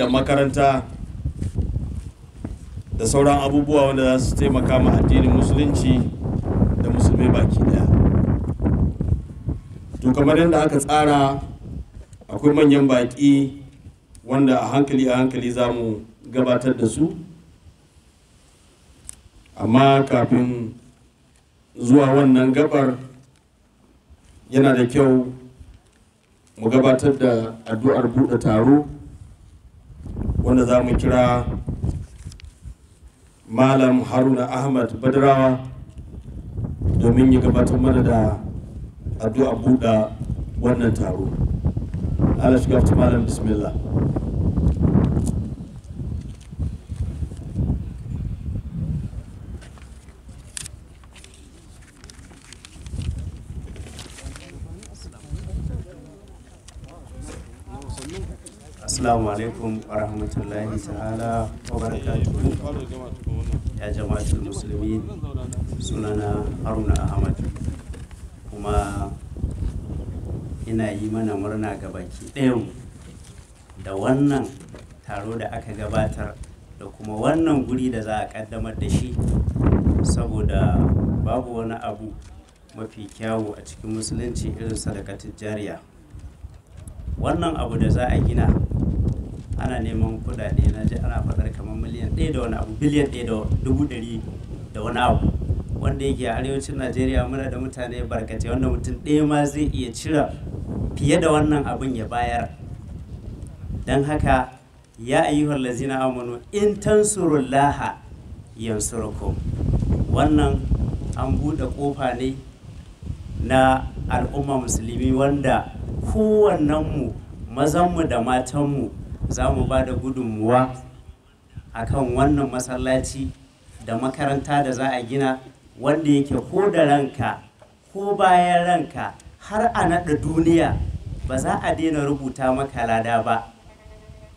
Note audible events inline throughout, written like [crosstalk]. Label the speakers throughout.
Speaker 1: da makaranta da sauran abubuwa wanda za su taimaka ma addinin musulunci da musulmi baki daya to kamar yadda aka tsara akwai manyan baki wanda a hankali a hankali za mu gabatar da su amma kafin zuwa wannan gabar yana da kyau mu gabatar da addu'ar buɗe taro wanda za mu kira malam haruna ahmad badarawa domin ya gabatar mana da addu'a buɗa wannan taro ala shiga malam bismillah
Speaker 2: assalamu
Speaker 3: alaikum wa rahmatullahi ta'ala wa barakatuhu
Speaker 2: ya jama'atul
Speaker 3: musulmi sunana haruna ahmad kuma ina yi mana murna ga baki ɗayan da wannan taro da aka gabatar da kuma wannan guri da za a kaddamar da shi saboda babu wani abu mafi kyawu a cikin musulunci irin sadakatun jariya wannan abu da za a gina ana neman kudade na ji ana faɗar kamar miliyan ɗaya da wani abu biliyan ɗaya da dubu ɗari da wani abu wanda yake a arewacin najeriya muna da mutane barkace, wanda mutum ɗaya ma zai iya cira fiye da wannan abin ya bayar don haka ya ayyuhar lazina amanu in tansurullaha yansurukum wannan an buɗe ƙofa ne na al'umma musulmi wanda mu, mazan mu da matanmu za mu ba da gudunmuwa a kan wannan masallaci da makaranta da za a gina wanda yake ko da ranka ko bayan ranka har a naɗa duniya ba za a daina rubuta maka lada ba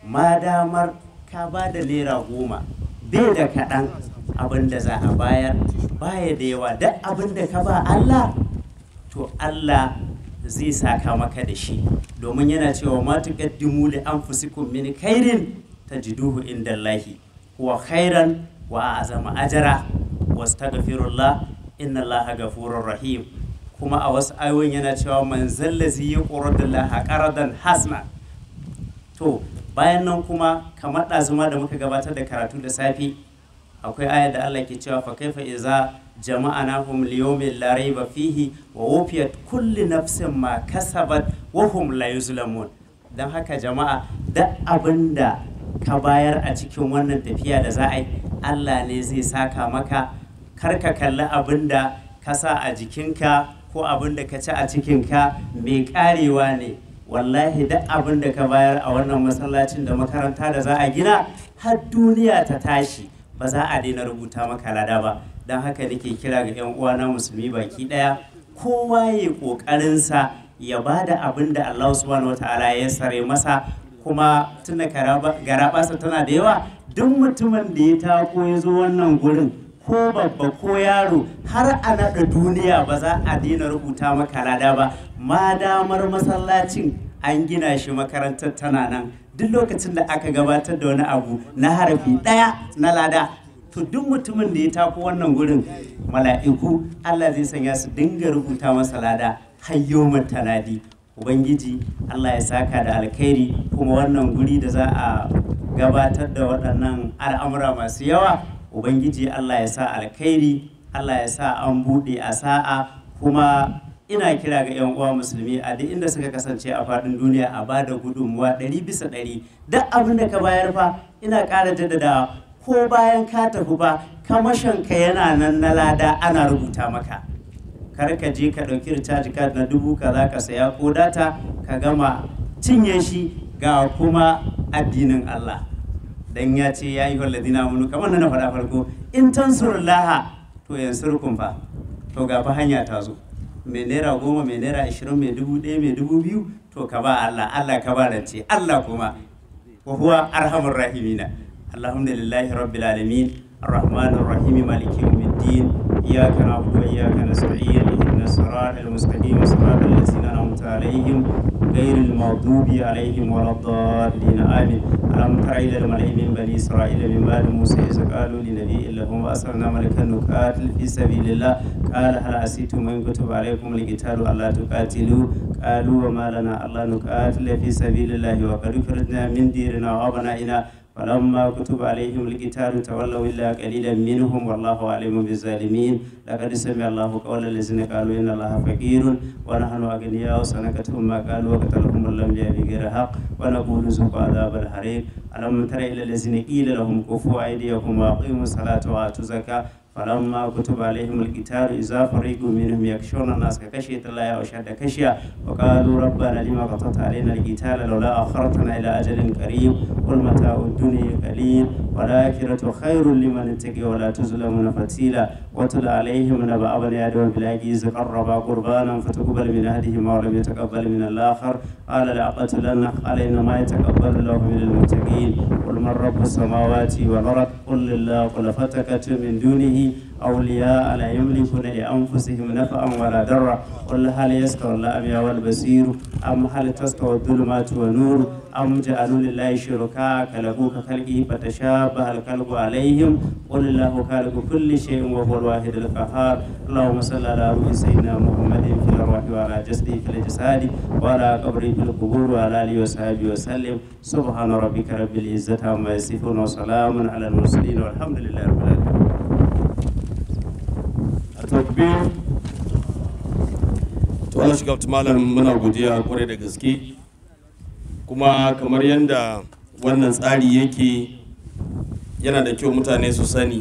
Speaker 3: ma damar ka ba da lera goma bai da kaɗan abin da za a bayar baya da yawa duk abin da ka ba Allah to Allah zai saka maka da shi domin yana cewa an fusikun mini kairin ta ji duhu inda lahi wa khairan wa azama gafirulla wastaghfirullah laha ghafurur rahim kuma a wasu ayoyin yana cewa man zallazi yuqridullaha qaradan hasna to bayan nan kuma kamar ɗazuma da muka gabatar da karatu da safe. akwai ayar da Allah ke cewa fa kaifa iza jama'anahum liyawmin la ba fihi wa wufiyat kulli nafsin ma kasabat wa hum la yuzlamun dan haka jama'a da abinda ka bayar a cikin wannan tafiya da za a yi Allah ne zai saka maka kar ka kalli abinda ka sa a jikinka ko abinda ka ci a cikinka mai karewa ne wallahi duk abin ka bayar a wannan masallacin da makaranta da za a gina har duniya ta tashi ba za a daina rubuta maka lada ba don haka nake kira ga 'yan uwa na musulmi baki ɗaya kowa ya ƙoƙarinsa ya ba da abin da Allah subhanahu wa ta'ala ya sare masa kuma tunda garaɓasa tana da yawa duk mutumin da ya tako ya zo wannan gurin ko babba ko yaro har a naɗa duniya ba za a daina rubuta maka lada ba ma damar masallacin an gina shi makarantar tana nan duk lokacin da aka gabatar da wani abu na harafi ɗaya na lada to duk mutumin da ya tafi wannan gurin mala'iku Allah zai sanya su dinga rubuta masa lada hayyomar tanadi ubangiji Allah ya saka da alkhairi kuma wannan guri da za a gabatar da waɗannan al'amura masu yawa ubangiji Allah ya sa alkhairi Allah ya sa an buɗe a sa'a kuma ina kira ga 'yan uwa musulmi a duk inda suka kasance a faɗin duniya a ba da gudunmuwa ɗari bisa ɗari duk abin da ka bayar fa ina ƙara jaddadawa ko bayan ka tafi ba kamashin ka yana nan na lada ana rubuta maka kar ka je ka ɗauki recharge card na dubu ka za ka saya ko data ka gama cinye shi ga kuma addinin Allah dan ya ce ya yi walladina munu kamar na faɗa farko in tansurullaha to yansurkum fa to ga fa hanya ta zo mai naira goma mai naira ashirin mai dubu ɗaya mai dubu biyu to ka ba Allah Allah ka ba rance Allah kuma wa huwa arhamur rahimina alhamdulillahi rabbil alamin arrahmanir ya maliki yawmiddin iyyaka na'budu wa iyyaka nasta'in ihdinas siratal mustaqim siratal ladzina an'amta alaihim غير المغضوب عليهم ولا الضالين آمين ألم تر إلى الملأ من بني إسرائيل من بعد موسى إذ قالوا لنبي لهم أسرنا ملكا نقاتل في سبيل الله قال هل عسيتم إن كتب عليكم القتال ألا تقاتلوا قالوا وما لنا ألا نقاتل في سبيل الله وقد فرضنا من ديرنا وأبنائنا فلما كتب عليهم القتال تولوا إلا قليلا منهم والله عليم بالظالمين لقد سمع الله قول الذين قالوا إن الله فقير ونحن أغنياء سنكتهم ما قالوا وقتلهم يأتي غير حق ونقول ذوقوا عذاب الحريق ألم تر إلى الذين قيل لهم كفوا أيديكم وأقيموا الصلاة وآتوا الزكاة falamma kutiba alaihim alqitalu idza fariqu minhum yakshuruna nas ka kashi tallaya wa shadda kashiya wa qalu rabbana lima qatata alaina alqitala lawla akhartana ila ajalin qarib qul أولياء لا يملكون لأنفسهم نفعا ولا ضرا قل هل يستوى الأعمى والبصير أم هل تستوى الظلمات والنور أم جعلوا لله شركاء كلبوا كخلقه فتشابه الخلق عليهم قل الله خالق كل شيء وهو الواحد القهار اللهم صل على روح سيدنا محمد في الروح وعلى جسده في الجسد وعلى قبره في القبور وعلى آله وصحبه وسلم سبحان ربك رب العزة عما يصفون وسلام على المرسلين والحمد لله رب العالمين
Speaker 1: takbir to Allah shiga malam muna godiya kwarai da gaske kuma kamar yadda wannan tsari yake yana da kyau mutane su sani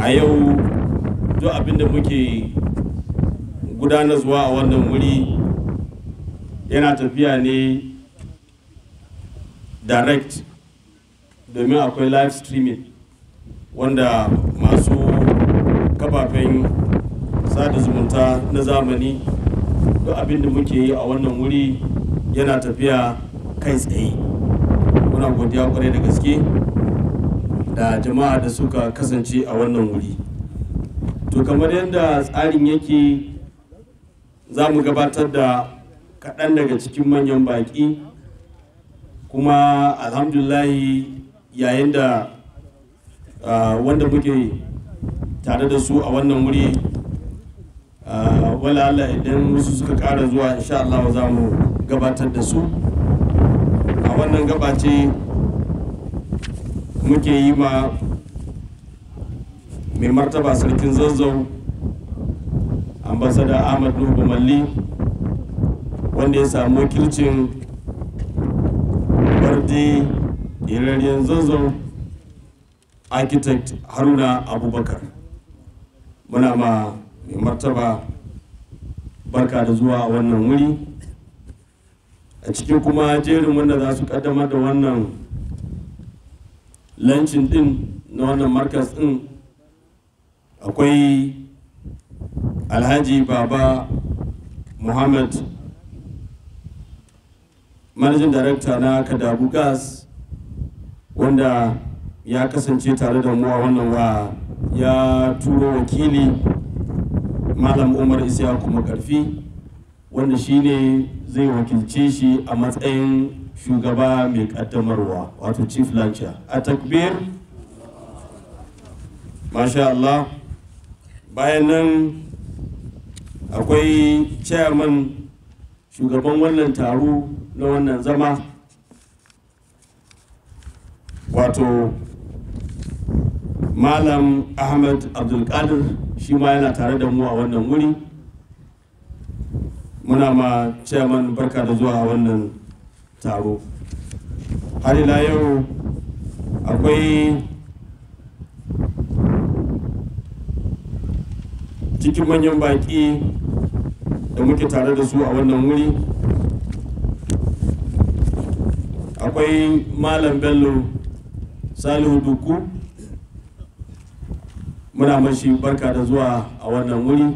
Speaker 1: a yau duk abinda muke gudanarwa a wannan wuri yana tafiya ne direct domin akwai live streaming wanda masu kafafen sada zumunta na zamani duk abin da muke yi a wannan wuri yana tafiya kai tsaye muna godiya kwarai da gaske da jama'a da suka kasance a wannan wuri to kamar yadda tsarin yake za mu gabatar da kaɗan daga cikin manyan baƙi kuma alhamdulahi yayin da ah, wanda muke tare da su a wannan wuri ah, wala Allah idan wasu suka kara zuwa insha Allah za mu gabatar da su a wannan gabace muke yi ma mai martaba sarkin zazzau ambasada ahmad nuhu malli wanda ya samu wakilcin bardi yararriyar zazzau architect haruna abubakar muna ma martaba barka da zuwa wannan wuri a cikin kuma jerin wanda za su kaddamar da wannan lancin din na wannan markas din akwai alhaji baba muhammad manajin darakta na kadabu gas wanda ya kasance tare da mu a wannan wa ya turo wakili malam umar isya kuma karfi wanda shine zai wakilce shi a matsayin shugaba mai kaddamarwa wato chief lancha a takbir masha Allah bayan nan akwai chairman shugaban wannan taro na wannan zama wato malam ahmad abdulkadir shi ma yana tare da mu a wannan wuri muna ma chairman barka da zuwa a wannan taro har ila yau akwai cikin manyan baki da muke tare da su a wannan wuri akwai malam bello salihu duku muna mashi barka da zuwa a wannan wuri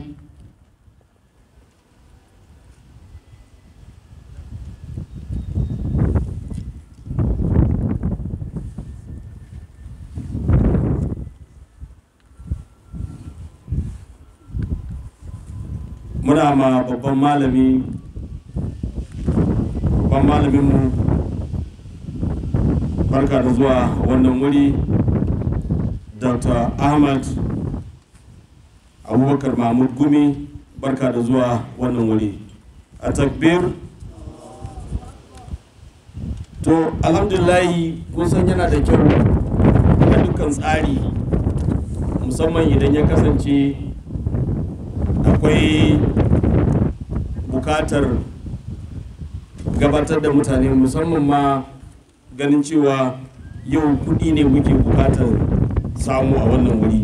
Speaker 1: muna ma babban malami babban malaminmu barka da zuwa wannan wuri dr ahmad abubakar mahmud gumi barka da zuwa wannan wuri a takbir to alhamdulillahi kun san yana da kyau a dukkan tsari musamman idan ya kasance akwai bukatar gabatar da mutane musamman ma ganin cewa yau kudi ne muke bukatar samu a wannan wuri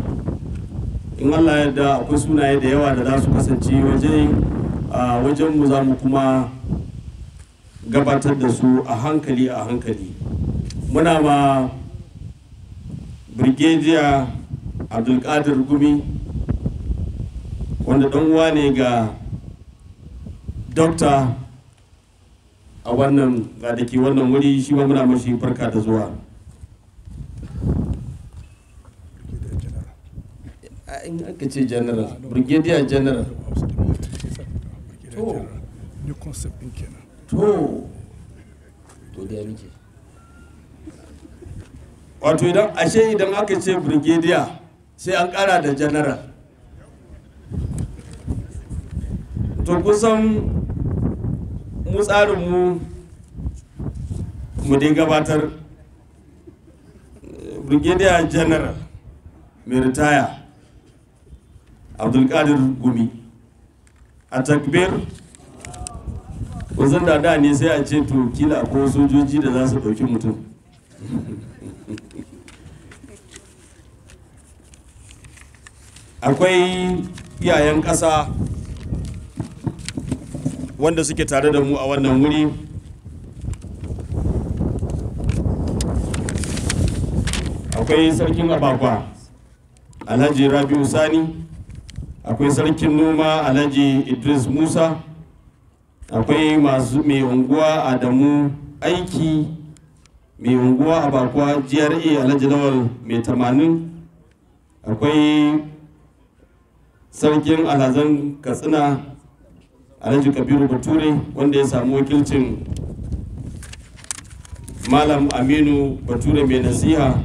Speaker 1: in allah yadda akwai sunaye da yawa da za su kasance wajen mu za mu kuma gabatar da su a hankali a hankali muna ma brigadier abdulkadir gumi wanda uwa ne ga dokta a wannan ga da ke wannan wuri shi ma muna mashi farka da zuwa in aka ce general brigadier general to idan ashe idan aka ce brigadier sai an kara da general to kusan mu mu mu dai gabatar brigadier general mai ritaya abdulkadir gumi a takbir Wasan da da ne sai a ce to kila ko sojoji da za su ɗauki mutum akwai iyayen ƙasa wanda suke tare da mu a wannan wuri akwai sarkin abakwa alhaji rabi'u sani akwai sarkin noma alhaji idris musa akwai masu mai unguwa adamu aiki mai unguwa a bakuwa gra alhaji lawal mai tamanin akwai sarkin alhazan katsina alhaji kabiru bature wanda ya samu wakilcin malam aminu bature mai nasiha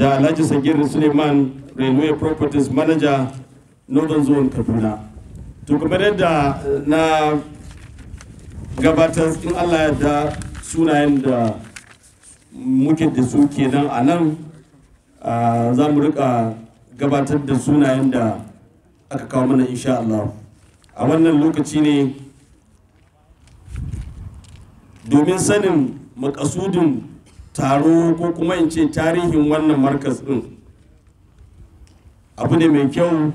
Speaker 1: da alhaji sagir suleiman railway properties manager northern zone kaduna to kamar yadda eh, na gabatar in allah yadda sunayen da muke da su kenan a nan za mu rika gabatar da sunayen da aka kawo mana insha Allah a wannan lokaci ne domin sanin makasudin taro ko kuma in ce tarihin wannan markas ɗin abu ne mai kyau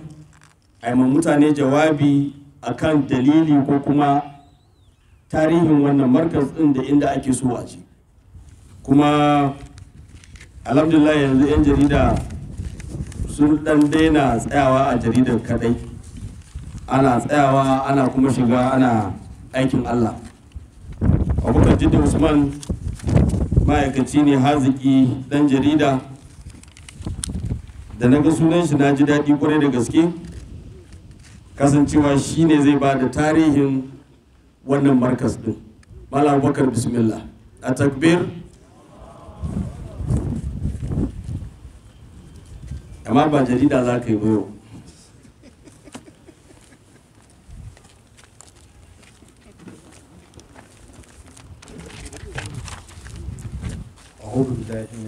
Speaker 1: a yi mutane jawabi a kan dalili ko kuma tarihin wannan markas ɗin da inda ake so a ce kuma alhamdulillah yanzu 'yan jarida sun ɗan daina tsayawa a jaridar kadai ana tsayawa ana kuma shiga ana aikin allah abubakar jidda usman ma'aikaci ne haziki dan jarida da na ga sunan shi na ji daɗi kwarai da gaske kasancewa shi ne zai ba da tarihin wannan markas ɗin malam bakar bismillah a takbir amma ba jarida za ka yi ba yau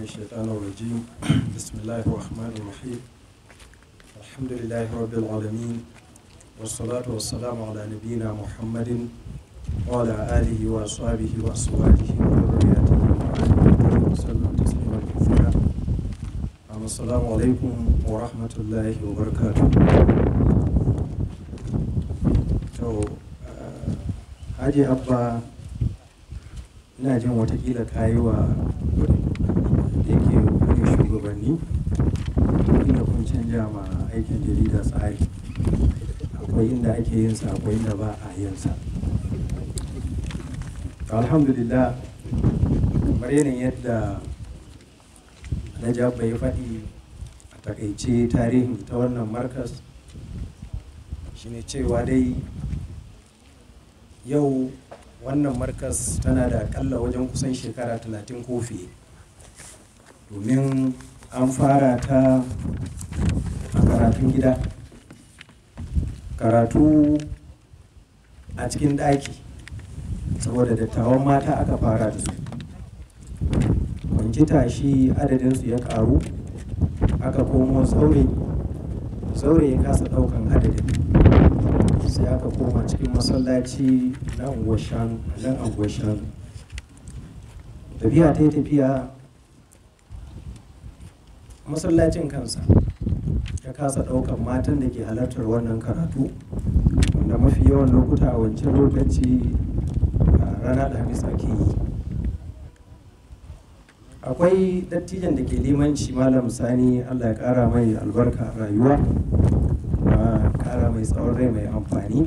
Speaker 2: الشيطان الرجيم [clears throat] بسم الله الرحمن الرحيم الحمد لله رب العالمين والصلاة والسلام على نبينا محمد وعلى آله وأصحابه وأزواجه وذرياته وسلم تسليما كثيرا السلام عليكم ورحمة الله وبركاته Haji آه، أبا ina jin watakila kayi yake wurin shugabanni inda kun canja ma aikin jarida tsari akwai inda ake yin sa akwai inda ba a yin sa alhamdulillah kamar yanayin yadda na ya faɗi a takaice tarihin ta wannan markas shine cewa dai yau wannan markas tana da akalla wajen kusan shekara 30 ko fiye domin an fara ta a karatun gida karatu a cikin ɗaki saboda dattawan mata aka fara da su kwanjita shi adadinsu ya ƙaru aka komo saurayi ya kasa ɗaukan adadin sai aka koma cikin masallaci na unguwar shanu tafiya ta yi tafiya masallacin kansa ya kasa ɗaukar matan da ke halartar wannan karatu wanda mafi yawan lokuta a wancan lokaci rana alhamis ake yi akwai dattijan da ke limanci malam sani allah ya kara mai albarka rayuwa ma kara mai tsawon rai mai amfani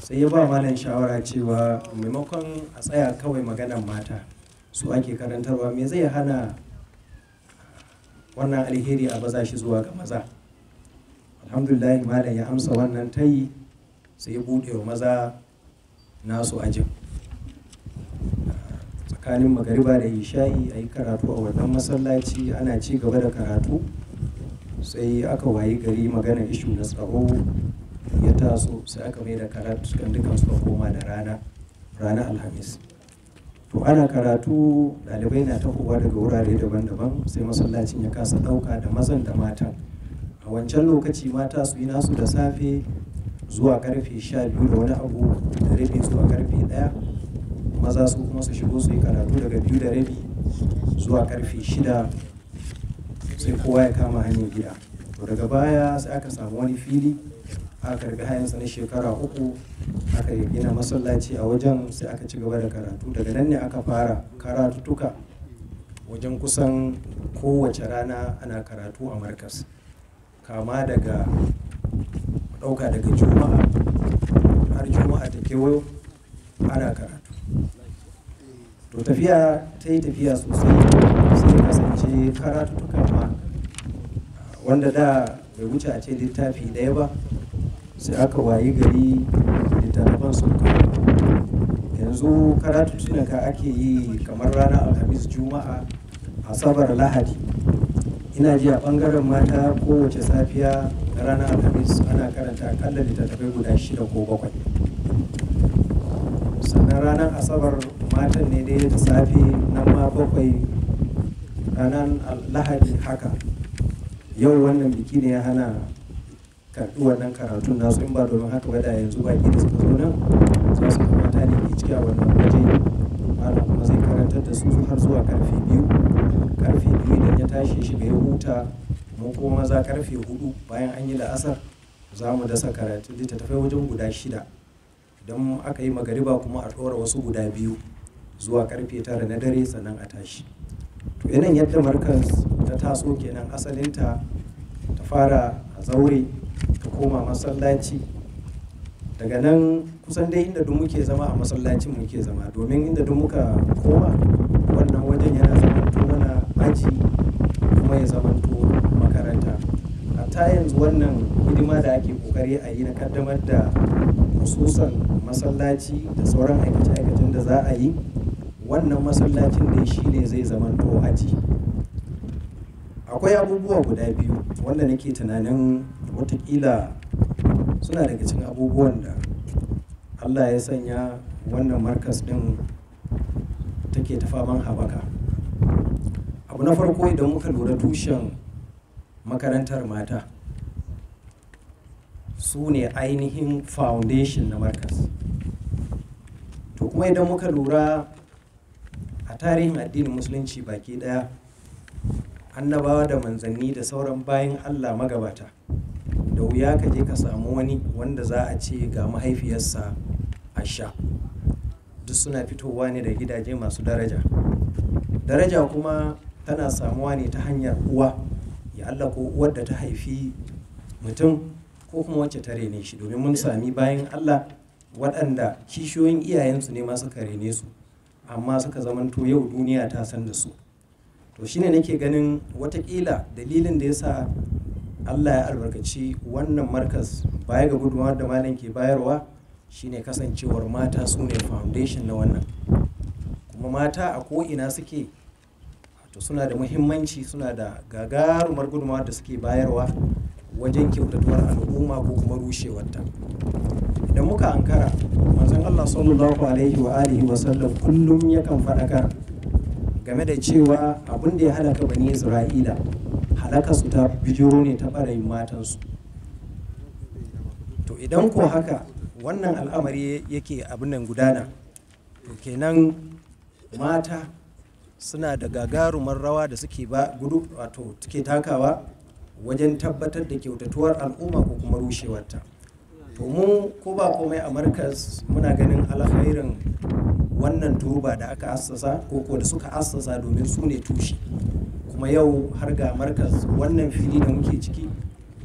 Speaker 2: sai ya ba malam shawara cewa maimakon a tsaya kawai maganan mata su ake karantarwa me zai hana wannan alheri a baza shi zuwa ga maza alhamdulillah malam ya amsa wannan tayi sai ya bude wa maza nasu ajin tsakanin magariba da isha'i a yi karatu a wannan masallaci ana ci gaba da karatu sai aka wayi gari magana ishu na tsaro ya taso sai aka mai da karatu kan dukansu koma da rana rana alhamis to ana karatu ɗalibai na tahowa daga wurare daban-daban sai masallacin ya kasa ɗauka da mazan da matan a wancan lokaci mata su yi nasu da safe zuwa karfe sha biyu da wani abu da rabi zuwa karfe ɗaya maza su kuma su shigo su yi karatu daga biyu da rabi zuwa karfe shida sai kowa ya kama hanyar gida to daga baya sai aka samu wani fili aka karbi hayansa na shekara uku aka gina masallaci a wajen sai aka ci gaba da karatu daga nan ne aka fara karatutuka wajen kusan kowace rana ana karatu a markas kama daga ɗauka daga juma'a har juma'a ta kewayo ana karatu to tafiya ta yi tafiya sosai sai kasance karatutuka ma wanda da bai wuce a ce littafi ɗaya ba sai aka wayi gari littattafan sun kawo yanzu karatu karatuttuka ake yi kamar ranar alhamis juma'a asabar lahadi ina ji a bangaren mata kowace safiya ranar alhamis ana karanta akalla littattafai guda shida ko bakwai sannan ranar asabar matan ne da da safe na ma bakwai ranar lahadi haka yau wannan biki ne ya hana karɓi wannan karatun nasu in ba domin haka ba da yanzu baki da suka zo nan za su kamata ne ke ciki a wannan waje malam kuma zai karantar da su har zuwa karfe biyu karfe biyu idan ya tashi shi ya huta mu kuma maza karfe hudu bayan an yi la'asar za mu dasa karatu littattafai wajen guda shida idan aka yi magariba kuma a ɗora wasu guda biyu zuwa karfe tara na dare sannan a tashi to yanayin yadda markas ta taso kenan asalinta ta fara a zaure ka koma masallaci daga nan kusan dai inda duk muke zama a masallacin muke zama domin inda duk muka koma wannan wajen yana zamanto mana aji kuma ya zamanto makaranta ta yanzu wannan hidima da ake kokari a yi na kaddamar da hususan masallaci da sauran aikace-aikacen da za a yi wannan masallacin da shi ne zai zamanto aji akwai abubuwa guda biyu wanda nake tunanin watakila suna daga cikin abubuwan da allah ya sanya wannan markas din take ta faman habaka abu na farko idan muka lura tushen makarantar mata su ne ainihin foundation na markas to kuma idan muka lura a tarihin addinin musulunci baki daya annabawa da manzanni da sauran bayan allah magabata da wuya ka je ka samu wani wanda za a ce ga mahaifiyarsa a sha duk suna fitowa ne da gidaje masu daraja daraja kuma tana samuwa ne ta hanyar uwa ya Allah ko uwar da ta haifi mutum ko kuma wacce ta rene shi domin mun sami bayan Allah waɗanda kishiyoyin iyayensu ne masu ka rene su amma suka zamanto yau duniya ta san da su to shine nake ganin watakila dalilin da yasa allah ya albarkaci wannan markas baya ga gudunmawar da malam ke bayarwa shine kasancewar mata su ne foundation na wannan kuma mata a ko'ina suke to suna da muhimmanci suna da gagarumar gudunmawar da suke bayarwa wajen kyautatuwar al'umma ko kuma rushewarta idan muka ankara manzon allah sallallahu alaihi wa alihi wa sallam kullum yakan faɗakar game da cewa abin da ya halaka bani isra'ila halaka su ta bijiro ne ta ɓarayin matansu to idan ko haka wannan al'amari yake abin nan gudana to kenan mata suna da gagarumar rawa da suke ba gudu wato take takawa wajen tabbatar da kyautatuwar al'umma ko kuma rushewarta to mu ko ba komai a markas muna ganin alkhairin wannan turba da aka assasa ko ko da suka assasa domin su ne tushe kuma yau har ga markas wannan fili da muke ciki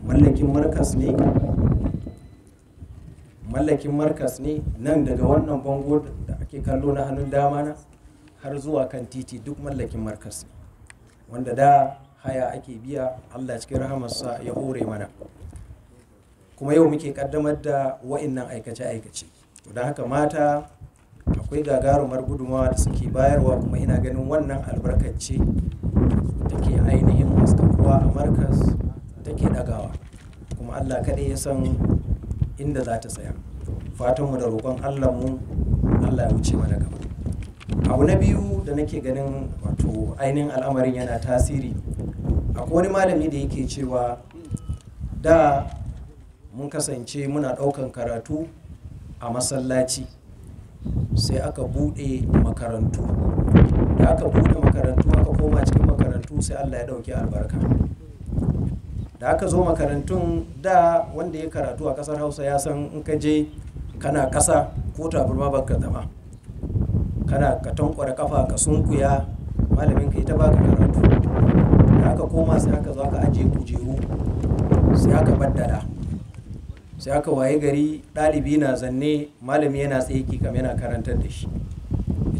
Speaker 2: mallakin markas ne mallakin markas ne nan daga wannan bango da ake kallo na hannun dama na har zuwa kan titi duk mallakin markas wanda da haya ake biya allah cikin rahamarsa ya hore mana kuma yau muke kaddamar da wa'innan aikace-aikace don haka mata akwai gagarumar gudunmawa da suke bayarwa kuma ina ganin wannan albarkace ba a markas take dagawa kuma allah kaɗai ya san inda za ta tsaya fatanmu da roƙon mu allah ya wuce mana gaba abu na biyu da nake ganin wato ainihin al'amarin yana tasiri akwai wani malami da yake cewa da mun kasance muna ɗaukan karatu a masallaci sai aka buɗe makarantu da aka buɗe makarantu aka koma cikin makarantu makarantu sai allah ya ɗauki albarka da aka zo makarantun da wanda ya karatu a kasar hausa ya san in ka je kana kasa ko ba ka zama kana ka tankwara kafa ka sunkuya malamin ka ita baka karatu da aka koma sai aka zo aka ajiye kujeru sai aka baddala sai aka waye gari ɗalibi na zanne malami yana tsaye kamar yana karantar da shi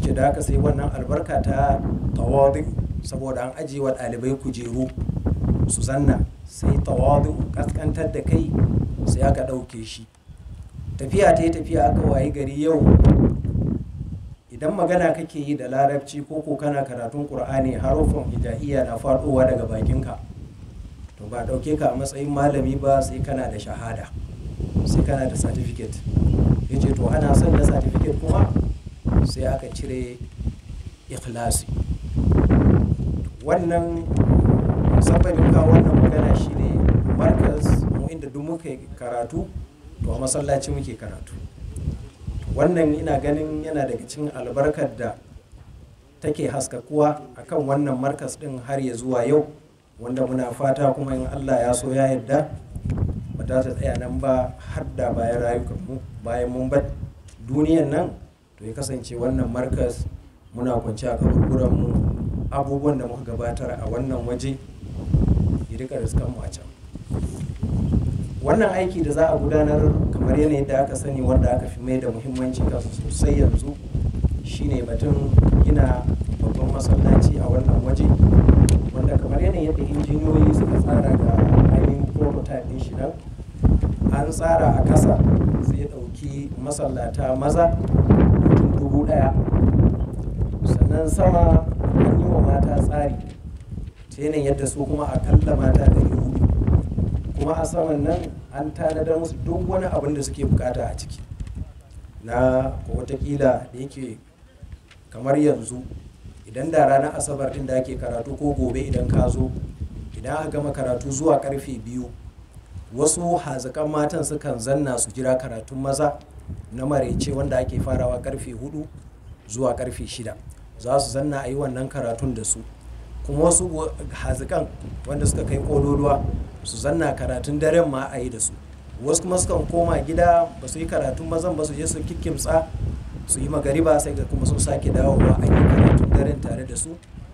Speaker 2: ce da aka sai wannan albarka ta tawadi saboda an ajiye wa ɗalibai kujeru su zanna sai tawadu kaskantar da kai sai aka ɗauke shi tafiya ta yi tafiya aka wayi gari yau idan magana kake yi da larabci ko ko kana karatun ƙur'ani harufin hijaiya na faɗowa daga bakinka to ba ɗauke ka a matsayin malami ba sai kana da shahada sai kana da certificate ya ce to ana son da satifiket kuma sai aka cire ikhlasi wannan musamman da wannan magana ne markas mu inda duk muka karatu to a masallaci muke karatu wannan ina ganin yana daga cikin albarkar da take haskakuwa akan wannan markas din har ya zuwa yau wanda muna fata kuma in allah ya so ya yarda ba ta tsaya nan ba har da bayan rayukanmu bayan mun bar duniyan nan to ya kasance wannan markas muna kwanci a kaburburanmu abubuwan da muka gabatar a wannan waje ya rika da mu a can wannan aiki da za a gudanar kamar yanayin da aka sani wanda aka fi mai da muhimmanci kansa sosai yanzu shine batun gina babban masallaci a wannan waje wanda kamar yanayin yadda injiniyoyi suka tsara ga ainihin prototype din shi nan an tsara a kasa zai ɗauki masallata maza mutum dubu ɗaya sannan sama wa mata tsari ta yanayin yadda su kuma akalla mata yi hudu kuma a saman nan an tanadar musu duk wani abin da suke bukata a ciki na watakila da yake kamar yanzu idan da ranar asabar din da ake karatu ko gobe idan ka zo idan aka gama karatu zuwa karfe biyu wasu hazakan matan sukan zanna su jira karatun maza na marece wanda ake farawa karfe hudu zuwa karfe shida za su zanna a yi wannan karatun da su kuma wasu hazikan wanda suka kai kololuwa su zanna karatun daren ma a yi da su wasu kuma sukan koma gida ba su yi karatun mazan ba su je su kikkimtsa su yi magariba sai ga kuma sun sake dawowa a yi karatun daren tare da su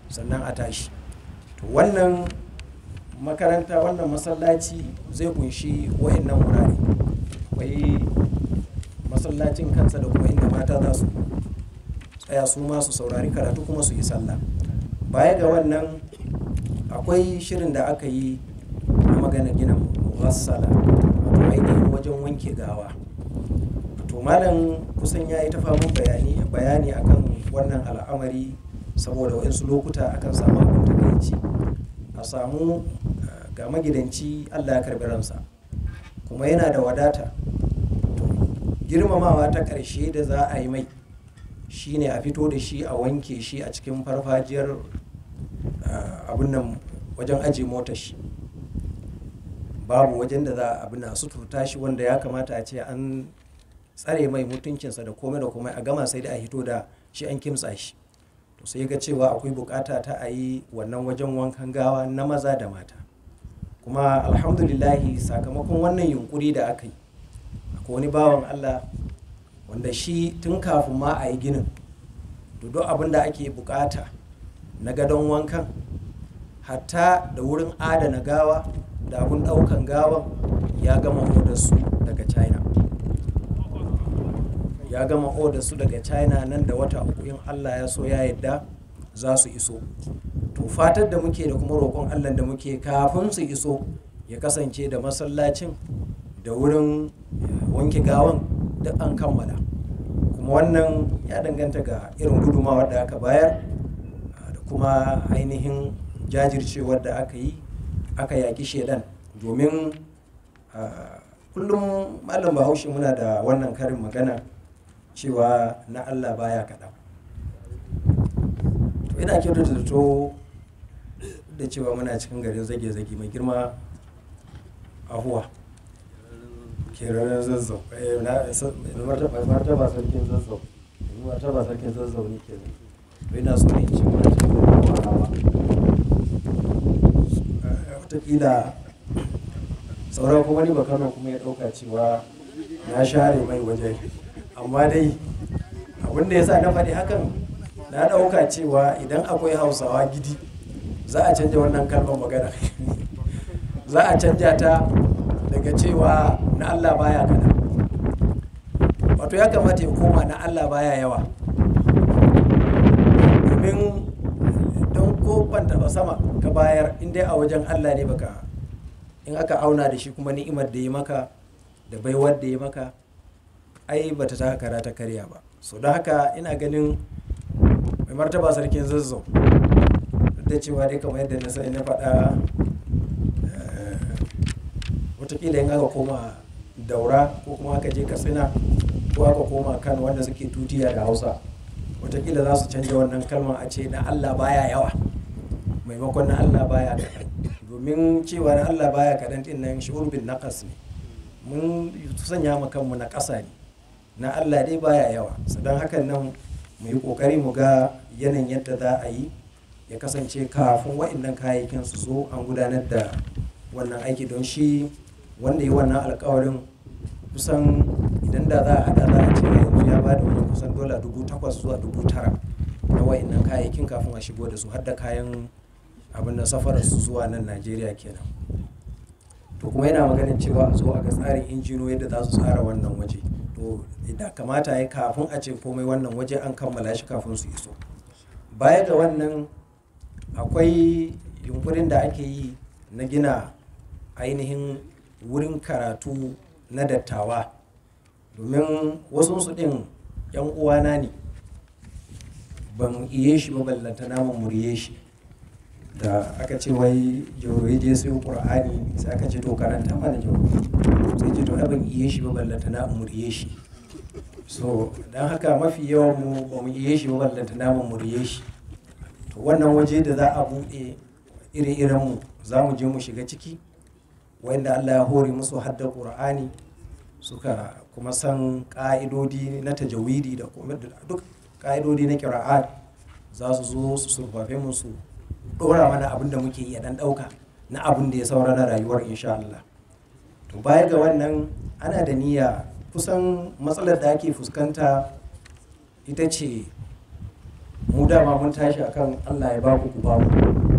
Speaker 2: sannan a tashi to wannan makaranta wannan masallaci zai kunshi wa'annan wurare akwai masallacin kansa da kuma inda mata za su tsaya su ma su saurari karatu kuma su yi sallah baya ga wannan akwai shirin da aka yi na magana gina muhassala wato ainihin wajen wanke gawa to malam kusan ya yi ta famun bayani bayani akan wannan al'amari saboda waɗansu lokuta akan samu abin takaici a samu eh, ga magidanci allah ya karbi ransa kuma yana da wadata girmamawa ta ƙarshe da za a yi mai shine a fito da shi a wanke shi a cikin farfajiyar ah, abin nan wajen ajiye motar shi babu wajen da za a abin na suturta shi wanda ya kamata a ce an tsare mai mutuncinsa da komai da komai a gama sai da a hito da shi an kimtsa shi to sai ga cewa akwai bukata ta a yi wannan wajen wankan gawa na maza da mata kuma alhamdulillahi sakamakon wannan yunkuri da aka yi akwai wani bawan allah wanda shi tun kafin ma a yi ginin duk abin da ake bukata na gadon wankan hatta da wurin adana gawa da abin daukan gawan ya gama odar su daga china ya gama odar su daga china nan da wata uku in allah ya so ya yadda za su iso to fatar da muke da kuma roƙon allah da muke kafin su iso ya kasance da masallacin da wurin eh, wanke gawan duk an kammala kuma wannan ya danganta ga irin gudumawar da aka bayar ah, da kuma ainihin jajircewar da aka yi aka yaki shedan domin ah, kullum malam bahaushe muna da wannan karin magana cewa na allah baya kaɗan to ina da to da cewa muna cikin garin zage-zage mai girma a huwa ranar zazzau eh, martaba sarkin zazzau martaba sarkin zazzau ne ke zai ina so ne ce mana ce sauran kuma ni bakano kuma ya ɗauka cewa na share mai waje amma dai abinda ya sa na faɗi hakan na ɗauka cewa idan akwai hausawa gidi za a canja wannan kalmar magana [laughs] za a canja ta daga cewa na allah baya kana wato ya kamata ya koma na allah baya yawa domin don kofan taba sama ka bayar inda a wajen allah ne baka in aka auna da shi kuma ni'imar da ya maka da baiwar da ya maka ai bata ta taka kara ta karya ba so don haka ina ganin mai martaba sarkin zazzau da cewa dai kamar yadda na faɗa watakila in aka koma daura ko kuma aka je katsina ko aka koma kan wanda suke tutiya da hausa watakila za su canja wannan kalmar a ce na allah baya yawa maimakon na allah baya kaɗan domin cewa na allah baya kaɗan ɗin nan shi bin naƙas ne mun sanya mu kanmu na ƙasa ne na allah dai baya yawa sadan hakan nan mu yi ƙoƙari mu ga yanayin yadda za a yi ya kasance kafin waɗannan kayayyakin su zo an gudanar da wannan aiki don shi wanda yi wannan alkawarin kusan idan da za a hada za a ce yanzu ya bada wani kusan dola dubu takwas zuwa dubu tara na wa'annan kayayyakin kafin a shigo da su har da kayan abin da safarar su zuwa nan najeriya kenan to kuma yana maganin cewa a zo a ga tsarin injino yadda za su tsara wannan waje to da kamata ya kafin a ce komai wannan waje an kammala shi kafin su iso baya ga wannan akwai yunkurin da ake yi na gina ainihin wurin karatu na dattawa domin wasu su ɗin yan uwana ne ban iye shi ba ballanta naman murye shi da aka ce wai joroyi je sai qur'ani sai aka ce to karanta mana joroyi sai ce to ban iye shi ba ballanta na murye shi so don haka mafi yawan mu ba mu iye shi ba ballanta na mu murye shi to wannan waje da za a buɗe ire-iren mu za mu je mu shiga ciki wanda allah ya hore musu haddar ƙur'ani suka kuma san ƙa'idodi na tajawidi da duk ƙa'idodi na ƙira'ar za su zo su surfafe mu ɗora mana abin da muke iya ɗan ɗauka na abin da ya saura na rayuwar insha Allah to baya ga wannan ana da niyya kusan matsalar da ake fuskanta ita ce mu dama mun tashi akan Allah ya baku ku baku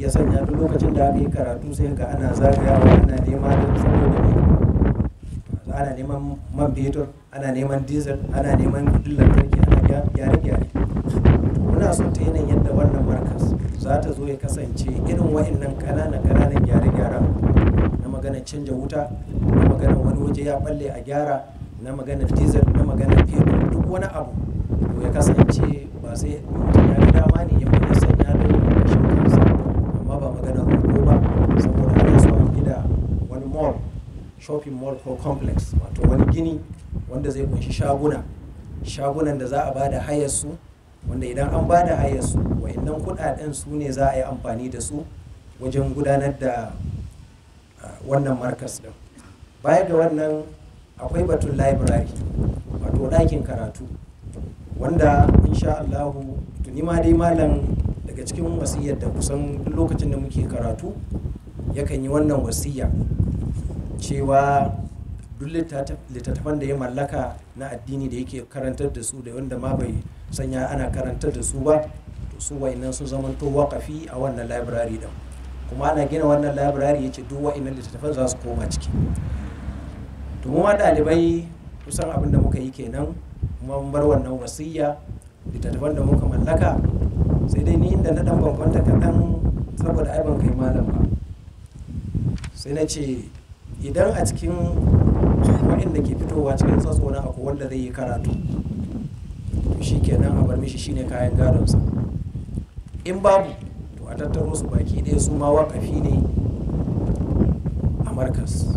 Speaker 2: ya sanya duk lokacin da aka yi karatu sai ga ana zagayawa ana neman da saboda ne ana neman man fetur ana neman diesel ana neman kudin lantarki ana gyare-gyare muna son ta yanayin yadda wannan markas za ta zo ya kasance irin wa'annan ƙananan-ƙananan gyare-gyara na maganar canja wuta na maganar wani waje ya balle a gyara na maganar diesel na maganar fetur duk wani abu ko ya kasance ba sai mutum ya dama ne ya maganar ba saboda ana so a gina wani mall shopping mall ko complex wato wani gini wanda zai kunshi shaguna shagunan da za a bada hayarsu su wanda idan an bada hayar su wa'annan kudaden su ne za a yi amfani da su wajen gudanar da wannan markas din baya ga wannan akwai batun library wato ɗakin karatu wanda insha Allahu tuni ma dai malam daga cikin wasiyar da kusan lokacin da muke karatu yakan yi wannan wasiya cewa duk littattafan da ya mallaka na addini da yake karantar da su da wanda ma bai sanya ana karantar da su ba su wa'annan su zama to a wannan library din kuma ana gina wannan library yace duk wa'annan littattafan za su koma ciki to mu ma ɗalibai kusan abin da muka yi kenan kuma mun bar wannan wasiyya littattafan da muka mallaka sai dai ni inda na dan bambanta kaɗan saboda ai ban kai malam ba sai na ce idan a cikin waɗanda ke fitowa cikin tsatsona akwai wanda zai yi karatu shi ke nan a bar mishi ne kayan gadonsa in babu to a tattaro su baki ɗaya su ma fi ne a markas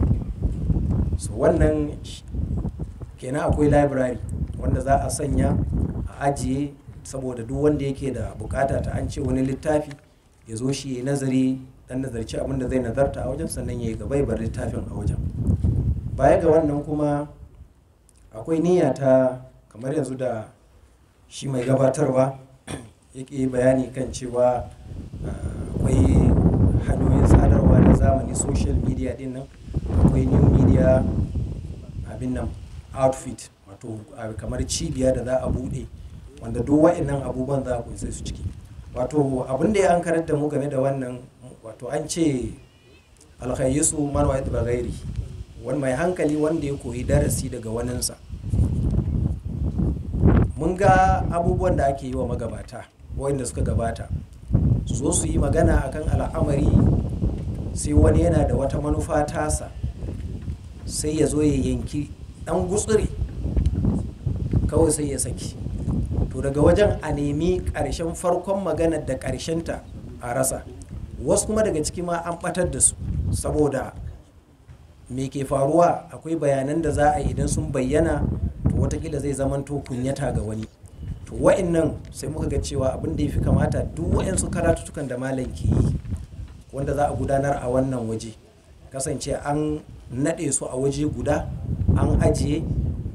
Speaker 2: so wannan kenan akwai library wanda za a sanya ajiye saboda duk wanda yake da bukata ta an ce wani littafi ya zo shi ya nazari dan nazarci abin da zai nazarta a wajen sannan ya yi gaba bar littafin a wajen baya ga wannan kuma akwai niyya ta kamar yanzu da shi mai gabatarwa [clears throat] yake bayani kan cewa ah, akwai hanyoyin sadarwa na zamani social media din nan akwai new media abin nan outfit wato ah, kamar cibiya da za a buɗe wanda duk wa'annan abubuwan za a kunsa su ciki wato abin da ya an karanta mu game da wannan wato an ce alkhayyisu man wa'id baghairi wani mai hankali wanda ya koyi darasi daga waninsa mun ga abubuwan da ake yi wa magabata wanda suka gabata zo su yi magana akan al'amari sai wani yana da wata manufa tasa sai ya zo ya yanki ɗan gutsuri kawai sai ya saki to daga wajen a nemi ƙarshen farkon maganar da ta a rasa wasu kuma daga ciki ma an ɓatar da su saboda me ke faruwa akwai bayanan da za a yi idan sun bayyana to watakila zai zamanto kunyata ga wani to wa'annan sai muka ga cewa abin da ya fi kamata duk wa'ansu karatutukan da malam ke yi wanda za a gudanar a wannan waje kasance an naɗe su a waje guda an ajiye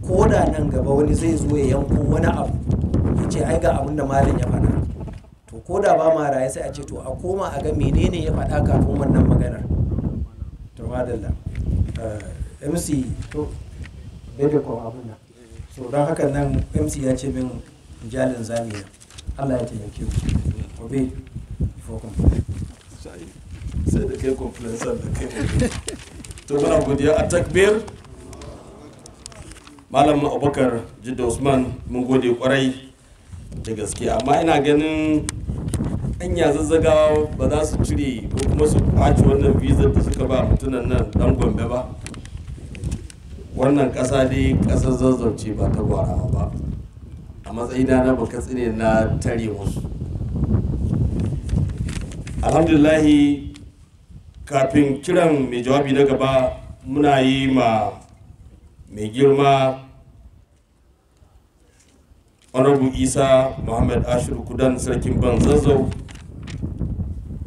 Speaker 2: ko da nan gaba wani zai zo ya yanko wani abu ce ai ga abin da malam ya faɗa to ko da ba ma raye sai a ce to a koma a ga menene ya faɗa kafin wannan maganar to madalla eh, mc to bebe ko abin nan so don haka nan mc ya ce min jalin zamiya allah ya taimake ku obe before complaint sai da kai complaint da kai
Speaker 1: to muna godiya a takbir malam abubakar jidda usman mun gode kwarai da gaskiya amma ina ganin hanya zazzagawa ba za su cire ko kuma su kwace wannan visa da suka ba mutunan nan dan gombe ba wannan kasa dai ƙasar zazzauce ba ta gwara ba a matsayina na baka tsine na tare musu alhamdulahi kafin kiran mai jawabi na gaba muna yi ma mai girma honorable isa muhammad ashiru kudan sarkin ban zazzau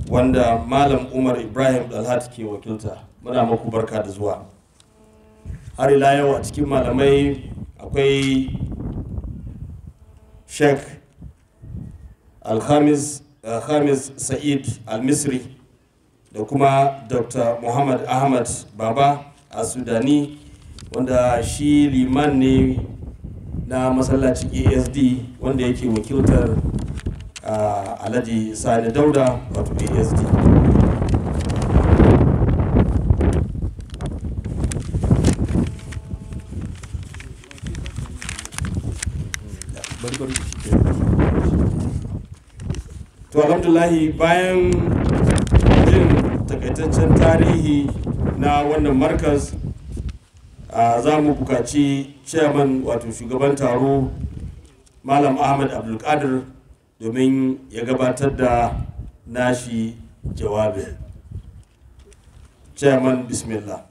Speaker 1: wanda malam umar ibrahim dalhat ke wakilta muna muku barka da zuwa har ila yau a cikin malamai akwai sheikh alhamis uh, Khamis Sa'id almisri da kuma Dr. Muhammad Ahmad Baba a Sudani wanda shi liman ne na masallacin asd wanda yake wakiltar alhaji sani dauda wato asd to alhamdulahi bayan jin takaitaccen tarihi na wannan markaz za mu bukaci chairman wato shugaban taro malam ahmad abdulkadir domin ya gabatar da nashi jawabin chairman bismillah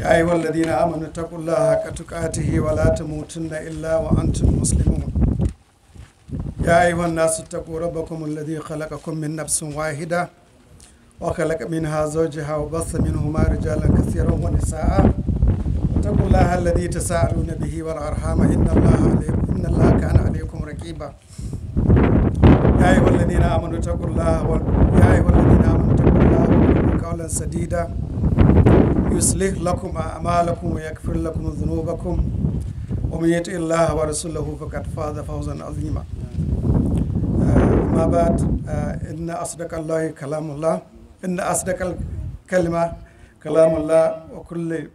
Speaker 4: يا أيها الذين آمنوا اتقوا الله حق تقاته ولا تموتن إلا وأنتم مسلمون يا أيها الناس اتقوا ربكم الذي خلقكم من نفس واحدة وخلق منها زوجها وبث منهما رجالا كثيرا ونساء اتقوا الله الذي تساءلون به والأرحام إن الله عليكم إن الله كان عليكم رقيبا يا أيها الذين آمنوا اتقوا الله يا أيها الذين آمنوا اتقوا الله قولا سديدا يصلح لكم أعمالكم ويغفر لكم ذنوبكم ومن يطع الله ورسوله فقد فاز فوزا عظيما آه، ما بعد آه، إن أصدق الله كلام الله إن أصدق الكلمة كلام الله وكل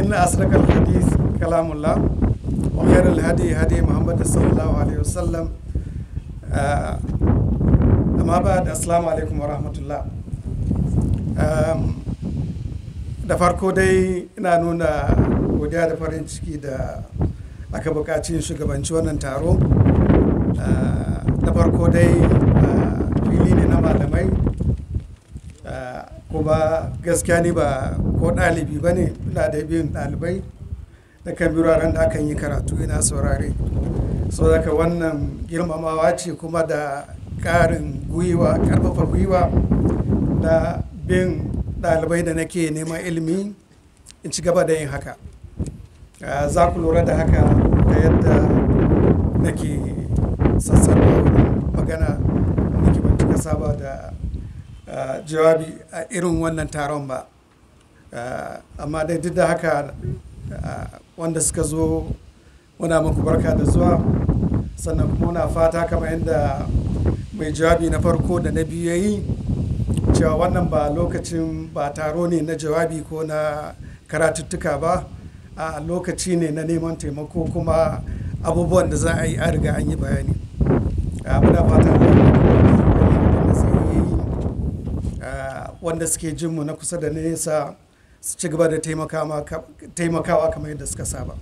Speaker 4: إن أصدق الحديث كلام الله وخير الهدي هدي محمد صلى الله عليه وسلم آه، amma ba da assalamu alaikum wa rahmatullah da farko dai ina nuna godiya da farin ciki da aka bukaci shugabanci wannan taro da farko dai fili ne na malamai kuma gaskiya ni ba ko ɗalibi ba ne na da biyun ɗalibai da kan biraren da akan yi karatu ina saurare so daga wannan girmamawa ce kuma da ƙarin gwiwa karfafa gwiwa da bin dalibai da nake neman ilimi in ci gaba da yin haka ah, za ku lura da haka da yadda nake sassarwa magana nake ban cika saba da ah, jawabi a irin wannan taron ba ah, amma dai duk da haka wanda suka zo muna muku barka da zuwa sannan kuma muna fata kamar yadda mai jawabi na farko da na biyu ya yi cewa wannan ba lokacin ba taro ne na jawabi ko na karatuttuka ba a lokaci ne na neman taimako kuma abubuwan da za a yi a riga an yi bayani muna fata wanda suke jinmu na kusa da nesa su ci gaba da taimakawa kamar yadda suka saba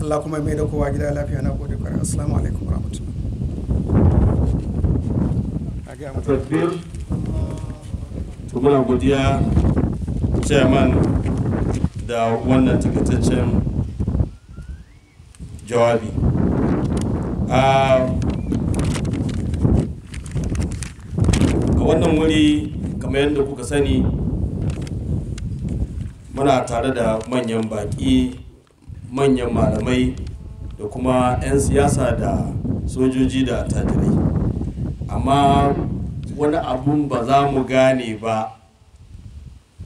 Speaker 4: Allah kuma mai da kowa gida lafiya na gode kwarar assalamu alaikum warahmatullahi
Speaker 5: takbir
Speaker 1: to muna godiya chairman da wannan takaitaccen jawabi a wannan wuri kamar yadda kuka sani muna tare da manyan baƙi manyan malamai da kuma 'yan siyasa da sojoji da attajirai amma wani abun ba za mu gane ba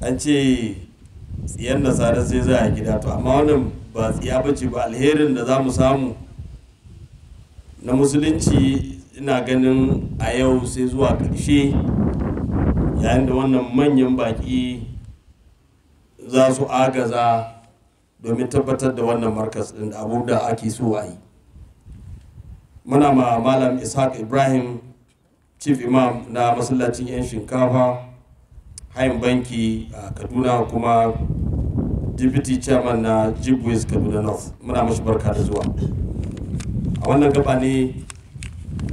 Speaker 1: an ce tsiyan nasara sai za a gida to amma wannan ba tsiya ba ce ba alherin da za mu samu na musulunci ina ganin a yau sai zuwa ƙarshe yayin da wannan manyan baƙi za su agaza domin tabbatar da wannan markas ɗin abu da ake so a yi muna ma malam ishaq ibrahim chief imam na masallacin 'yan shinkafa hayin banki a kaduna kuma deputy chairman na jibwis kaduna north muna mashi barka da zuwa a wannan gaba ne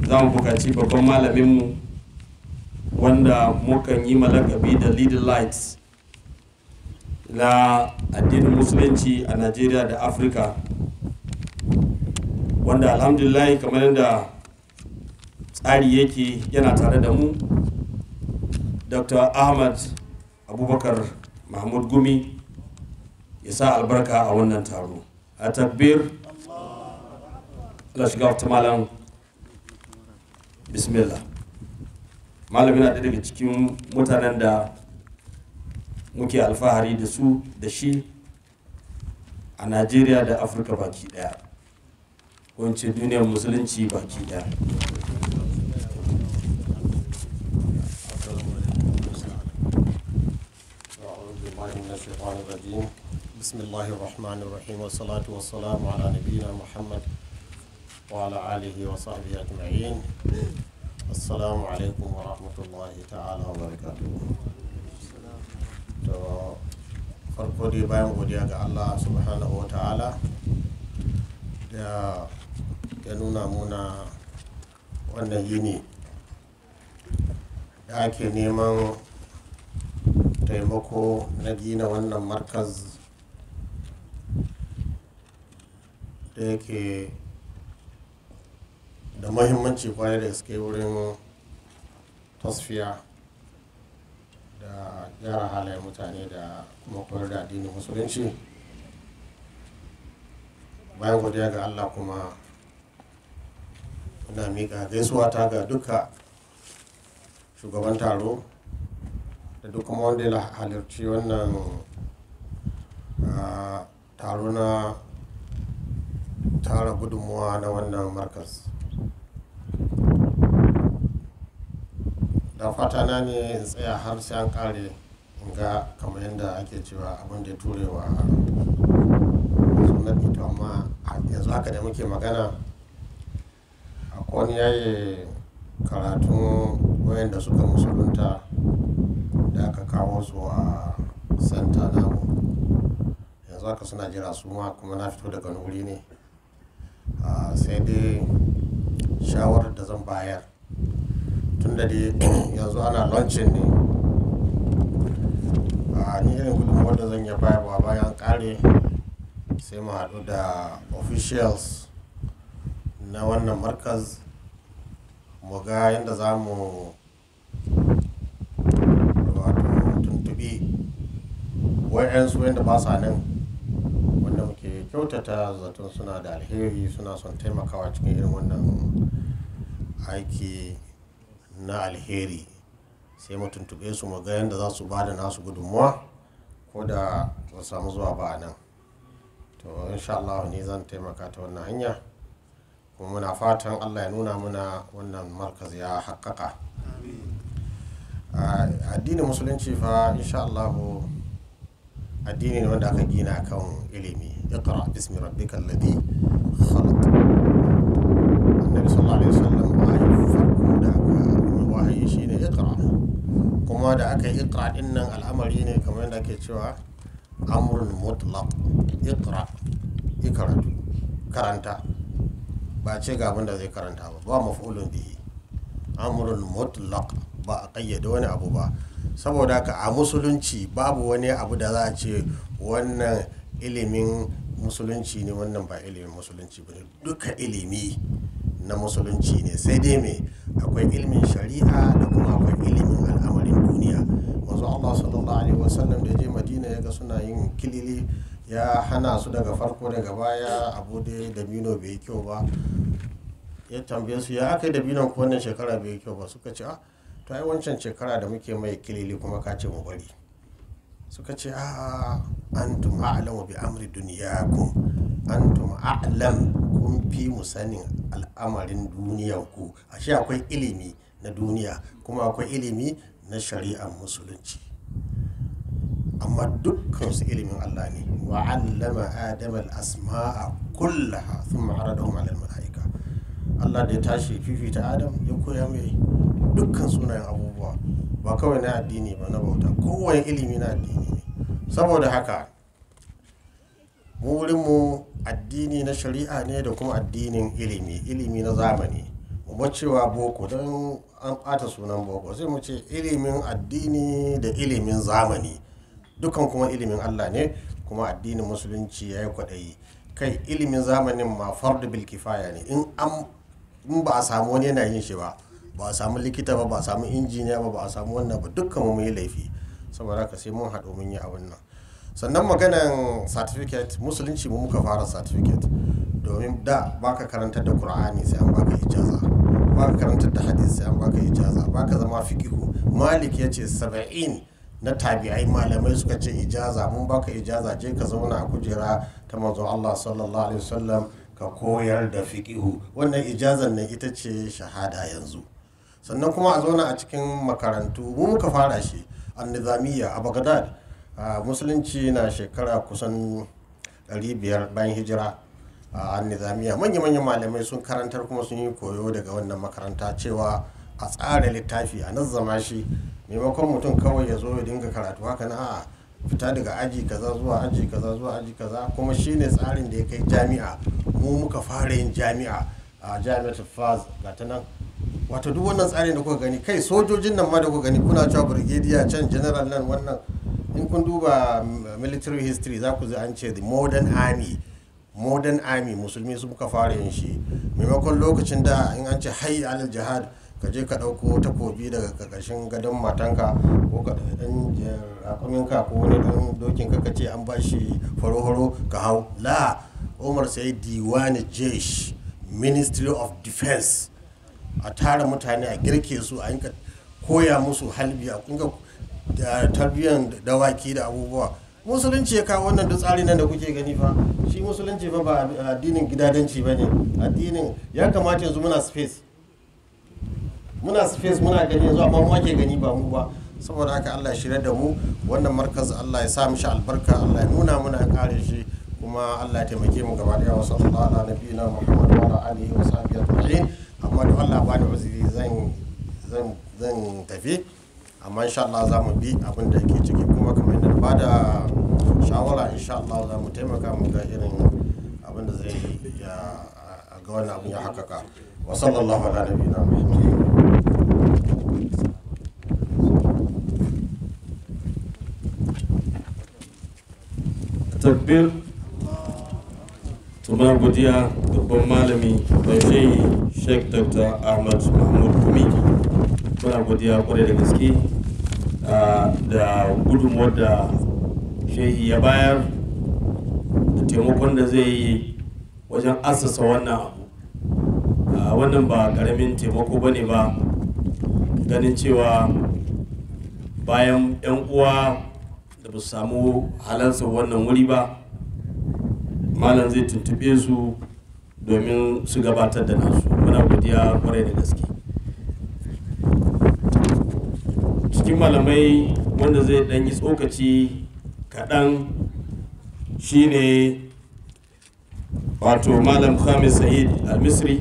Speaker 1: za mu bukaci babban malaminmu wanda mukan yi malakabi da leading lights na addinin musulunci a nigeria da afirka wanda alhamdulillah kamar yadda tsari yake yana tare da mu dr ahmad abubakar mahmud gumi ya sa albarka a wannan taro a tabbir Allah wata malam bismillah malam yana da daga cikin mutanen da muke alfahari da su da shi a najeriya da afirka baki daya wancan duniyar musulunci baki daya.
Speaker 6: الشيطان الرجيم بسم الله الرحمن الرحيم والصلاة والسلام على نبينا محمد وعلى آله وصحبه أجمعين السلام عليكم ورحمة الله تعالى وبركاته to farko dai bayan godiya ga Allah subhanahu wa ta'ala da ya nuna muna wannan yini da ake neman taimako na gina wannan markaz da yake da mahimmanci kwarai da gaske wurin tasfiya da gyara halayen mutane da kuma koyar da addinin musulunci bayan godiya ga allah kuma ina miƙa gaisuwa ta ga duka shugaban taro da duk kuma wanda ya halarci wannan ah, taro na tara gudunmuwa na wannan markas da fata na ne in tsaya har sai an kare ga kamar yadda ake cewa abin da ya turewa sunan ita amma yanzu haka da muke magana a wani yayi karatun wayanda suka musulunta kawo su a santa namu yanzu haka suna jira su ma kuma na fito daga wuri ne sai dai shawarar da zan bayar tun da dai [clears throat] yanzu ana launcin ne a ni irin gudunmuwar da zan iya ba bayan kare sai mu haɗu da officials na wannan markaz mu ga yadda za mu wa'yansu yadda ba sa nan wanda muke kyautata zaton suna da alheri suna son taimakawa cikin irin wannan aiki na alheri sai mu su mu ga yadda za su ba nasu gudunmuwa ko da ba samu zuwa ba nan to insha Allah ne zan taimaka ta wannan hanya kuma muna fatan Allah ya nuna muna wannan markaz ya haƙƙaƙa addinin musulunci fa insha Allah addini ne wanda aka gina kan ilimi iqra bismi rabbika alladhi khalaq annabi sallallahu alaihi wasallam wahayi farko da aka wahayi shine iqra kuma da aka yi iqra din al'amari ne kamar yadda ake cewa amrun mutlaq iqra ikaratu karanta ba ce ga abin da zai karanta ba ba maf'ulun bihi amrun mutlaq ba a kayyade wani abu ba saboda ka a musulunci babu wani abu da za a ce wannan ilimin musulunci ne wannan ba ilimin musulunci ba duka ilimi na musulunci ne sai dai me akwai ilimin shari'a da kuma akwai ilimin al'amarin duniya wanzu Allah sallallahu alaihi wasallam da je Madina ya ga suna yin kilili ya hana su daga farko daga baya abu da dabino bai kyau ba ya tambaye su ya aka yi dabinon ko wannan shekara bai kyau ba suka ce ah to ai wancan shekara da muke mai kilili kuma ka ce mu bari suka ce a antum a'lamu bi amri duniyakum antum a'lam kun fi mu sanin al'amarin a ashe akwai ilimi na duniya kuma akwai ilimi na shari'ar musulunci amma dukkan su ilimin Allah ne wa allama adama al-asma'a kullaha thumma aradahum 'ala allah da ya tashi fifita adam ya koya mai dukkan sunayen abubuwa ba kawai na addini ba na bauta kowane ilimi na addini ne saboda haka mu wurinmu addini na shari'a ne da kuma addinin ilimi ilimi na zamani mu cewa boko don an bata sunan boko sai mu ce ilimin addini da ilimin zamani dukan kuma ilimin allah ne kuma addinin musulunci ya yi kwaɗayi kai ilimin zamanin ma fardu bil kifaya ne in an in ba a samu wani yana yin shi ba ba a samu likita ba ba a samu injiniya ba ba a samu wannan ba dukkan mu yi laifi saboda ka sai mun haɗu mun yi abin nan sannan maganan certificate musulunci mu muka fara certificate domin da baka karantar da qur'ani sai an baka ijaza baka karantar da hadisi sai an baka ijaza baka zama fiqihu malik yace 70 na tabi'ai malamai suka ce ijaza mun baka ijaza je ka zauna a kujera ta manzo Allah sallallahu alaihi wasallam ka koyar da fiƙihu. wannan ijazan nan ita ce shahada yanzu sannan kuma a zauna a cikin makarantu mu muka fara shi a nizamiya a bagdad musulunci na shekara kusan 500 bayan hijira a nizamiya manya-manyan malamai sun karantar kuma sun yi koyo daga wannan makaranta cewa a tsara littafi a nazzama shi maimakon mutum kawai ya zo ya dinga karatu haka na fita daga aji kaza zuwa aji kaza zuwa aji kaza kuma shine tsarin da ya kai jami'a mu muka fara yin jami'a a jami'ar faz ga ta nan wato duk wannan tsarin da kuka gani kai sojojin nan ma da kuka gani kuna cewa brigadier can general nan wannan in kun duba military history za ku ji an ce the modern army modern army musulmi su muka fara yin shi maimakon lokacin da in an ce hayy alal jihad ka je ka ɗauko takobi daga ƙarƙashin gadon matanka ko ka ɗan rakuminka ko wani ɗan dokin ka ce an ba shi horo-horo ka hau la umar sai diwani jesh ministry of defense a tara mutane a girke su a yinka koya musu halbi a kunga tarbiyyar dawaki da abubuwa musulunci ya kawo wannan tsari nan da kuke gani fa shi musulunci fa ba addinin gidadanci ba ne addinin ya kamata yanzu muna space muna space muna gani yanzu amma mu ake gani ba mu ba saboda haka Allah shirya da mu wannan markaz Allah ya sa mishi albarka Allah ya nuna muna kare shi kuma Allah ya taimake mu gaba daya wa sallallahu ala nabiyina Muhammad wa ala alihi wa sahbihi ajma'in amma duk Allah ba da uzuri zan zan zan tafi amma insha Allah za mu bi abin da yake ciki kuma kamar yadda ba da shawara insha Allah za mu taimaka mu ga irin abin da zai ya ga wannan abin ya haƙaƙa wa sallallahu ala nabiyina Muhammad
Speaker 1: takbir tunar godiya babban malami mai shayi sheik dr ahmad mahmud kumi muna godiya kwarai da gaske da gudunmuwar da shehi ya bayar da taimakon da zai yi wajen assasa wannan abu wannan ba karamin taimako ba ne ba ganin cewa bayan 'yan uwa da ba su samu halansa wannan wuri ba malam zai tuntube su domin su gabatar da nasu muna godiya kwarai da gaske cikin malamai wanda zai dan yi tsokaci kaɗan shine wato malam khamis sa'id al-misri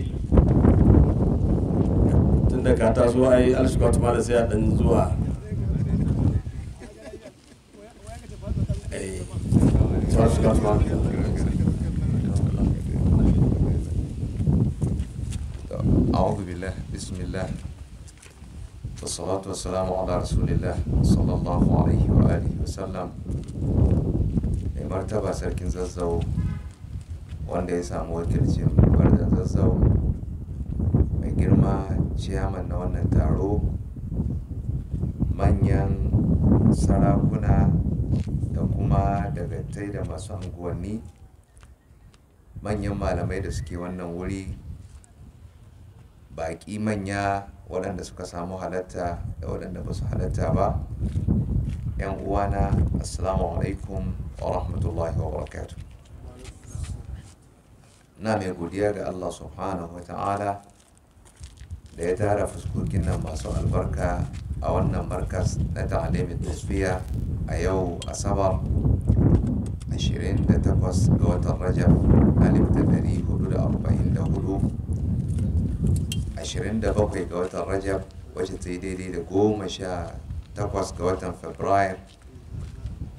Speaker 1: tun da ka taso ai alshikwatu malam sai a dan zuwa
Speaker 7: Spaß machen. أعوذ بالله بسم الله والصلاة والسلام على رسول الله صلى الله عليه وآله وسلم مرتبة سركن زازو وان دي ساموه كرجم بردان زازو من جرما جياما نوانا تارو من ين سراكونا da kuma daga tai da masu anguwanni manyan malamai da suke wannan wuri baƙi manya waɗanda suka samu halatta da waɗanda ba su halatta ba yan uwana assalamu alaikum wa rahmatullahi wa barakatu na mai godiya ga allah subhanahu wa ta'ala da ya tara fuskokin nan masu albarka a wannan markas na ta'alimin tasfiya a yau asabar 28 ga watan rajab 1444 27 ga watan rajab wacce ta yi daidai da goma sha takwas ga watan fabrair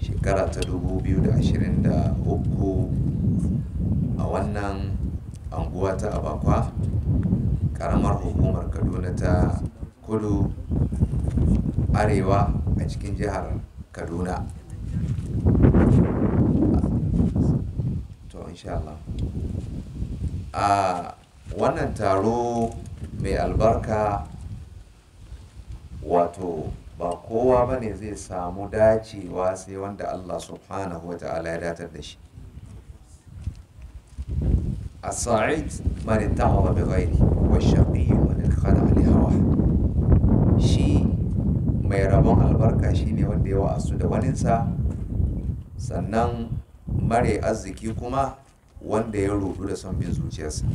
Speaker 7: shekara ta 2023 a wannan anguwa ta abakwa karamar hukumar kaduna ta kudu arewa a cikin jihar kaduna to insha a wannan taro mai albarka wato ba kowa ba ne zai samu dacewa sai wanda Allah subhanahu wa ta'ala ya datar da shi a sa'id man ittaha bi ghairi wa shaqiyyu man khada li mai rabon albarka shine wanda ya wa'azu da waninsa sannan mare arziki kuma wanda ya rudu da son bin zuciyarsa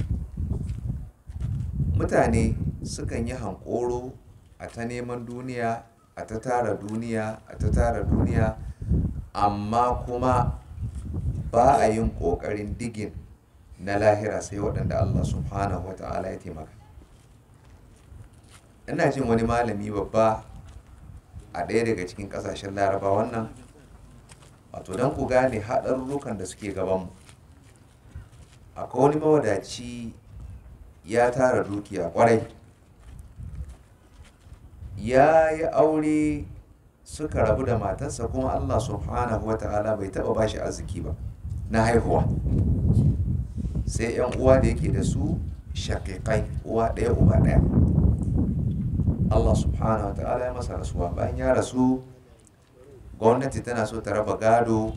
Speaker 7: mutane sukan yi hankoro a ta neman duniya a ta tara duniya a ta tara duniya amma kuma ba a yin ƙoƙarin digin na lahira sai waɗanda allah subhanahu wa ta'ala ya taimaka ina jin wani malami babba a ɗaya daga cikin ƙasashen laraba wannan wato don ku gane haɗarurrukan da suke gabanmu a wani mawadaci ya tara dukiya kwarai ya yi aure suka rabu da matarsa kuma allah subhanahu wa ta'ala bai taɓa bashi arziki ba na haihuwa sai 'yan uwa da yake da su shaƙiƙai uwa ɗaya uba ɗaya Allah subhanahu wa ta'ala ya masa rasuwa bayan ya rasu gwamnati tana so ta raba gado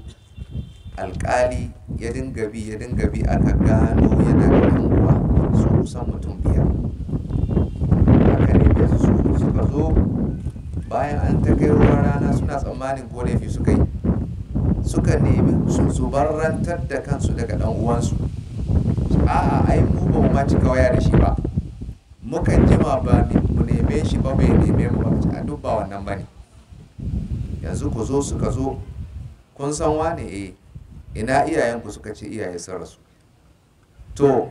Speaker 7: alkali ya dinga bi ya dinga bi aka gano yana da ɗan su kusan mutum biyar aka neme su suka zo bayan an ta kai ruwan rana suna tsammanin ko laifi suka yi suka nemi su zubarantar da kansu daga ɗan uwansu a'a ai mu ba mu ma cika waya da shi ba mukan jima ba ne neme shi ba bai neme mu ba a duk ba wannan bane yanzu ku zo suka zo kun san wane eh ina iyayenku suka ce iyaye sun rasu to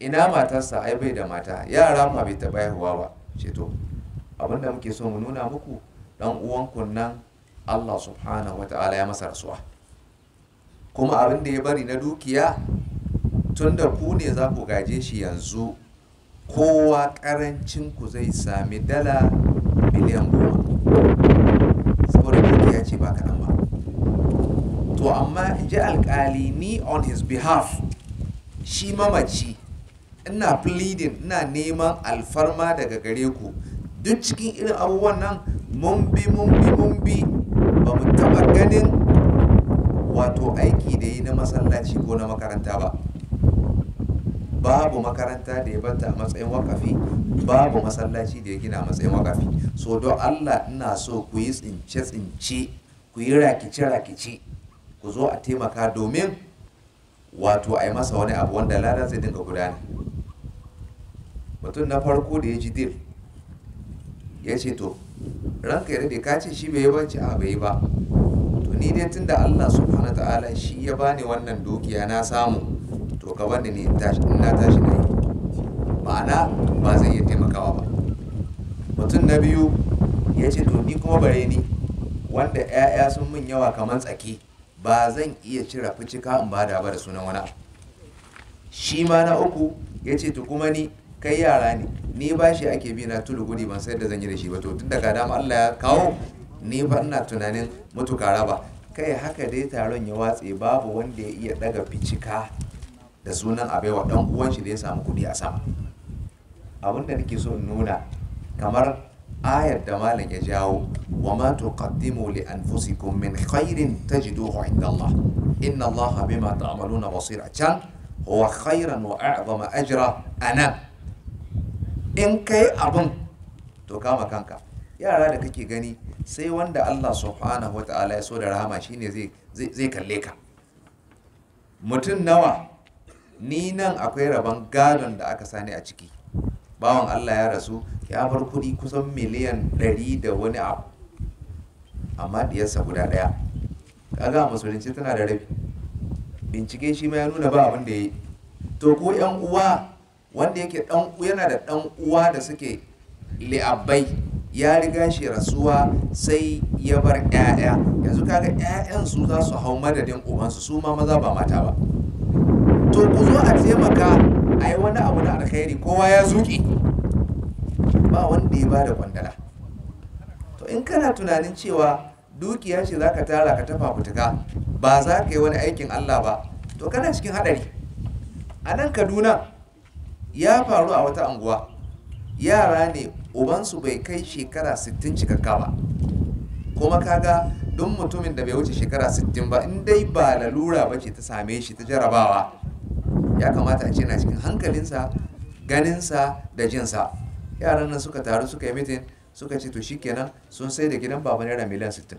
Speaker 7: ina matarsa ai bai da mata yara ma bai taɓa haihuwa ba ce to abin da muke so mu nuna muku dan uwanku nan Allah subhanahu wata'ala ya masa rasuwa kuma abin da ya bari na dukiya tun da ku ne za ku gaje shi yanzu kowa ƙarancin ku zai sami dala miliyan goma saboda banki ya ce ba kaɗan ba to amma in ji alkali ni on his behalf shi mamaci ina pleading ina neman alfarma daga gare ku duk cikin irin abubuwan nan mun bi mun bi mun bi ba mu taɓa ganin wato aiki da yi na masallaci ko na makaranta ba babu makaranta da ya banta a matsayin wakafi babu masallaci da ya gina a matsayin wakafi so don allah ina so ku yi tsince-tsince ku yi rakice-rakice ku zo a taimaka domin wato a yi masa wani abu wanda lalata zai dinga gudana mutum na farko da ya ji dil ya ce to ranka ya da ka ce shi bai yi a bai ba to ni dai tunda allah subhanahu ta'ala shi ya bani wannan dukiya na samu to ka bani ne na tashi na yi ma'ana ba zai iya taimakawa ba mutum na biyu ya ce to ni kuma bare ni wanda 'ya'ya sun min yawa kamar tsaki ba zan iya cira ficika in bada ba da sunan wani shi ma na uku ya ce to kuma ni kai yara ne ni ba shi ake bi na tulu gudi ban sai da zan yi da shi ba to tun daga dama Allah ya kawo ni ba ina tunanin mutuka raba kai haka dai taron ya watse babu wanda ya iya daga ficika da sunan a baiwa dan uwan shi da ya samu kuɗi a sama abin da nake so nuna kamar ayar da malam ya jawo wa ma tuqaddimu li anfusikum min khairin tajiduhu inda Allah inna Allah bima ta'maluna a can huwa khairan wa a'zama ajra anan in kai abin to kama kanka yara da kake gani sai wanda Allah subhanahu Ta'ala ya so da rahama shine zai zai kalle ka mutum nawa ni nan akwai rabon gadon da aka sani a ciki bawan allah ya rasu ya bar kuɗi kusan miliyan ɗari da wani abu amma diyarsa guda ɗaya kaga musulunci tana da rabi bincike shi ma ya nuna ba abin da ya yi to ko yan uwa wanda yake yana da ɗan uwa da suke li'abbai ya riga shi rasuwa sai ya bar 'ya'ya yanzu kaga 'ya'yan su za su hau madadin ubansu su ma maza ba mata ba to ku zo a taimaka a yi wani abu na alkhairi kowa ya zuƙi ba wanda ya bada kwandala to in kana tunanin cewa dukiya ce za ka tara ka tafa fituka ba za ka yi wani aikin allah ba to kana cikin haɗari a nan kaduna ya faru a wata anguwa yara ne ubansu bai kai shekara 60 cikakka ba kuma kaga duk mutumin da bai wuce shekara 60 ba in dai ba lalura ba ce ta same shi ta jarabawa ya kamata a ce na cikin hankalinsa ganinsa da jinsa yaran nan suka taru suka yi mitin suka ce to shi kenan sun sai da gidan baba naira miliyan 60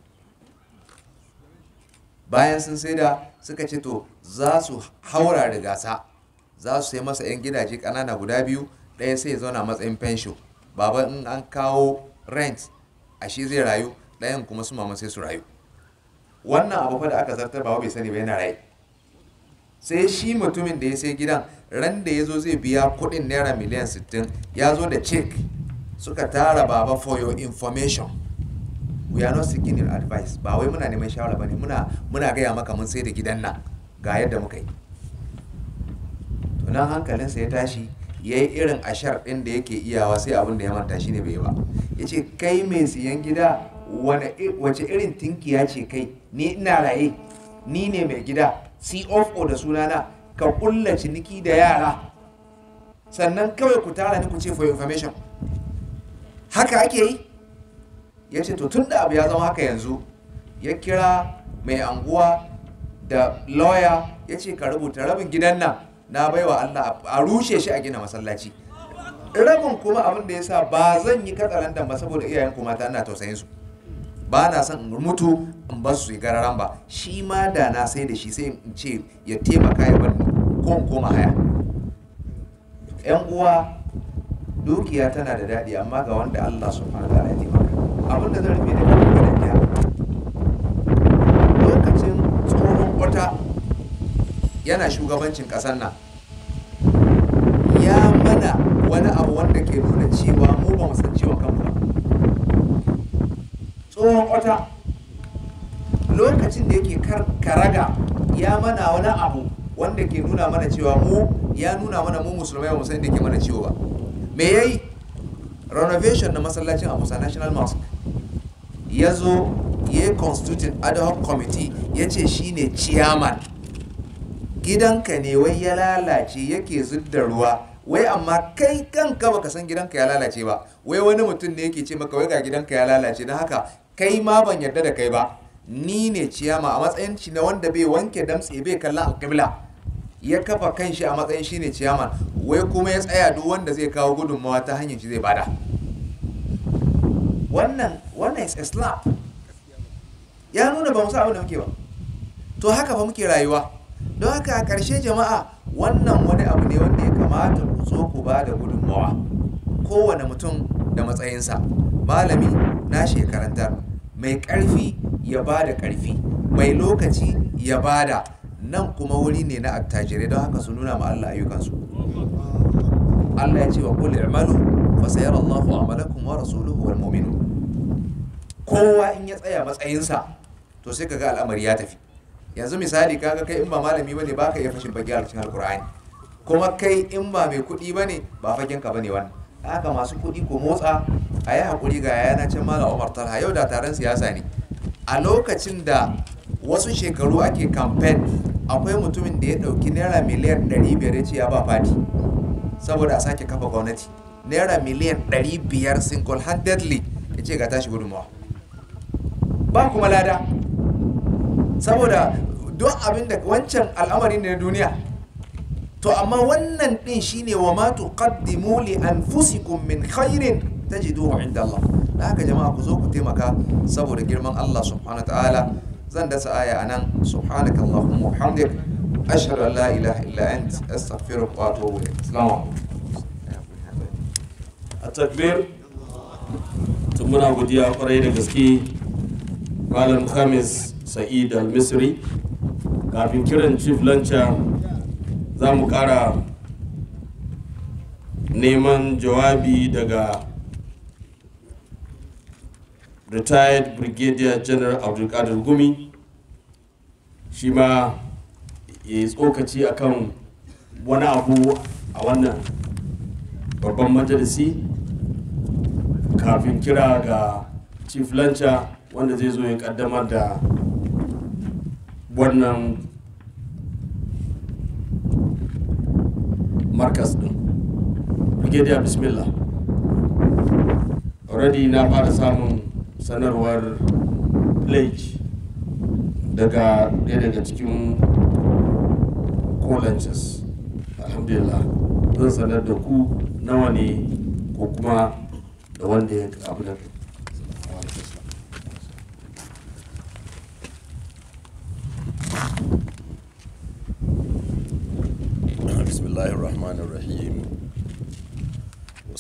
Speaker 7: bayan sun sai da suka ce to za su haura da gasa za su sai masa 'yan gidaje kanana guda biyu ɗaya sai ya zauna matsayin fensho baba in an kawo rent a shi zai rayu ɗayan kuma su mama sai su rayu wannan abu fa da aka zartar baba bai sani ba yana rayu sai shi mutumin da ya sai gidan ran da ya zo zai biya kudin naira miliyan 60 ya zo da cek suka tara baba for your information we are not seeking your advice ba wai muna neman shawara ba muna muna gaya maka mun sai da gidan nan ga yadda muka yi to nan hankalinsa ya tashi ya yi irin ashar ɗin da yake iyawa sai abin da ya manta shi ne bai ba ya ce kai mai siyan gida wace irin tinkiya ce kai ni ina raye ni ne mai gida COO da sunana ka kulla ciniki da yara sannan kawai ku tara ni ku ce for information haka ake yi ya ce to tun da abu ya zama haka yanzu ya kira mai anguwa da lawyer ya ce ka rubuta rabin gidan nan na baiwa Allah a rushe shi a gina masallaci rabin kuma abin da ya sa ba zan yi katsalandan ba saboda iyayen kuma ta ana tausayin su ba na son in mutu in ba su gararan ba shi ma da na sai da shi sai in ce ya taimaka ya ni, ko in koma haya yan uwa dukiya tana da daɗi amma ga wanda Allah subhanahu wa ta'ala ya taimaka abin da zan rufe da lokacin tsohon kwata yana shugabancin ƙasar nan ya mana wani abu wanda ke nuna cewa mu ba mu san cewa kanmu ba tsohon wata lokacin da yake karaga ya mana wani abu wanda ke nuna mana cewa mu ya nuna mana mu musulmai ba musulmai da ke mana ciwo ba me yayi renovation na masallacin a musa national mosque ya zo ya yi constituted ad hoc committee ya ce shi ne chairman gidanka ne wai ya lalace yake zudda ruwa wai amma kai kanka baka san gidanka ya lalace ba wai wani mutum ne yake ce maka wai ga gidanka ya lalace don haka kai ma ban yarda da kai ba ni ne ciyama a matsayin shi na wanda bai wanke damtse bai kalla alƙibla ya kafa kan shi a matsayin shi ne ciyama wai kuma ya tsaya duk wanda zai kawo gudunmawa ta hanyar shi zai bada wannan wannan is islam ya nuna ba musa abin da muke ba to haka ba muke rayuwa don haka a ƙarshe jama'a wannan wani abu ne wanda ya kamata ku zo ku ba da gudunmawa kowane mutum da matsayinsa malami na shekarantar, mai ƙarfi ya ba da ƙarfi mai lokaci ya ba da nan kuma wuri ne na attajirai don haka su nuna ma Allah ayyukansu Allah ya ce wa kulli i'malu fa sayara Allahu a'malakum wa rasuluhu wal mu'minun kowa in ya tsaya matsayinsa to sai kaga al'amari ya tafi yanzu misali kaga kai in ba malami bane baka iya fashin baki a cikin alqur'ani kuma kai in ba mai kuɗi bane ba fagenka bane wannan haka masu kuɗi ko motsa a yi haƙuri ga yana can mala umar talha yau da taron siyasa ne a lokacin da wasu shekaru ake kamfen akwai mutumin da ya ɗauki naira miliyan 500 ya ce ya ba fadi saboda a sake kafa gwamnati naira miliyan 500 single handedly ya ce ga tashi gudunmawa ba kuma lada saboda don abin da wancan al'amarin ne na duniya to amma wannan din shine wa ma tuqaddimu li anfusikum min khairin tajiduhu inda Allah da haka jama'a ku zo ku taimaka saboda girman Allah subhanahu wa ta'ala zan dasa aya anan subhanaka allahumma wa hamdik ashhadu an la ilaha illa ant astaghfiruka wa atubu ilayk assalamu
Speaker 1: takbir tun muna godiya kwarai da gaske malam khamis sa'id al-misri kafin kiran chief lancha za mu ƙara neman jawabi daga retired brigadier general abdulkadir gumi shi ma ya yi tsokaci akan wani abu a wannan babban majalisi kafin kira ga chief wanda zai zo ya kaddamar da wannan markas din brigadier bismillah already na fara samun sanarwar pledge daga ɗaya daga cikin colleges alhamdulillah zan sanar da ku nawa ne ko kuma da wanda ya abu da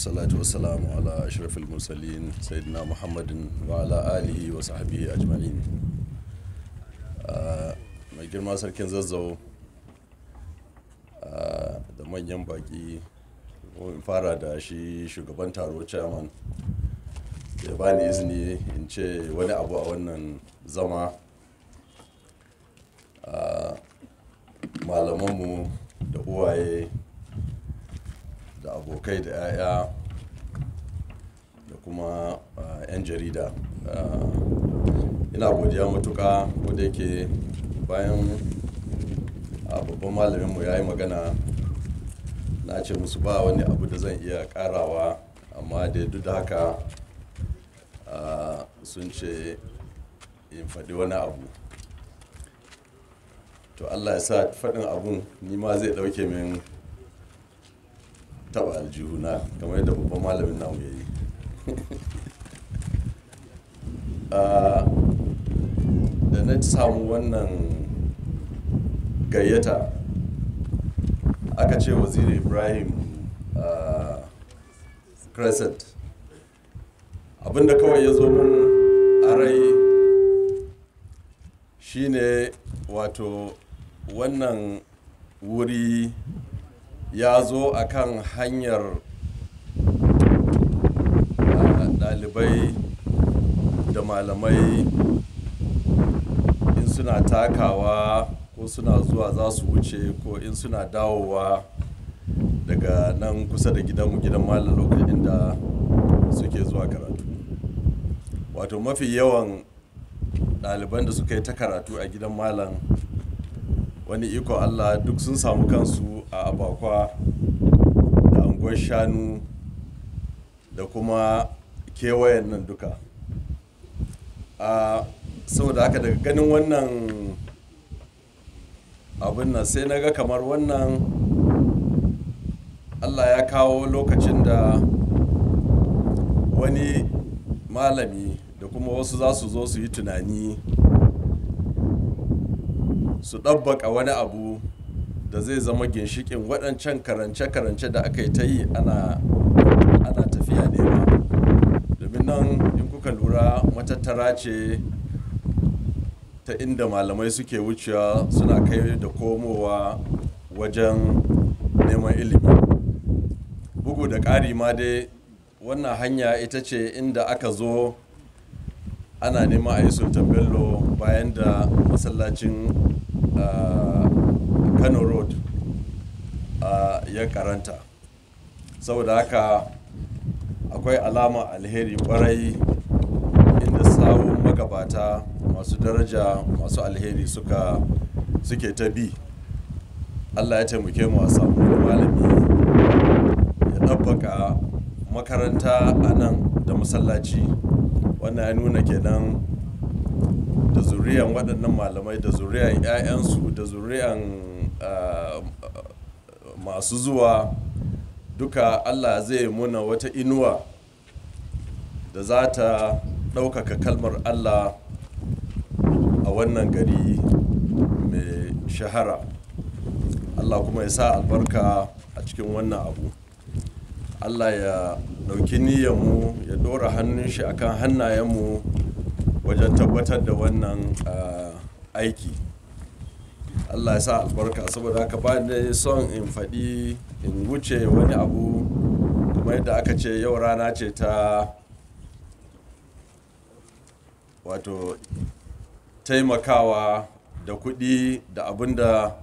Speaker 8: salatu wasalamu ala ashrafil mursalin sayyidina muhammadin wa ala alihi wa sahbihi ajma'in ah, mai girma sarkin zazzau ah, da manyan baki in fara da shi shugaban taro chairman ya bani izini in ce wani abu a wannan zama ah, malamanmu da uwaye da abokai da 'ya'ya da kuma 'yan eh, jarida eh, ina godiya matuka wadda yake bayan ah, babban malaminmu ya yi magana na ce musu ba wani abu da zan iya karawa amma da duk da haka ah, sun ce in faɗi wani abu to allah ya sa faɗin abun ma zai ɗauke min taba na kamar yadda babban malamin namu ya yi [laughs] ah, da na samu wannan gayyata aka ce waziri ibrahim ah, crescent abinda kawai ya zo mun arai shine wato wannan wuri ya zo a kan hanyar ah, ɗalibai da malamai in suna takawa ko suna zuwa za su wuce ko in suna dawowa daga nan kusa da gidan gidan malam lokacin da suke zuwa karatu wato mafi yawan ɗaliban da suka yi ta karatu a gidan malam wani iko allah duk sun samu kansu a abakwa da anguwar shanu da kuma kewayen nan duka a saboda haka daga ganin wannan abin nan sai na ga kamar wannan allah ya kawo lokacin da wani malami da kuma wasu za su zo su yi tunani su ɗabbaka wani abu da zai zama ginshikin waɗancan karance-karance da aka yi ta yi ana tafiya nema domin nan in kuka lura matattara ce ta inda malamai suke wucewa suna kai da komowa wajen neman ilimi bugu da ƙari ma dai wannan hanya ita ce inda aka zo ana neman a yi sultan bello bayan da masallacin Uh, kano road uh, ya karanta saboda haka akwai alama alheri kwarai inda samun magabata masu daraja masu alheri suka suke ta bi allah ya taimake mu a samu malami ya ɗabbaka makaranta a nan da masallaci wannan ya nuna kenan da zuriyan waɗannan malamai da zuriyan 'ya'yansu da zuriyan ah, masu zuwa duka allah zai muna wata inuwa da za ta ɗaukaka kalmar allah a wannan gari mai shahara allah kuma ya sa albarka a cikin wannan abu allah ya ɗauki niyyar mu ya ɗora hannun shi akan hannayenmu wajen tabbatar da wannan ah, aiki allah ya sa albarka saboda haka ba da son in faɗi in wuce wani abu kuma yadda aka ce yau rana ce ta wato taimakawa da kuɗi da abin da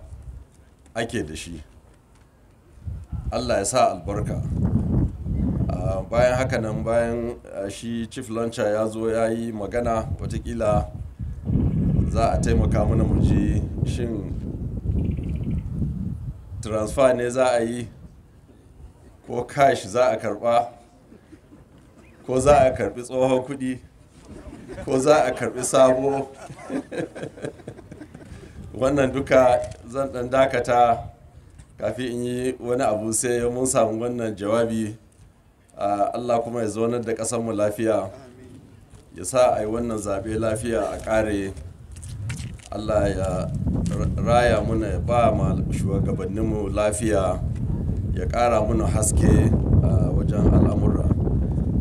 Speaker 8: ake da shi allah ya sa albarka bayan haka nan bayan eh, shi chief launcher ya zo ya yi magana watakila za a taimaka mana mu ji shin transfer ne za a yi ko cash za a karba ko za a karbi tsohon kudi ko za a karbi sabo [laughs] wannan duka zan dan dakata kafin in yi wani abu sai mun samu wannan jawabi allah kuma ya zonar da ƙasarmu lafiya ya sa a yi wannan zaɓe lafiya a ƙare allah ya raya muna ya ba ma shugabanninmu lafiya ya ƙara muna haske a wajen al'amura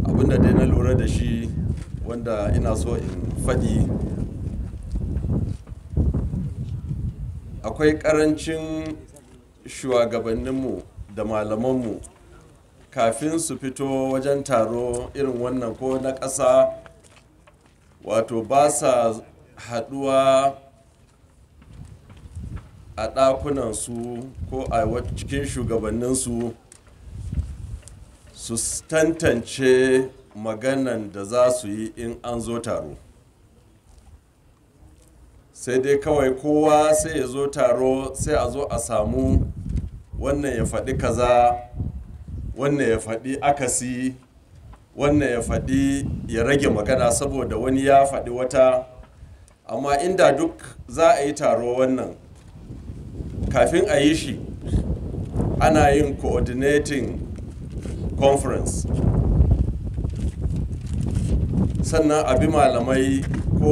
Speaker 8: abinda dai na lura da shi wanda ina so in faɗi akwai ƙarancin shugabanninmu da malamanmu kafin su fito wajen taro irin wannan ko na ƙasa wato ba sa haɗuwa a ɗakunansu ko a cikin shugabanninsu su tantance maganan da za su yi in an zo taro sai dai kawai kowa sai ya zo taro sai a zo a samu wannan ya faɗi kaza wannan ya faɗi akasi wannan ya faɗi ya rage magana saboda wani ya faɗi wata amma inda duk za a yi taro wannan kafin a yi shi ana yin coordinating conference sannan a bi malamai ko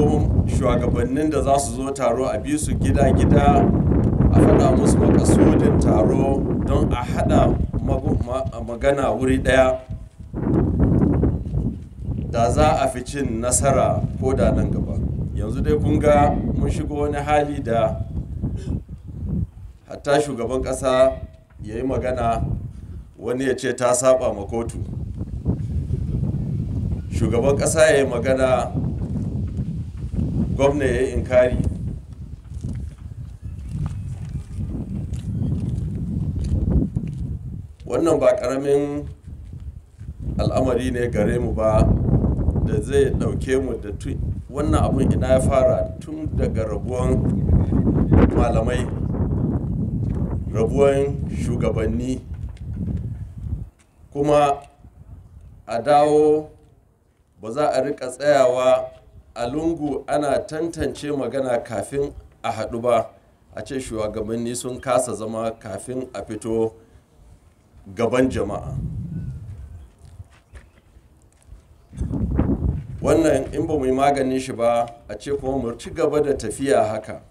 Speaker 8: shugabannin da za su zo taro a bi su gida-gida a faɗa musu makasudin taro don a haɗa magana wuri daya. da za a fi cin nasara ko da nan gaba yanzu dai kun ga mun shigo wani hali da hatta shugaban ƙasa ya yi magana wani ya ce ta saba ma kotu shugaban ƙasa ya yi magana gwamna ya yi inkari wannan ba ƙaramin al'amari ne gare mu ba da zai ɗauke mu da wannan abin ina ya fara tun daga rabuwan malamai rabuwan shugabanni kuma a dawo ba za a rika tsayawa a lungu ana tantance magana kafin a haɗu ba a ce shugabanni sun kasa zama kafin a fito gaban jama'a wannan in ba mu yi maganin shi ba a ce kuma mu ci gaba da tafiya haka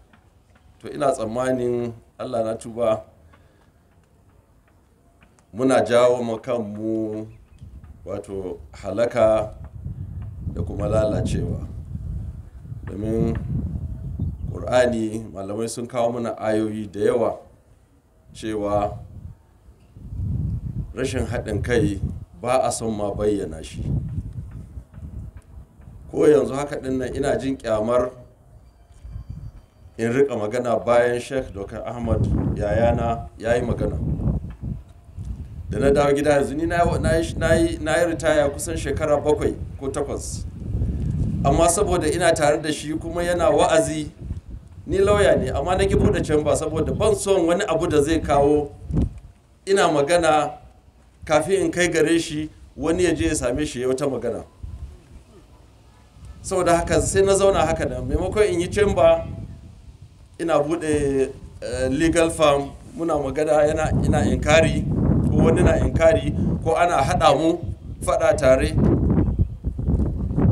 Speaker 8: to ina tsammanin allah na tuba muna jawo makanmu wato halaka da kuma lalacewa domin ƙur'ani malamai sun kawo mana ayoyi da yawa cewa rashin haɗin kai ba a son ma bayyana shi ko yanzu haka dinnan ina jin kyamar in rika magana bayan sheikh dokar ahmad yayana ya yi magana da na dawo gida yanzu ni na yi ritaya kusan shekara bakwai ko takwas amma saboda ina tare da shi kuma yana wa'azi ni lauya ne amma na ki buɗe can ba saboda ban son wani abu da zai kawo ina magana kafin in kai gare shi wani ya je ya same shi ya wata magana saboda haka sai na zauna haka da maimakon in yi chamber ina bude eh, legal firm muna magana yana ina inkari ko wani na inkari ko ana hada mu fada tare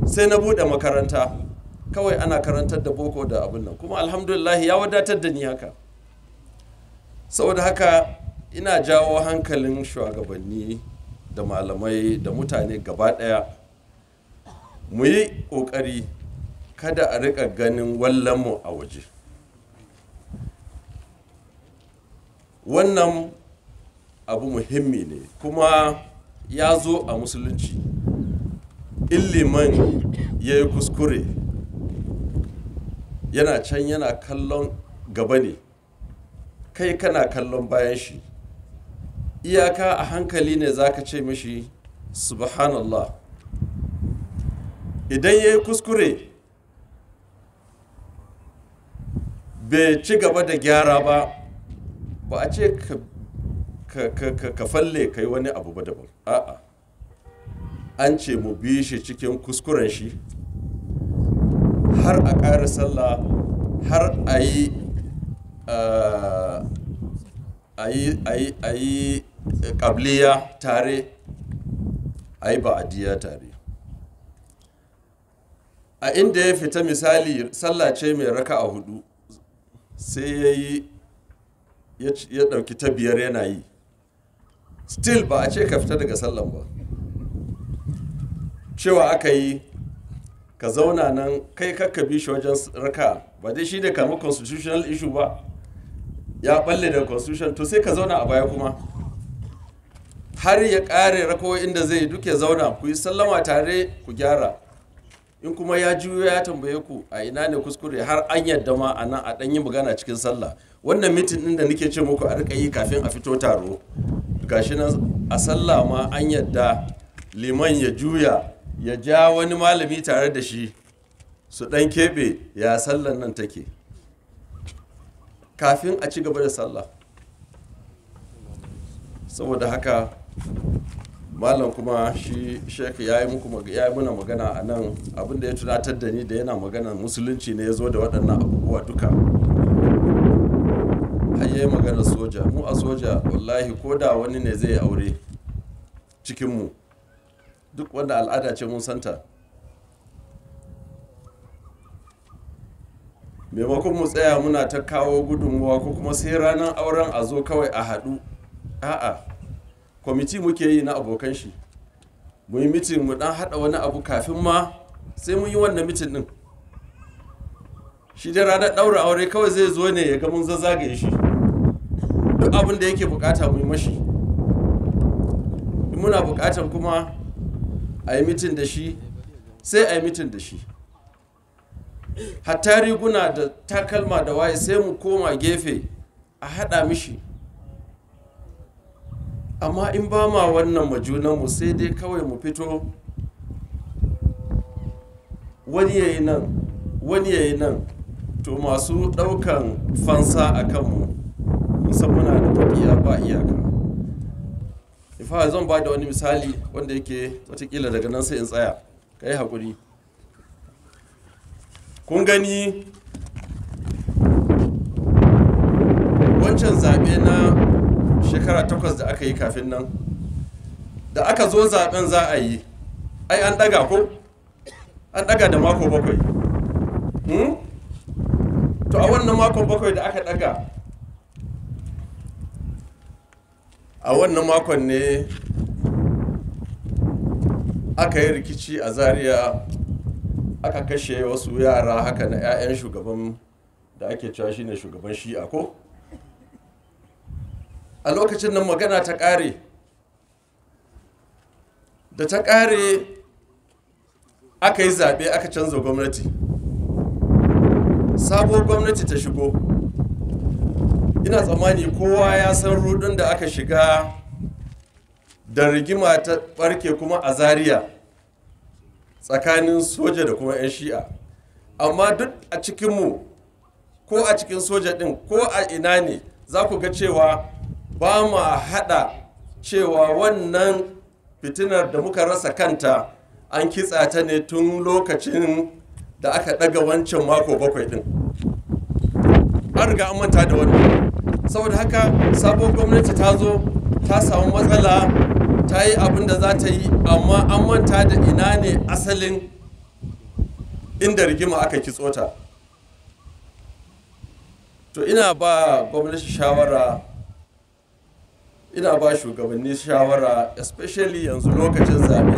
Speaker 8: sai na bude makaranta kawai ana karantar da boko da abin nan kuma alhamdulillah ya wadatar da ni haka saboda haka ina jawo hankalin shugabanni da malamai da mutane gaba ɗaya mu yi ƙoƙari kada a riƙa ganin wallonmu a waje wannan abu muhimmi ne kuma ya zo a musulunci illiman ya yi kuskure yana can yana kallon gaba ne kai kana kallon bayan shi iyaka a hankali ne zaka ce mishi subhanallah idan ya yi kuskure bai ci gaba da gyara ba ba a ce ka falle ka yi wani abu ba daban a'a an ce mu bi shi cikin kuskuren shi har a ƙara sallah har a eh, a yi kabliya tare a yi ba'adiyya tare a inda ya fita misali sallah ce mai raka a hudu sai ya yi ya ɗauki ta biyar yana yi still ba a ce ka fita daga sallan ba cewa aka yi ka zauna nan kai kakka bi shi wajen raka ba dai shi ne kama constitutional issue ba ya balle da constitution to sai ka zauna a baya kuma har ya ƙare rako inda zai duk ya zauna ku yi sallama tare ku gyara in kuma ya juyo ya tambaye ku a ina ne kuskure har an yadda ma a nan a ɗan yi magana cikin sallah wannan mitin ɗin da nake ce muku a rika yi kafin a fito taro gashi nan a sallah ma an yadda liman ya juya ya ja wani malami tare da shi su ɗan keɓe ya sallan nan take kafin a ci gaba da sallah saboda haka malam kuma shi shek ya yi muku muna magana a nan abinda ya tunatar da ni da yana magana musulunci ne ya zo da waɗannan abubuwa duka har magana soja mu a soja wallahi ko da wani ne zai aure cikinmu duk wanda al'ada ce mun santa maimakon mu tsaya muna ta kawo gudunmuwa ko kuma sai ranar auren a zo kawai a haɗu a'a kwamiti muke yi na abokan shi mu yi mitin mu dan hada wani abu kafin ma sai mun yi wannan mitin din shi da ranar daura aure kawai zai zo ne ya ga mun zazzagaye shi duk abin da yake bukata mu yi mashi in muna bukatan kuma a yi mitin da shi sai a yi mitin da shi hatta riguna da takalma da waye sai mu koma gefe a hada mishi amma in ba ma wannan mu sai dai kawai mu fito wani yayi nan wani yayi nan to masu ɗaukan fansa a kanmu kusan muna da tafiya ba iyaka ifa zan ba da wani misali wanda yake watakila daga nan sai in tsaya ka yi haƙuri kun gani wancan zaɓe na shekara takwas da aka yi kafin nan da aka zo zaben za a yi ai an daga ko an daga da mako bakwai hmm? to a wannan mako bakwai da aka daga a wannan makon ne aka yi rikici a zaria aka kashe wasu yara haka na 'ya'yan shugaban da ake cewa ne shugaban shi'a ko a lokacin nan magana ta ƙare da ta ƙare aka yi zaɓe aka canza gwamnati sabuwar gwamnati ta shigo ina tsammani kowa ya san rudin da aka shiga da rigima ta ɓarke kuma a Zariya tsakanin soja da kuma 'yan shi'a amma duk a cikinmu ko a cikin soja ɗin ko a ina ne za ku ga cewa ba mu haɗa cewa wannan fitinar da muka rasa kanta an kitsa ta ne tun lokacin da aka ɗaga wancan mako bakwai ɗin an riga an manta da wannan saboda haka sabon gwamnati ta zo ta samu matsala ta yi abin da za ta yi amma an manta da ina ne asalin inda rigima aka kitso ta to ina ba gwamnati shawara ina ba shugabanni shawara especially yanzu lokacin zabe,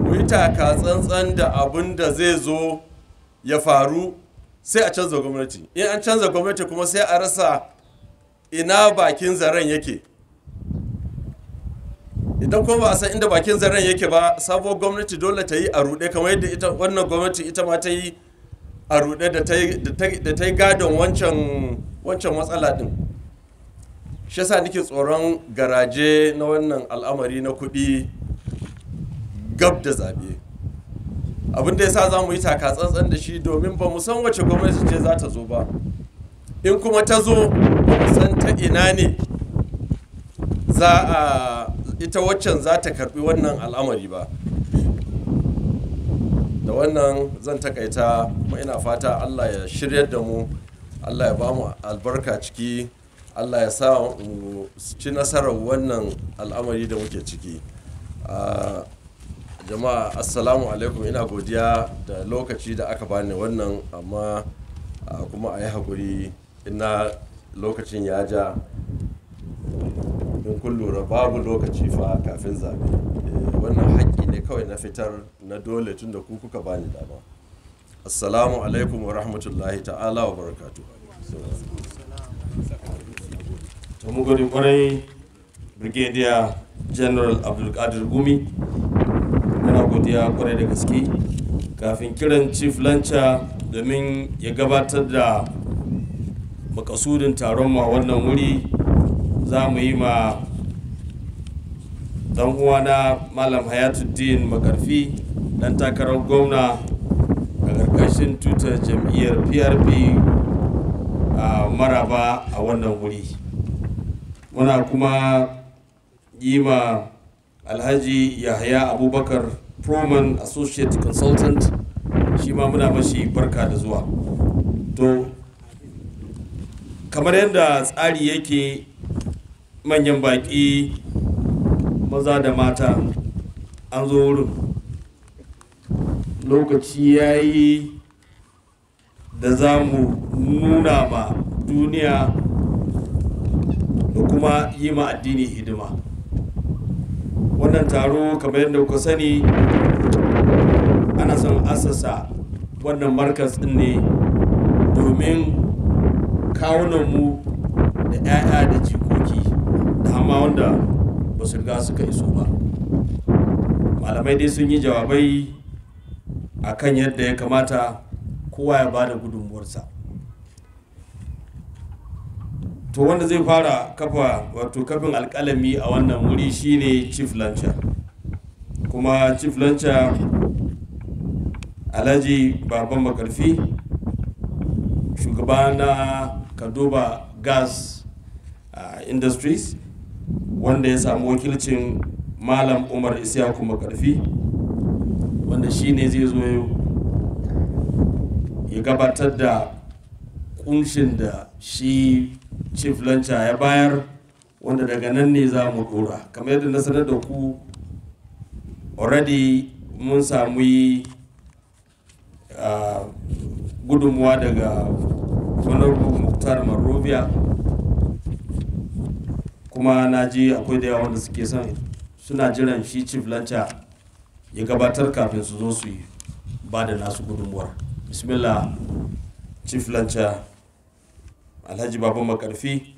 Speaker 8: mu taka tsantsan da abin da zai zo ya faru sai a canza gwamnati in an canza gwamnati kuma sai a rasa ina bakin zaren yake idan kuma ba a san inda bakin zaren yake ba sabuwar gwamnati dole ta yi a ruɗe kamar yadda ita wannan gwamnati ita ma ta yi a ruɗe da ta yi gadon wancan matsala din shi yasa nike tsoron garaje na wannan al'amari na kuɗi gab da zaɓe abin da yasa za mu yi taka tsantsan da shi domin ba mu san wace gwamnati ce za ta zo ba in kuma ta zo ba mu san ta ina ne za a ita waccan za ta karɓi wannan al'amari ba da wannan zan takaita kuma ina fata allah ya shiryar da mu allah ya ba mu albarka ciki allah ya sa mu ci nasarar wannan al'amari da muke ciki jama'a assalamu alaikum ina godiya da lokaci da aka bani wannan amma kuma a yi haƙuri ina lokacin ya ja in kun lura babu lokaci fa kafin zaɓe eh, wannan haƙƙi ne kawai na fitar na dole tun da ku kuka bani dama assalamu alaikum wa rahmatullahi ta'ala wa barakatuhu
Speaker 1: to mu gode kwarai brigadier general abdulkadir gumi yana godiya kwarai da gaske kafin kiran chief lancha domin ya gabatar da makasudin taron ma wannan wuri za mu yi ma dan uwana malam hayatuddin makarfi dan takarar gwamna a ƙarƙashin tutar jam'iyyar prp a maraba a wannan wuri muna kuma yi ma alhaji yahaya abubakar proman associate consultant shi ma muna mashi barka da zuwa to kamar yadda tsari yake manyan baƙi maza da mata an zo wurin lokaci ya yi da za mu nuna ma duniya kuma yi ma addini hidima wannan taro kamar yadda kuka sani ana son asasa wannan markas din ne domin kawunanmu da 'ya'ya da jikoki da hama wanda ba su riga suka iso ba malamai dai sun yi jawabai a kan yadda ya kamata kowa ya ba da gudunmuwarsa to wanda zai fara kafa wato kafin alkalami a wannan wuri shine chief lancha kuma chief lancha alhaji baban makarfi shugaba na Kaduba gas uh, industries wanda ya samu wakilcin malam umar isiyaku makarfi wanda shine zai zo ya gabatar da kunshin da shi chief lancha ya bayar wanda daga nan ne za mu dora kamar yadda na sanar da ku already mun samu yi gudunmuwa daga honorable muktar marobiya kuma na ji akwai da yawa wanda suke son suna jiran shi chief lancha ya gabatar kafin su zo su yi ba da nasu gudunmuwar bismillah chief lancha alhaji baban makarfi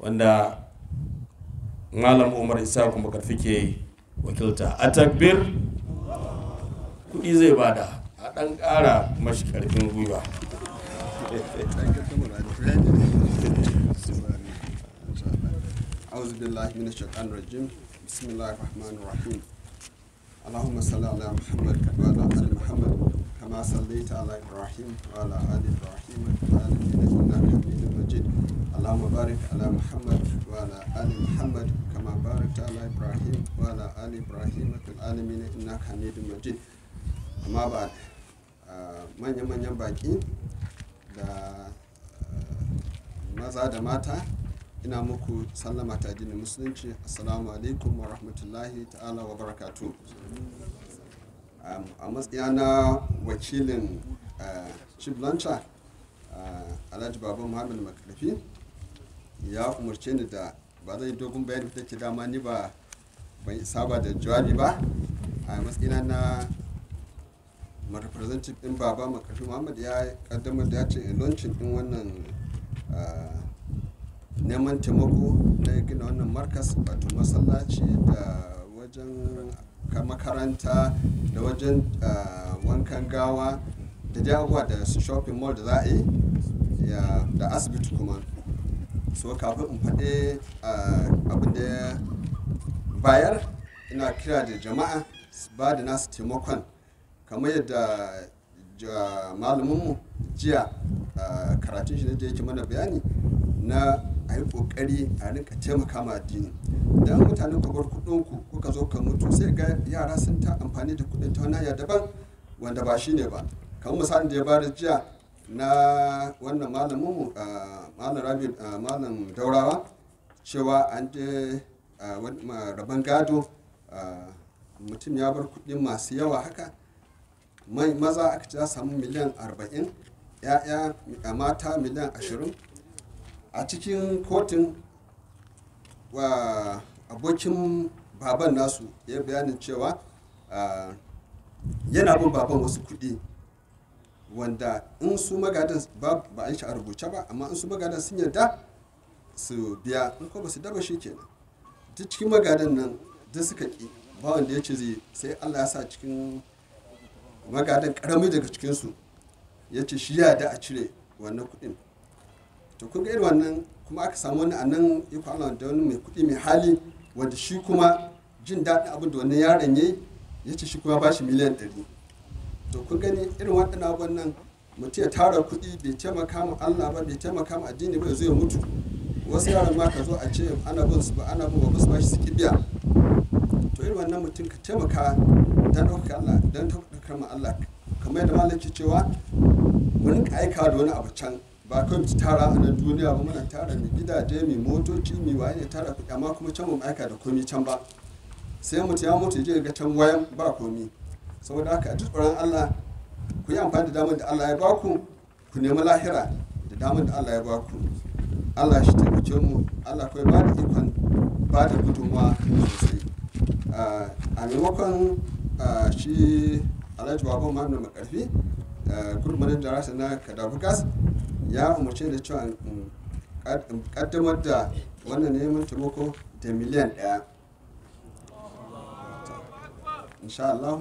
Speaker 1: wanda malam umar isa kuma karfi ke wakilta a takbir kudi zai bada a dan kara mashi karfin
Speaker 9: gwiwa أعوذ بالله من الشيطان الرجيم بسم rahim. اللهم صل على محمد وعلى ال محمد كما صليت على ابراهيم وعلى ال ابراهيم انك حميد مجيد اللهم بارك على محمد وعلى ال محمد كما باركت على ابراهيم وعلى ال ابراهيم في العالمين انك حميد مجيد اما بعد من manyan baki da maza da mata ina muku sallama ta jini musulunci assalamu alaikum wa rahmatullahi ta'ala wa barakatu um, a matsaya na wakilin uh, chief lancha uh, alhaji baba muhammadu makarfi ya umarce ni da ba zai dogon bayani da ke dama ni ba ban saba da jawabi ba a matsayina na representative din baba makarfi muhammad ya kaddamar da ya ce launching din wannan uh, neman taimako na gina wannan markas wato masallaci da wajen makaranta da wajen wankan gawa da jagowa da shopping mall da za yi da asibiti kuma so kafin in faɗi abin da ya bayar ina kira da jama'a su ba da nasu taimakon kamar yadda malaminmu jiya karatun shi da yake mana bayani na a yi kokari a rinka taimaka ma addini idan mutanen ku bar kuɗin ku kuka zo ka mutu sai ga yara sun ta amfani da kuɗin ta wani daban wanda ba shine ba kamar misalin da ya bada jiya na wannan malamin mu malam rabi malam daurawa cewa an je rabon gado mutum ya bar kuɗi masu yawa haka mai maza aka ci za samu miliyan arba'in 'ya'ya mata miliyan ashirin a cikin kotun abokin baban nasu ya bayanin cewa yana bin baban wasu kuɗi wanda in su magadan ba a yi a rubuce ba amma in su magadan sun yarda su biya in ko ba su daba shi kenan duk cikin magadan nan duk suka ƙi ba wanda ya ce zai sai allah ya sa cikin magadan karami daga cikinsu ya ce shi ya da a cire wannan kuɗin to kun ga irin wannan kuma aka samu wani anan iko Allah da wani mai kuɗi mai hali wanda shi kuma jin daɗin abin da wannan yaron yayi ya ce shi kuma ba shi miliyan ɗari to kun gani irin waɗannan abubuwan nan mutum ya tara kuɗi bai taimaka ma Allah ba bai taimaka ma addini ba ya zo ya mutu wasu yaran ma ka zo a ce ana bin su ba ana bin ba su ba shi suke biya to irin wannan mutum ka taimaka dan ɗaukar Allah dan ɗaukar ma Allah kamar yadda malam ke cewa wani ka aika da wani abu can ba kan tara a nan duniya ba muna tara mai gidaje mai motoci mai waye tara kuɗi amma kuma can mu aika da komi can ba sai mutum ya mutu je ga can wayan ba komi saboda haka duk tsoron Allah ku yi amfani da damar da Allah ya ba ku ku nemi lahira da damar da Allah ya ba ku Allah shi taimake mu Allah kawai ba da ikon ba da gudunwa sosai a maimakon shi alhaji babu mamu makarfi kurmanin darasa na kadafukas ya umarce da cewa kaddamar da wannan neman taimako da miliyan daya insha Allah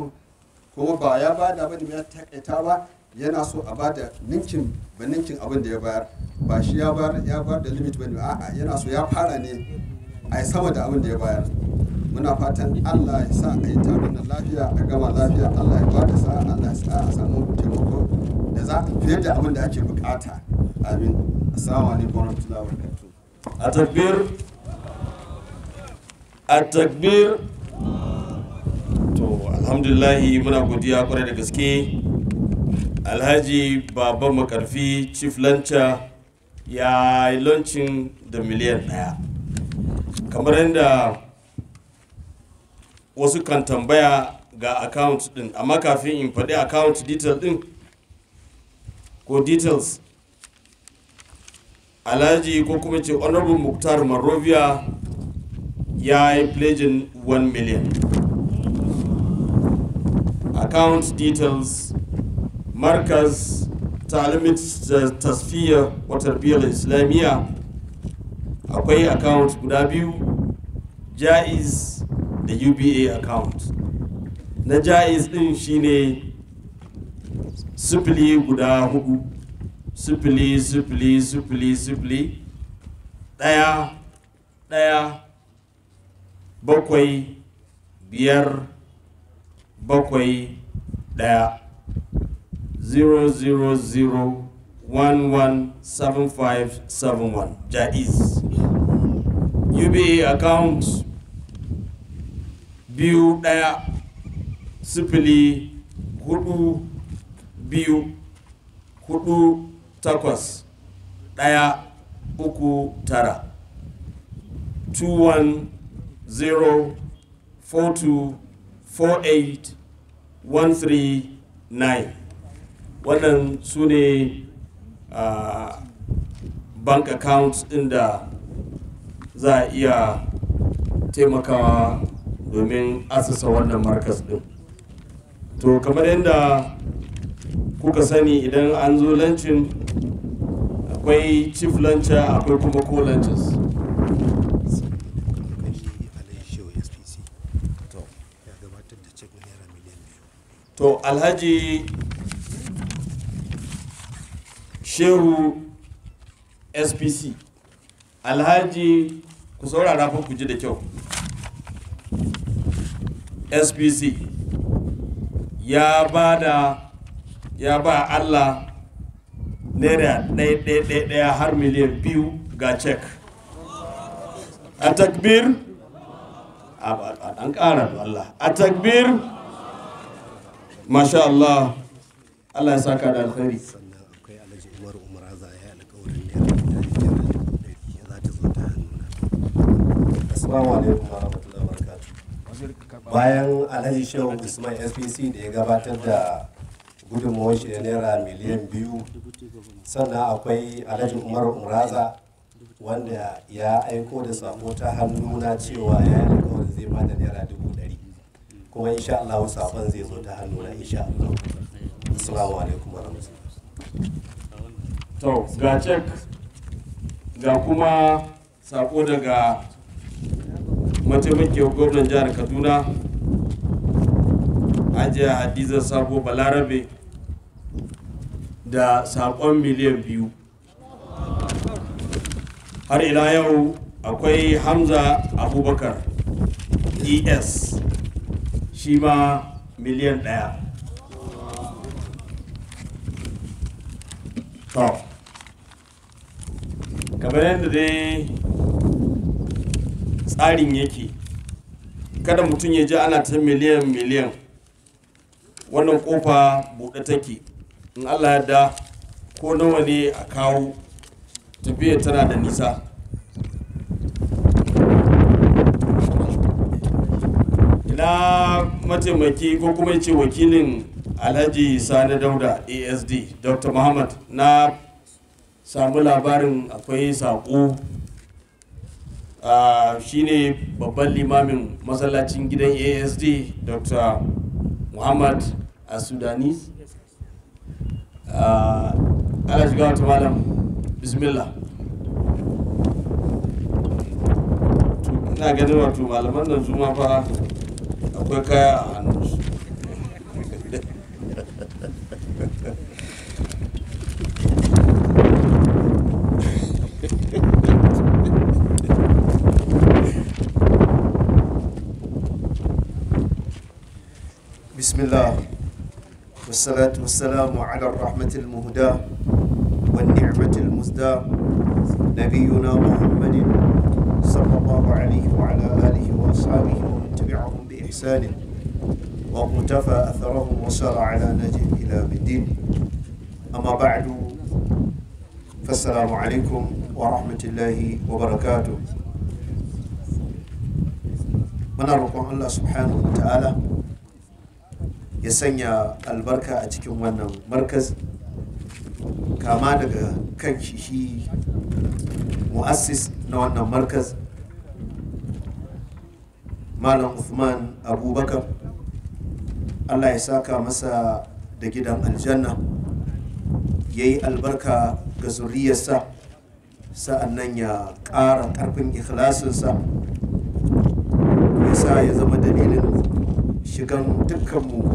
Speaker 9: kuma ba ya ba da bane ya takaita ba yana so a bada ninkin ba ninkin abin da ya bayar ba shi ya bayar da limit ne a'a yana so ya fara ne a yi sama da abin da ya bayar muna fatan allah ya sa a yi taron da lafiya a gama lafiya allah ya ba da sa allah ya sa a samu taimako da za a fiye da abin da ake bukata amin assalamu alaikum warahmatullahi wabarakatuh a takbir a takbir
Speaker 1: to alhamdulillahi muna godiya kwarai da gaske alhaji baban makarfi chief lancha ya yi lancin da miliyan daya kamar yadda wasu kan tambaya ga account din amma kafin in faɗi account details din ko details alhaji ko kuma ce honorable muktar marovia ya yi pledging 1 million account details markaz ta tasfiya wa tarbiyyar islamiyya akwai account guda biyu jaiz da uba account na jaiz din shine sifili guda hudu sifili sifili sifili sifili ɗaya ɗaya bakwai biyar bakwai ɗaya 000117571 jaiz uba account biyu ɗaya sifili hudu biyu hudu takwas ɗaya uku tara 210-4248-139 wannan su ne uh, bank accounts inda za a iya taimakawa domin asasa wannan markas din to kamar yadda kuka sani idan an zo lancin akwai chief lancer akwai kuma co lancers to alhaji shehu spc alhaji ku saurara fa ku ji da kyau spc ya ba da ya ba allah naira ɗaya har miliyan biyu ga cek a takbir an ƙara da allah a takbir masha allah allah ya saka da alkhairi
Speaker 8: assalamu alaikum warahmatullahi wabarakatuh bayan
Speaker 10: alhaji shehu usman spc da ya gabatar da gudunmawar shi da naira miliyan biyu sannan akwai alhaji umar umraza wanda ya aiko da sako ta hannuna cewa ya yi alkawarin zai ba da naira dubu ɗari kuma insha Allah sabon zai zo ta hannuna insha Allah assalamu alaikum warahmatullahi
Speaker 1: to ga cek ga kuma sako daga mace muke gwamnan jihar kaduna ajiya hadiza sabo balarabe da sakon miliyan biyu har ila yau akwai hamza abubakar es shi ma miliyan daya kamar yadda dai tsarin yake kada mutum ya ji ana ta miliyan miliyan wannan kofa buɗe take in allah yadda ko nawa ne a kawo tafiya tana da nisa ina mataimaki ko kuma ce wakilin alhaji sani dauda asd dr muhammad na samu labarin akwai saƙo Ah, shine babban limamin masallacin gidan asd dr muhammad asudani ala ah, shiga wata malam bismillah ina ganin wato malaman nan su ma fa akwai kaya a hannunsu [laughs]
Speaker 10: بسم الله والصلاة والسلام على الرحمة المهدى والنعمة المزدى نبينا محمد صلى الله عليه وعلى آله وأصحابه ومن تبعهم بإحسان ومتفى أثرهم وسار على نجم إلى الدين أما بعد فالسلام عليكم ورحمة الله وبركاته من الله سبحانه وتعالى ya sanya albarka a cikin wannan markaz kama daga kan shi mu'assis na wannan markaz malam usman abubakar allah ya saka masa da gidan aljanna ya yi albarka ga zuriyarsa sa'annan ya ƙara ƙarfin ikhlasinsa ya sa ya zama dalilin shigan dukkanmu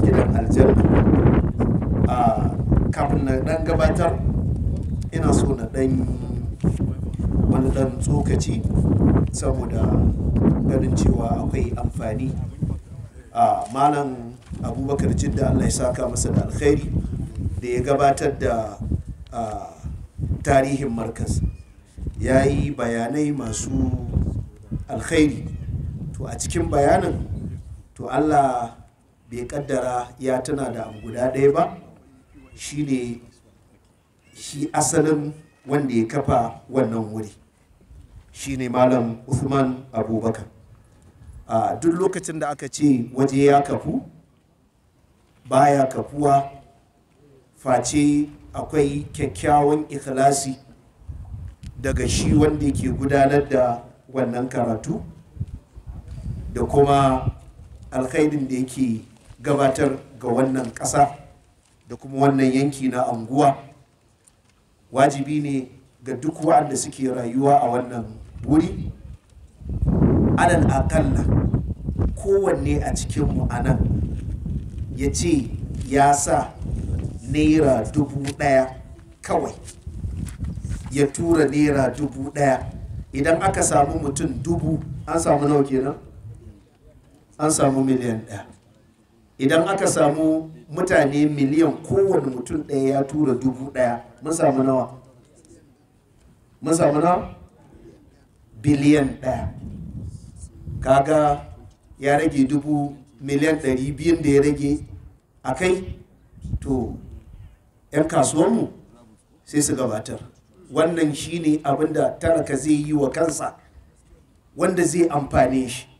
Speaker 10: gidan aljanna a kafin na dan gabatar ina so na dan wani dan tsokaci saboda ganin cewa akwai amfani a malam abubakar jidda allah ya saka masa da alkhairi da ya gabatar da tarihin markas ya yi bayanai masu alkhairi to a cikin bayanin to allah bai kaddara ya tana da abu guda ɗaya ba shi ne shi asalin wanda ya kafa wannan wuri shi ne malam usman abubakar a duk lokacin da aka ce waje ya kafu baya kafuwa face akwai kyakkyawan ikhlasi daga shi wanda ke gudanar da wannan karatu da kuma alkhairin da yake gabatar ga wannan ƙasa da kuma wannan yanki na anguwa wajibi ne ga duk wa'anda suke rayuwa a wannan wuri alal akalla kowanne a cikinmu a nan ya ce ya sa naira dubu ɗaya kawai ya tura naira dubu ɗaya idan aka samu mutum dubu an samu nawa kenan an samu miliyan ɗaya idan aka samu mutane miliyan kowane mutum ɗaya ya tura dubu ɗaya mun samu nawa mun samu nawa biliyan ɗaya kaga ya rage dubu miliyan ɗari biyun da ya rage a kai to 'yan kasuwanmu sai su gabatar wannan shine tara ka zai yi wa kansa wanda zai amfane shi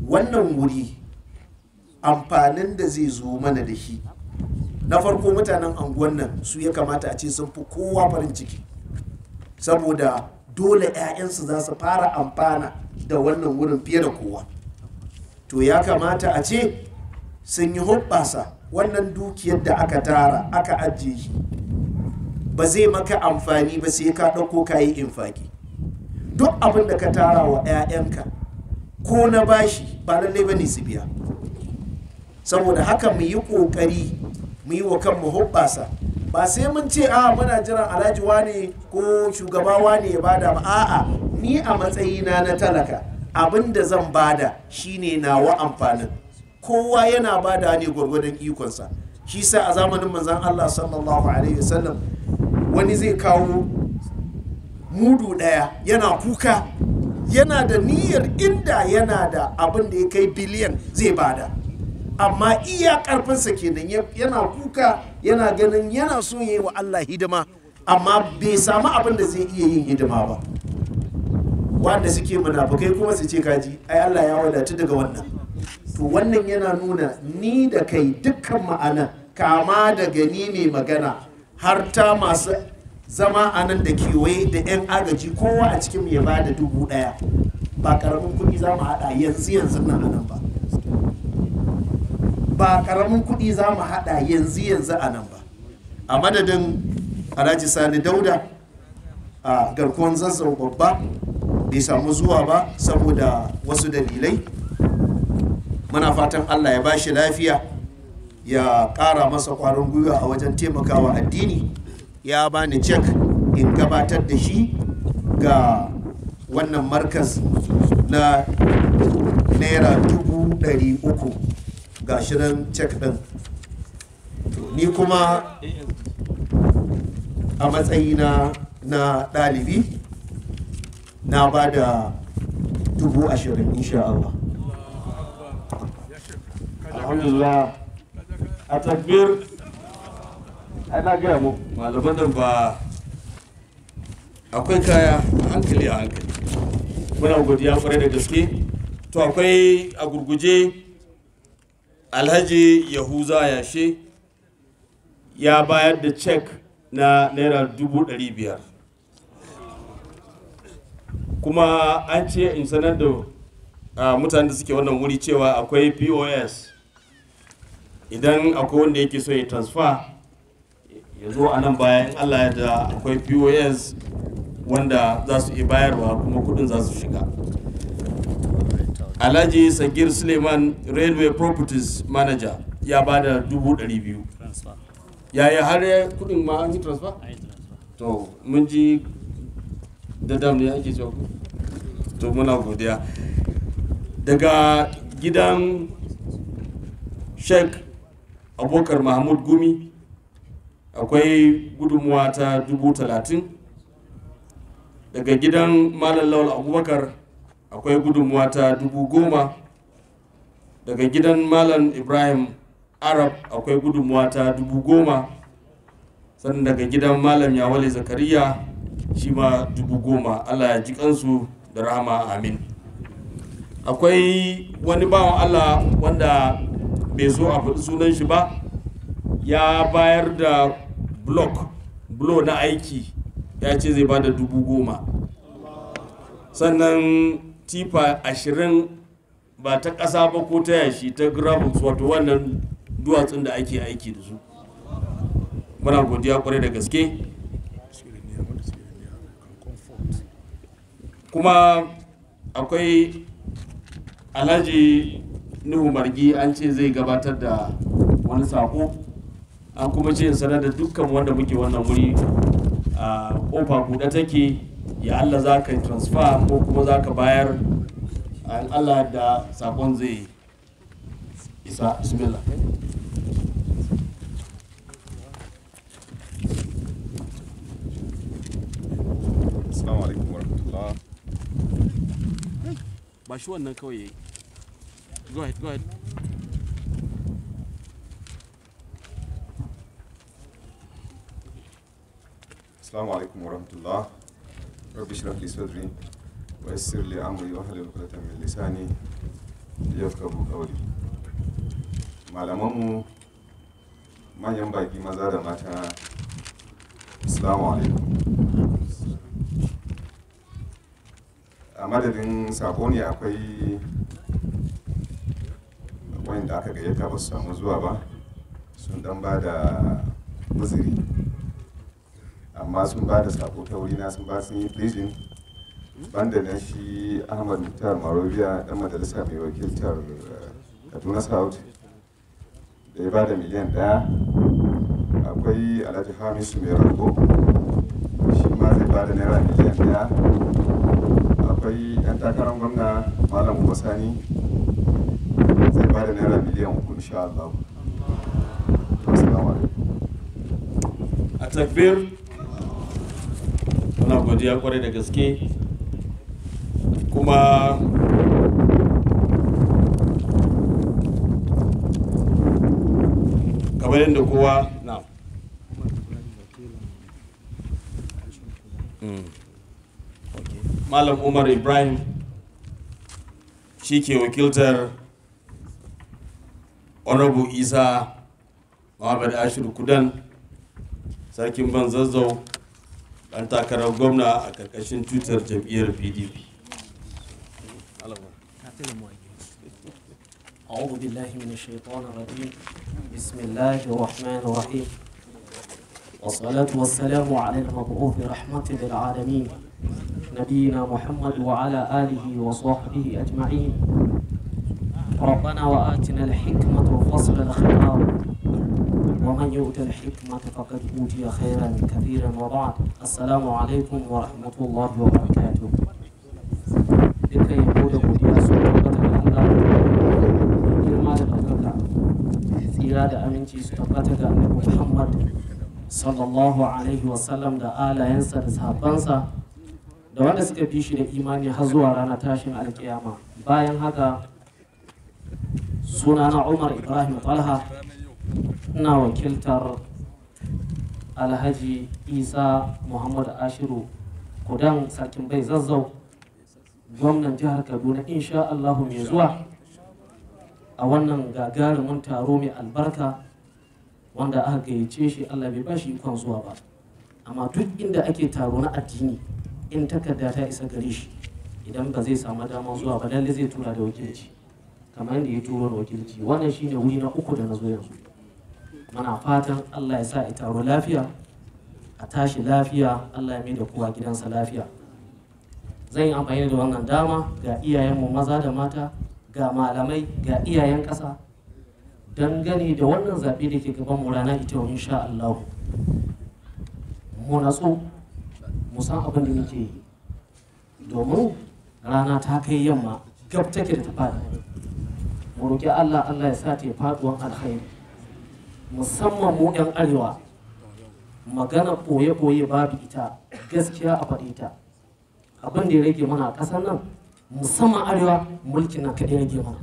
Speaker 10: wannan wuri amfanin da zai zo mana da shi na farko mutanen anguwan nan su ya kamata a ce sun fi kowa farin ciki saboda dole 'ya'yansu za su fara amfana da wannan wurin fiye da kowa to ya kamata a ce sun yi hubbasa wannan dukiyar da aka tara aka ajiye shi ba zai maka amfani ba sai ka ɗauko ka yi infaki duk abin da ka tara wa 'ya'yanka ko na bashi ba lallai bane su biya saboda haka mu yi ƙoƙari mu yi wa kanmu hubbasa ba sai mun ce a muna jiran alhaji wane ko shugaba wane ya bada ba a'a ni a matsayina na talaka abin da zan bada shine nawa amfanin kowa yana bada ne gwargwadon ikonsa shi sa a zamanin manzon Allah sallallahu alaihi wasallam wani zai kawo mudu ɗaya yana kuka yana da niyyar inda yana da abin da ya kai biliyan zai bada amma iya karfinsa kenan yana kuka yana ganin yana so yi wa Allah hidima amma bai samu abin da zai iya yin hidima ba wanda suke munafukai kuma su ce kaji ai Allah ya wadatu daga wannan to wannan yana nuna ni da kai dukkan ma'ana kama daga ni mai magana har ta masu zama a nan da kewaye da 'yan agaji kowa a cikin ya ba da dubu ɗaya ba ƙaramin kuɗi za mu haɗa yanzu yanzu nan a nan ba ba karamin kudi za mu hada yanzu yanzu a nan ba a madadin alhaji sani dauda a garkuwan zazzau babba bai samu zuwa ba saboda wasu dalilai muna fatan allah ya ba shi lafiya ya ƙara masa ƙwarin gwiwa a wajen taimakawa addini ya bani cek in gabatar da shi ga
Speaker 11: wannan markas na naira dubu ɗari uku
Speaker 10: ga shirin cek ɗin ni kuma a matsayina na ɗalibi na ba
Speaker 1: da dubu ashirin insha Allah alhamdulillah a takbir ana gaya mu malaman nan ba akwai kaya a hankali a hankali muna godiya kwarai da gaske to akwai a gurguje alhaji yahuza yashe ya bayar da cek na naira dubu ɗari biyar kuma an ce in sanar da ah, mutanen da suke wannan wuri cewa akwai pos idan akwai wanda yake so ya transfer ya zo a nan bayan allah ya da akwai pos wanda za su iya bayarwa kuma kudin za su shiga alhaji sagir suleiman railway properties manager ya ba da dubu ɗari biyu yaya har ya kudin ma an yi transfer to mun ji da dam ne ake cewa to muna godiya daga gidan sheikh abokar mahmud gumi akwai gudunmuwa ta dubu talatin daga gidan malam lawal abubakar akwai gudunmuwa ta dubu daga gidan malam ibrahim arab akwai gudunmuwa ta dubu goma sannan daga gidan malam yawale zakariya shi ma dubu goma allah ya ji kansu da rahama amin akwai wani bawan allah wanda bai zo a sunan shi ba ya bayar da block blow na aiki ya ce zai bada dubu goma sannan tifa ashirin ba ta ƙasa ba ko ta yashi ta gravels wato wannan duwatsun da ake aiki da su muna godiya kwarai da gaske kuma akwai alhaji nuhu margi an ce zai gabatar da wani sako an kuma ce sanar da dukkan wanda muke wannan wuri a kofa buɗe take ya Allah za ka transfer ko kuma za ka bayar an Allah da sakon zai isa bismillah assalamu alaikum warahmatullah ba shi wannan kawai go ahead go ahead
Speaker 5: السلام عليكم ورحمة الله رب اشرح لي صدري ويسر لي أمري واحلل عقدة من لساني yafkabu kauri malamanmu manyan baki maza da mata assalamu alaikum a madadin sako ne akwai wanda aka gayyata ba su samu zuwa ba sun dan ba da uzuri amma sun ba da sako ta wurina sun ba sun yi ban banda na shi ahmad mutar marobiya dan majalisa mai wakiltar eh, kaduna south da ya ba da miliyan daya akwai alhaji hamisu mai rago shi ma zai ba da naira miliyan daya akwai yan takarar gwamna malam kwasani zai ba da naira miliyan uku insha Allah.
Speaker 1: A takbir muna godiya kwarai da gaske kuma kamar yadda kowa na hmm. malam umar ibrahim shi ke wakiltar honorable isa muhammad ashiru kudan sarkin ban zazzau ɗan takarar gwamna a ƙarƙashin tutar jam'iyyar pdp
Speaker 11: أعوذ بالله من الشيطان الرجيم بسم الله الرحمن الرحيم والصلاة والسلام على المبعوث رحمة للعالمين نبينا محمد وعلى آله وصحبه أجمعين ربنا وآتنا الحكمة وفصل الخطاب yau ta hikma ta faqad utiya khairan kathiran wa ba'd assalamu alaikum wa rahmatullahi wa barakatuh duka yabo da godiya su tabbata ga Allah girma da ɗaukaka tsira da aminci su tabbata ga Annabi sallallahu alaihi wa sallam da alayensa da sahabbansa da wanda suka fi shi da imani har zuwa ranar tashin alkiyama bayan haka sunana Umar Ibrahim Talha ina wakiltar alhaji isa muhammad ashiru kudan sarkin bai zazzau gwamnan jihar kaduna insha Allah mai zuwa a wannan gagarumin taro mai albarka wanda aka gayyace shi allah bai bashi ikon zuwa ba amma duk inda ake taro na addini in takarda ta isa gare shi idan ba zai samu dama zuwa ba lalle zai tura da wakilci kamar yadda ya tura da wakilci wannan shine wuri na uku da na zo yanzu muna fatan allah ya sa a taro lafiya a tashi lafiya allah ya mai da kowa gidansa lafiya zan yi amfani da wannan dama ga iyayenmu maza da mata ga malamai ga iyayen ƙasa dangane da wannan zaɓe da ke gaban mu rana ita wa insha Allah mu natsu mu san abin da muke yi domin rana ta kai yamma gab take da ta faɗi mu roƙi Allah Allah ya sa ta faɗuwan alkhairi musamman mu 'yan arewa magana ɓoye-ɓoye babu ita gaskiya a faɗi ta abin da ya rage mana ƙasar nan musamman arewa mulkin na kaɗai rage mana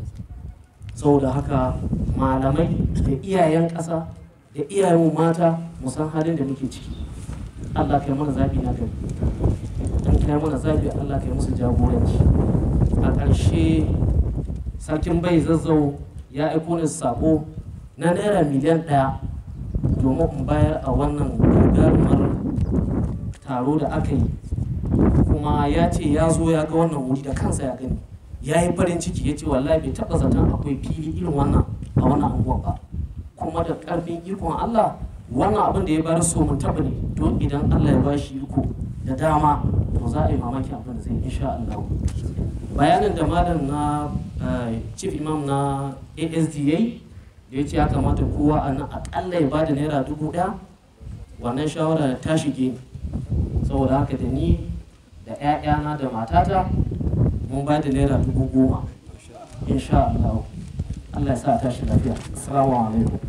Speaker 11: saboda haka malamai da iyayen ƙasa da iyayen mata musan halin da muke ciki allah kai mana zaɓi na gari don kai mana zaɓi allah kai musu jagoranci a ƙarshe sarkin bai zazzau ya aiko ni sako na naira miliyan ɗaya domin in bayar a wannan gagarumar taro da aka yi kuma ya ce ya zo ya ga wannan wuri da kansa ya gani ya yi farin ciki ya ce wallahi bai taɓa zaton akwai fili irin wannan a wannan anguwa ba kuma da ƙarfin ikon Allah wannan abin da ya bar so mun taɓa ne don idan Allah ya ba shi iko da dama to za a yi mamaki abin da zai insha Allah bayanin da malam na eh, chief imam na ASDA ya ce ya kamata kowa a nan aƙalla ya bada naira dubu ɗaya wannan shawara ta shige saboda haka da ni da 'ya'yana da matata mun bada naira dubu goma insha Allah Allah ya sa tashi lafiya salamu alaikum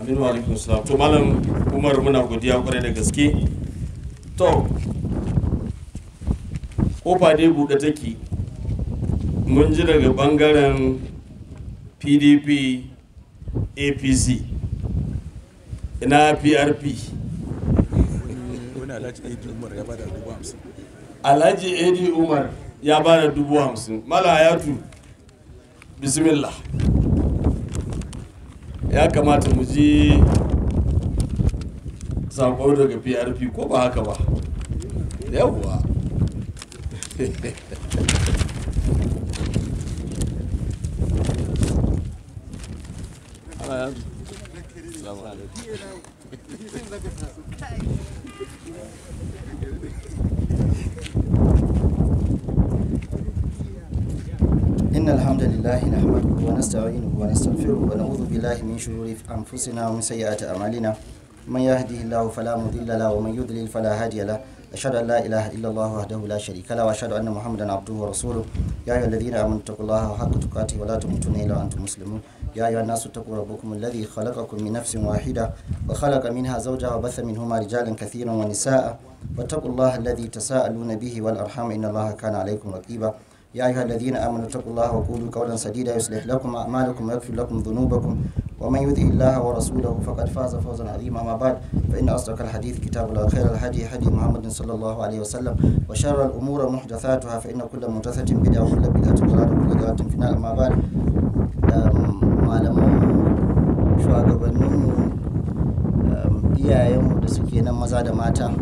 Speaker 1: amin wa alaikum salam to malam Umar muna godiya kwarai da gaske to kofa dai buɗe take mun ji daga bangaren pdp apc ina prp alhaji edi umar ya ba da dubu hamsin mala tu bismillah ya kamata mu ji sako daga prp ko ba haka ba yawwa [laughs] السلام عليكم
Speaker 12: إن الحمد لله نحمده ونستعينه ونستغفره ونعوذ بالله من شرور أنفسنا ومن سيئات أعمالنا من يهده الله فلا مضل له ومن يضلل فلا هادي له أشهد أن لا إله إلا الله وحده لا شريك له وأشهد أن محمدا عبده ورسوله يا أيها الذين آمنوا اتقوا الله حق تقاته ولا تموتن إلا وأنتم مسلمون يا أيها الناس اتقوا ربكم الذي خلقكم من نفس واحدة وخلق منها زوجها وبث منهما رجالا كثيرا ونساء واتقوا الله الذي تساءلون به والأرحام إن الله كان عليكم رقيبا يا أيها الذين آمنوا اتقوا الله وقولوا قولا سديدا يصلح لكم أعمالكم ويغفر لكم ذنوبكم ومن يطع الله ورسوله فقد فاز فوزا عظيما ما بعد فان اصدق الحديث كتاب الله خير الهدي هدي محمد صلى الله عليه وسلم وشر الامور محدثاتها فان كل محدثه بدعه وكل بدعه ضلاله وكل ضلاله في النار ما بعد malamanmu shugabanninmu iyayenmu da suke nan maza da mata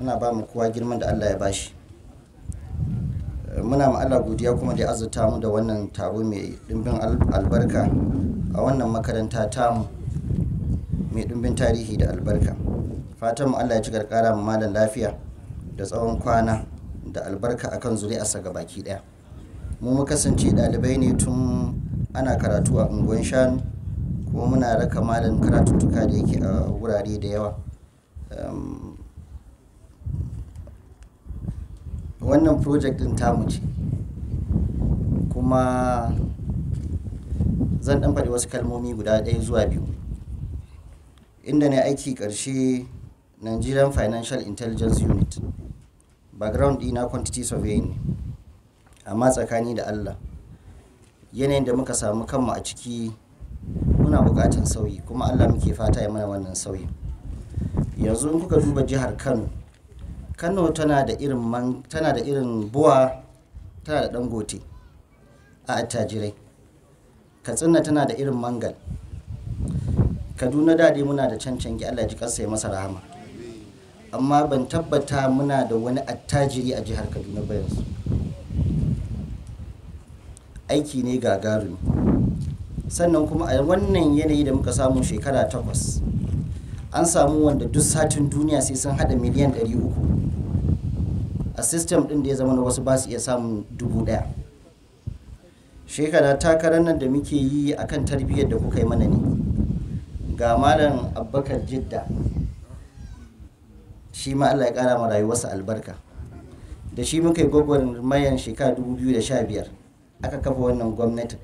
Speaker 12: muna ba mu kowa girman da allah ya bashi muna ma allah godiya kuma da azurta mu da wannan taro mai dimbin albarka a wannan makaranta tamu mai ɗumbin tarihi da albarka fatan mu allah ya ci karkara mu malam lafiya da tsawon kwana da albarka akan zuri'arsa ga baki ɗaya mu mu kasance ɗalibai ne tun ana karatu a unguwan shanu kuma muna raka malam karatuttuka da yake a wurare da yawa ehm, wannan project ɗin tamu ce kuma zan dan faɗi wasu kalmomi guda ɗaya zuwa biyu inda ne aiki ƙarshe nigerian financial intelligence unit background ɗina quantity surveying ne amma tsakani da allah yanayin da muka samu kanmu a ciki muna buƙatar sauyi kuma allah muke fata ya mana wannan sauyi yanzu in kuka duba jihar kano kano tana da irin buwa, tana da irin buwa tana da dangote a attajirai katsina tana da irin mangal kaduna daɗi muna da cancanci allah ji kansa ya masa rahama amma ban tabbata muna da wani attajiri a jihar kaduna ba yanzu aiki ne gagarumi sannan kuma a wannan yanayi da muka samu shekara takwas an samu wanda duk satin duniya sai sun hada miliyan 300 a system din da ya zama na wasu ba su iya samun dubu daya shekara takarar nan da muke yi akan tarbiyyar da kuka yi mana ne ga malam abbakar jidda shi ma allah ya kara ma rayuwarsa albarka da shi muka yi gwagwarmayan shekara 2015 aka kafa wannan gwamnatin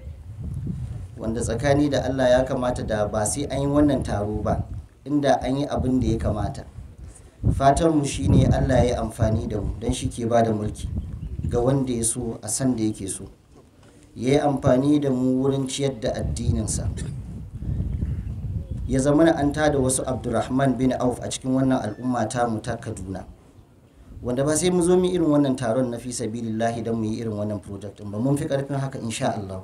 Speaker 12: wanda tsakani da allah ya kamata da ba sai an yi wannan taro ba inda an yi abin da ya kamata fatanmu shine allah ya amfani da mu don shi ke ba da mulki ga wanda ya so a san da yake so ya yi amfani da mu wurin ciyar da addininsa ya zama an tada wasu abdurrahman bin auf a cikin wannan al'umma ta mu ta kaduna wanda ba sai mu zo mu irin wannan taron na fi sabilillahi don mu yi irin wannan project ba mun fi karfin haka insha Allah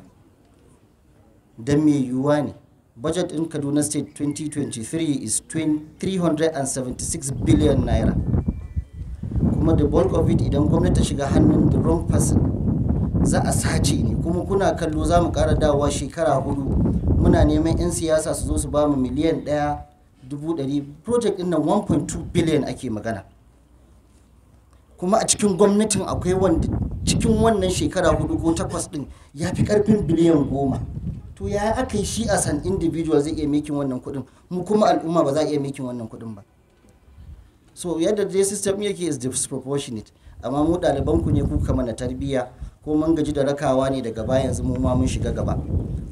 Speaker 12: don me yiwuwa ne budget in kaduna state 2023 is 376 billion naira kuma the bulk of it idan gwamnati shiga hannun the wrong person za a sace ne kuma kuna kallo za mu kara dawowa shekara hudu muna neman 'yan siyasa su zo su ba mu miliyan ɗaya dubu ɗari project ɗin nan 1.2 billion ake magana kuma a cikin gwamnatin akwai wanda cikin wannan shekara hudu ko takwas ɗin ya fi ƙarfin biliyan goma to ya aka yi shi a san individual zai iya mekin wannan kuɗin mu kuma al'umma ba za a iya mekin wannan kuɗin ba so yadda dai system yake is disproportionate amma mu ɗalibanku ne kuka na tarbiyya ko mun gaji da rakawa ne daga baya yanzu mu ma mun shiga gaba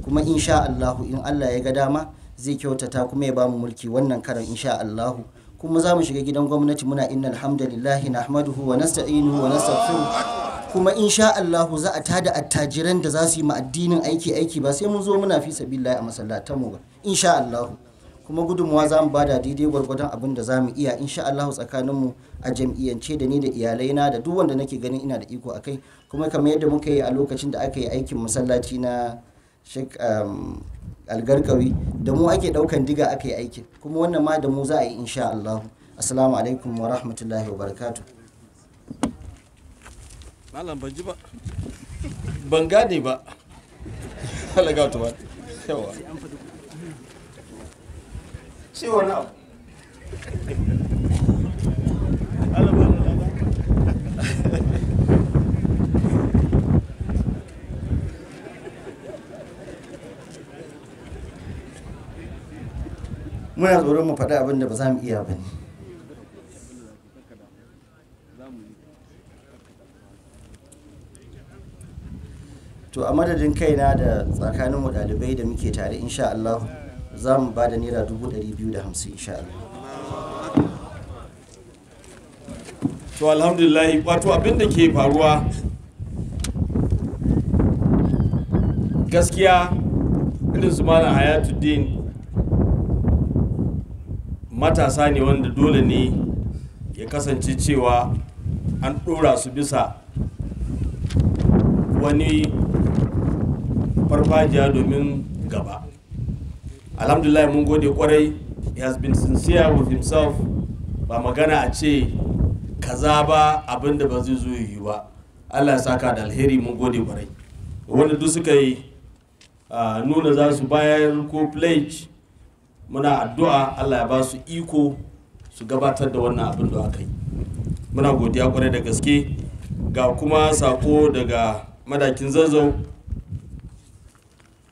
Speaker 12: kuma insha Allahu in Allah ya ga dama zai kyautata kuma ya ba mu mulki wannan karan insha Allahu kuma za mu shiga gidan gwamnati muna inna alhamdulillahi nahmaduhu wa nasta'inuhu wa nastaghfiruh kuma insha Allahu za a tada attajiran da za su yi ma addinin aiki aiki ba sai mun zo muna fi sabilillahi a masallatan mu ba insha Allahu kuma gudunmuwa za mu bada daidai gwargwadon abin da za mu iya insha Allahu tsakaninmu a jam'iyyance da ni da iyalaina da duk wanda nake ganin ina da iko akai kuma kamar yadda muka yi a lokacin da aka yi aikin masallaci na shek um, algarkawi da mu ake daukan diga aka yi aikin kuma wannan ma da mu za a yi insha Allah assalamu alaikum wa rahmatullahi wa barakatuh
Speaker 1: malam ban ji ba ban gane ba [laughs] halaga ba yawa ce wani abu [laughs]
Speaker 12: muna tsoro mu faɗi abin da ba za mu iya ba ne to a madadin kaina da tsakanin mu ɗalibai da muke tare insha Allah za mu ba da naira dubu ɗari biyu da hamsin insha Allah to alhamdulillah wato abin da ke faruwa
Speaker 1: gaskiya irin su mana hayatuddin matasa ne wanda dole ne ya kasance cewa an ɗora su bisa wani farfajiya domin gaba alhamdulillah mun gode kwarai he has been sincere with himself ba magana a ce kaza ba abinda ba zai zo yi ba allah ya saka da alheri mun gode kwarai wanda duk suka yi ah, nuna za su bayar ko pledge muna addu'a Allah ya ba su iko su gabatar da wannan abin da aka yi muna godiya kwarai da gaske ga kuma sako daga madakin zazzau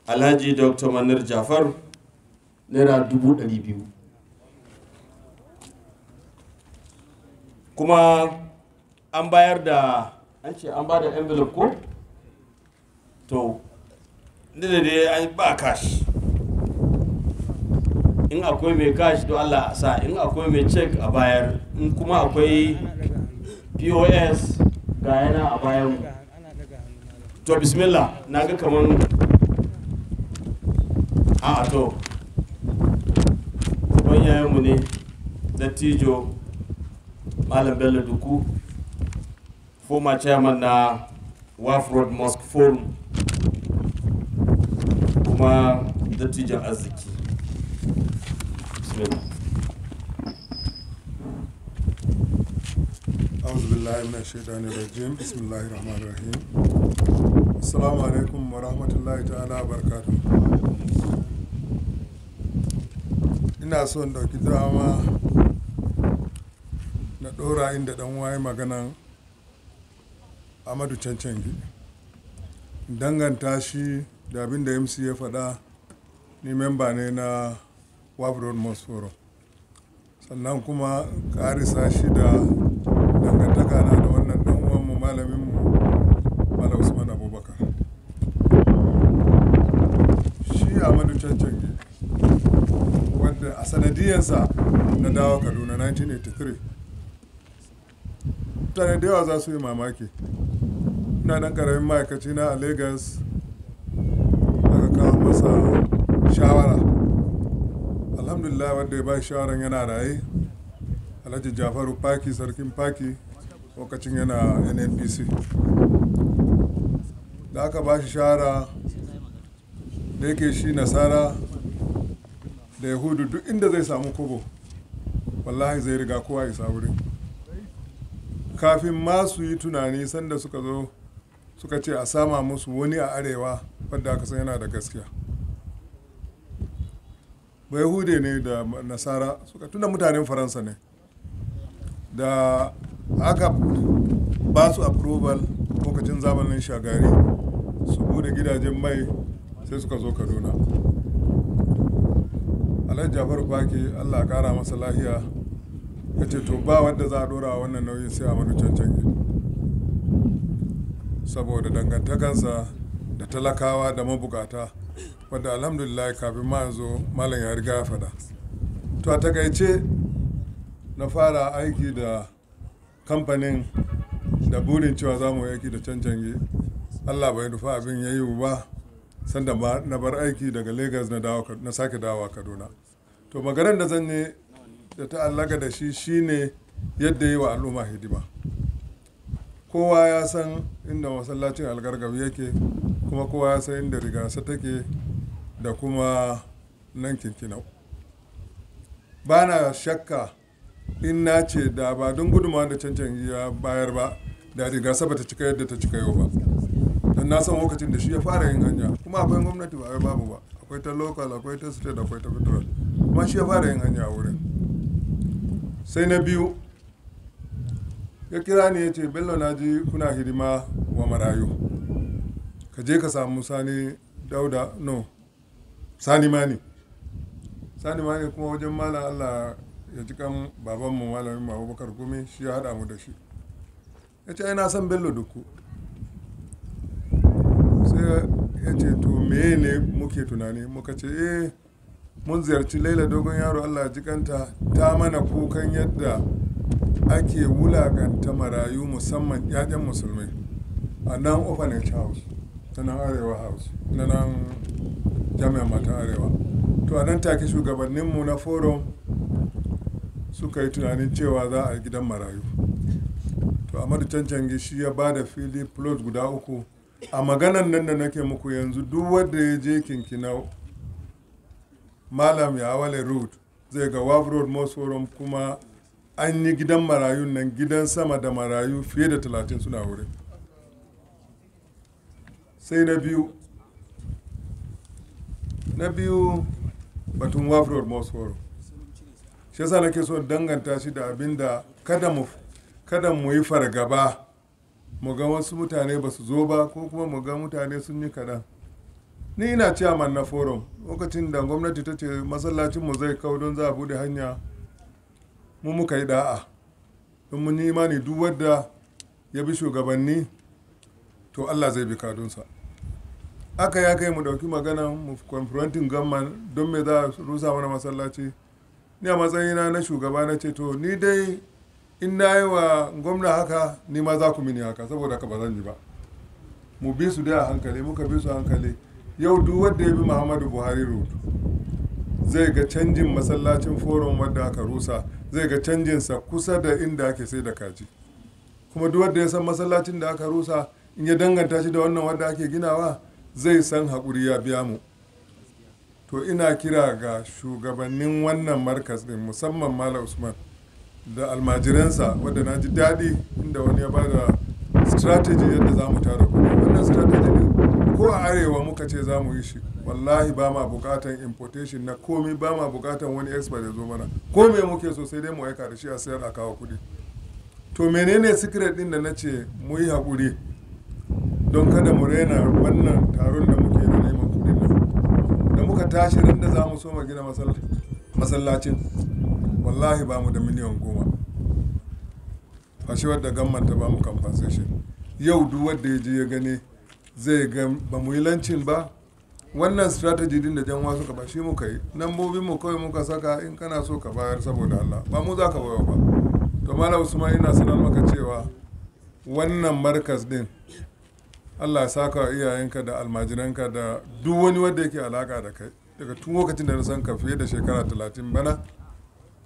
Speaker 1: alhaji dr manir jafar naira dubu ɗari biyu kuma an bayar da an ce an ba da envelope ko to da dai ba cash in akwai mai cash to allah a sa in akwai mai check a bayar in kuma akwai pos ga yana a bayan to bismillah na ga kaman a to mu ne dattijo malam bello duku former chairman na waf road mosque forum kuma dattijan
Speaker 5: arziki مسلم أعوذ بالله من الشيطان الرجيم بسم الله الرحمن الرحيم السلام عليكم ورحمة الله تعالى وبركاته ina so in ɗauki dama na ɗora inda ɗan waye maganan amadu cancangi danganta shi da abin da mc ya faɗa ni memba ne na wabron mosforo sannan kuma karisa shi da dangantaka na da wannan dan malamin mu malam usman abubakar shi amadu cancange wanda a sanadiyarsa na dawo kaduna 1983 mutane da yawa za su yi mamaki ina dan karamin ma'aikaci na a lagos
Speaker 11: aka kawo masa
Speaker 5: shawara alhamdulillah wanda ya ba shawarar yana raye alhaji jafaru paki sarkin paki lokacin yana nnpc da aka ba shi shara da yake shi nasara da yahudu duk inda zai samu kobo wallahi zai riga kowa isa wurin kafin masu yi tunani sanda suka zo suka ce a sama musu wani a arewa wadda aka san yana da gaskiya ba hude ne da nasara suka tunda mutanen faransa ne da aka ba su approval lokacin zamanin shagari su bude gidajen mai sai suka zo kaduna alhaji jafar baki allah kara masa lahiya ya ce to ba wanda za a dora a wannan nauyin sai a manu cancan saboda dangantakansa da talakawa da mabukata wadda alhamdulillah kafin ma zo malam ya riga ya fada to a takaice na fara aiki da kamfanin da burin cewa za mu aiki da cancange allah bai rufa abin ya yi ba sanda na bar aiki daga lagos na sake dawa kaduna to maganar da zan yi da ta'allaka da shi shine yadda yi wa al'umma hidima kowa ya san inda masallacin algargabi yake kuma kowa ya san inda rigarsa take da kuma nan kinkina. ba na shakka in na ce da ba don guduma da cancan ya bayar ba da rigarsa ba ta cika yadda ta cika yau ba don na san lokacin da shi ya fara yin hanya kuma akwai gwamnati ba babu ba akwai ta local akwai ta state akwai ta federal kuma shi ya fara yin hanya a wurin sai na biyu ya kira ni ya ce bello na ji kuna hidima wa marayu ka je ka samu sani dauda no sani mani sani mani kuma wajen malam allah ya ji kan babanmu malamin abubakar gumi shi ya haɗa mu da shi ya ce na san bello duku sai ya ce to meye ne muke tunani muka ce eh mun ziyarci laila dogon yaro allah jikanta ta mana kukan yadda ake wulaganta marayu musamman 'ya'yan musulmai a nan orphanage house na nan arewa house na nan jami'an mata arewa to a nan take shugabanninmu na forum suka yi tunanin cewa za a gidan marayu to amadu can shi ya ba da fili plot guda uku a maganan nan da nake muku yanzu duk wanda ya je kinkina malam ya wale road zai ga wave road most forum kuma an yi gidan marayun nan gidan sama da marayu fiye da talatin suna wurin sai na biyu na biyu batun wafrod mosworo shi yasa nake so danganta shi da abin da kada mu kada mu yi fargaba mu ga wasu mutane ba su zo ba ko kuma mu ga mutane sun yi kaɗan ni ina ciyaman na forum lokacin da gwamnati ta ce masallacinmu zai kau don za a bude hanya mu muka yi da'a don mun yi imani duk wadda ya bi shugabanni to allah zai bi kadunsa aka ya kai mu ɗauki magana mu confronting gamman don me za rusa mana masallaci ni a matsayina na shugaba na ce to ni dai in na yi wa gwamna haka ni ma za ku mini haka saboda ka ba zan yi ba mu bi su dai a hankali muka bi su hankali yau duk wadda ya bi muhammadu buhari rutu zai ga canjin masallacin forum wadda aka rusa zai ga canjinsa kusa da inda ake sai da kaji kuma duk wanda ya san masallacin da aka rusa in ya danganta shi da wannan wanda ake ginawa zai san haƙuri ya biya mu to ina kira ga shugabannin wannan markas din musamman mala usman da almajiransa wadda na ji daɗi inda wani ya bada strategy yadda za mu tara kuɗi wannan strategy ko a arewa muka ce za mu yi shi wallahi ba ma bukatan importation na komi ba ma bukatan wani expert da zo mana komi muke so sai dai mu aika da shi a sayar a kawo kudi to menene secret din da na ce mu yi haƙuri don kada mu raina wannan taron da muke da neman kudin nan da muka tashi ran da za mu so mu gina masallacin wallahi ba mu da miliyan goma shi wadda gammanta ba mu compensation yau duk wadda ya je ya gani zai ga ba mu yi lancin ba wannan strategy din da janwa suka ba shi muka yi nambobin mu kawai muka saka in kana so ka bayar saboda Allah ba mu za ka bayar ba to malam usman ina sanar maka cewa wannan markas din Allah saka wa iyayenka da almajiranka da duk wani wanda yake alaka da kai daga tun lokacin da na san ka fiye da shekara talatin bana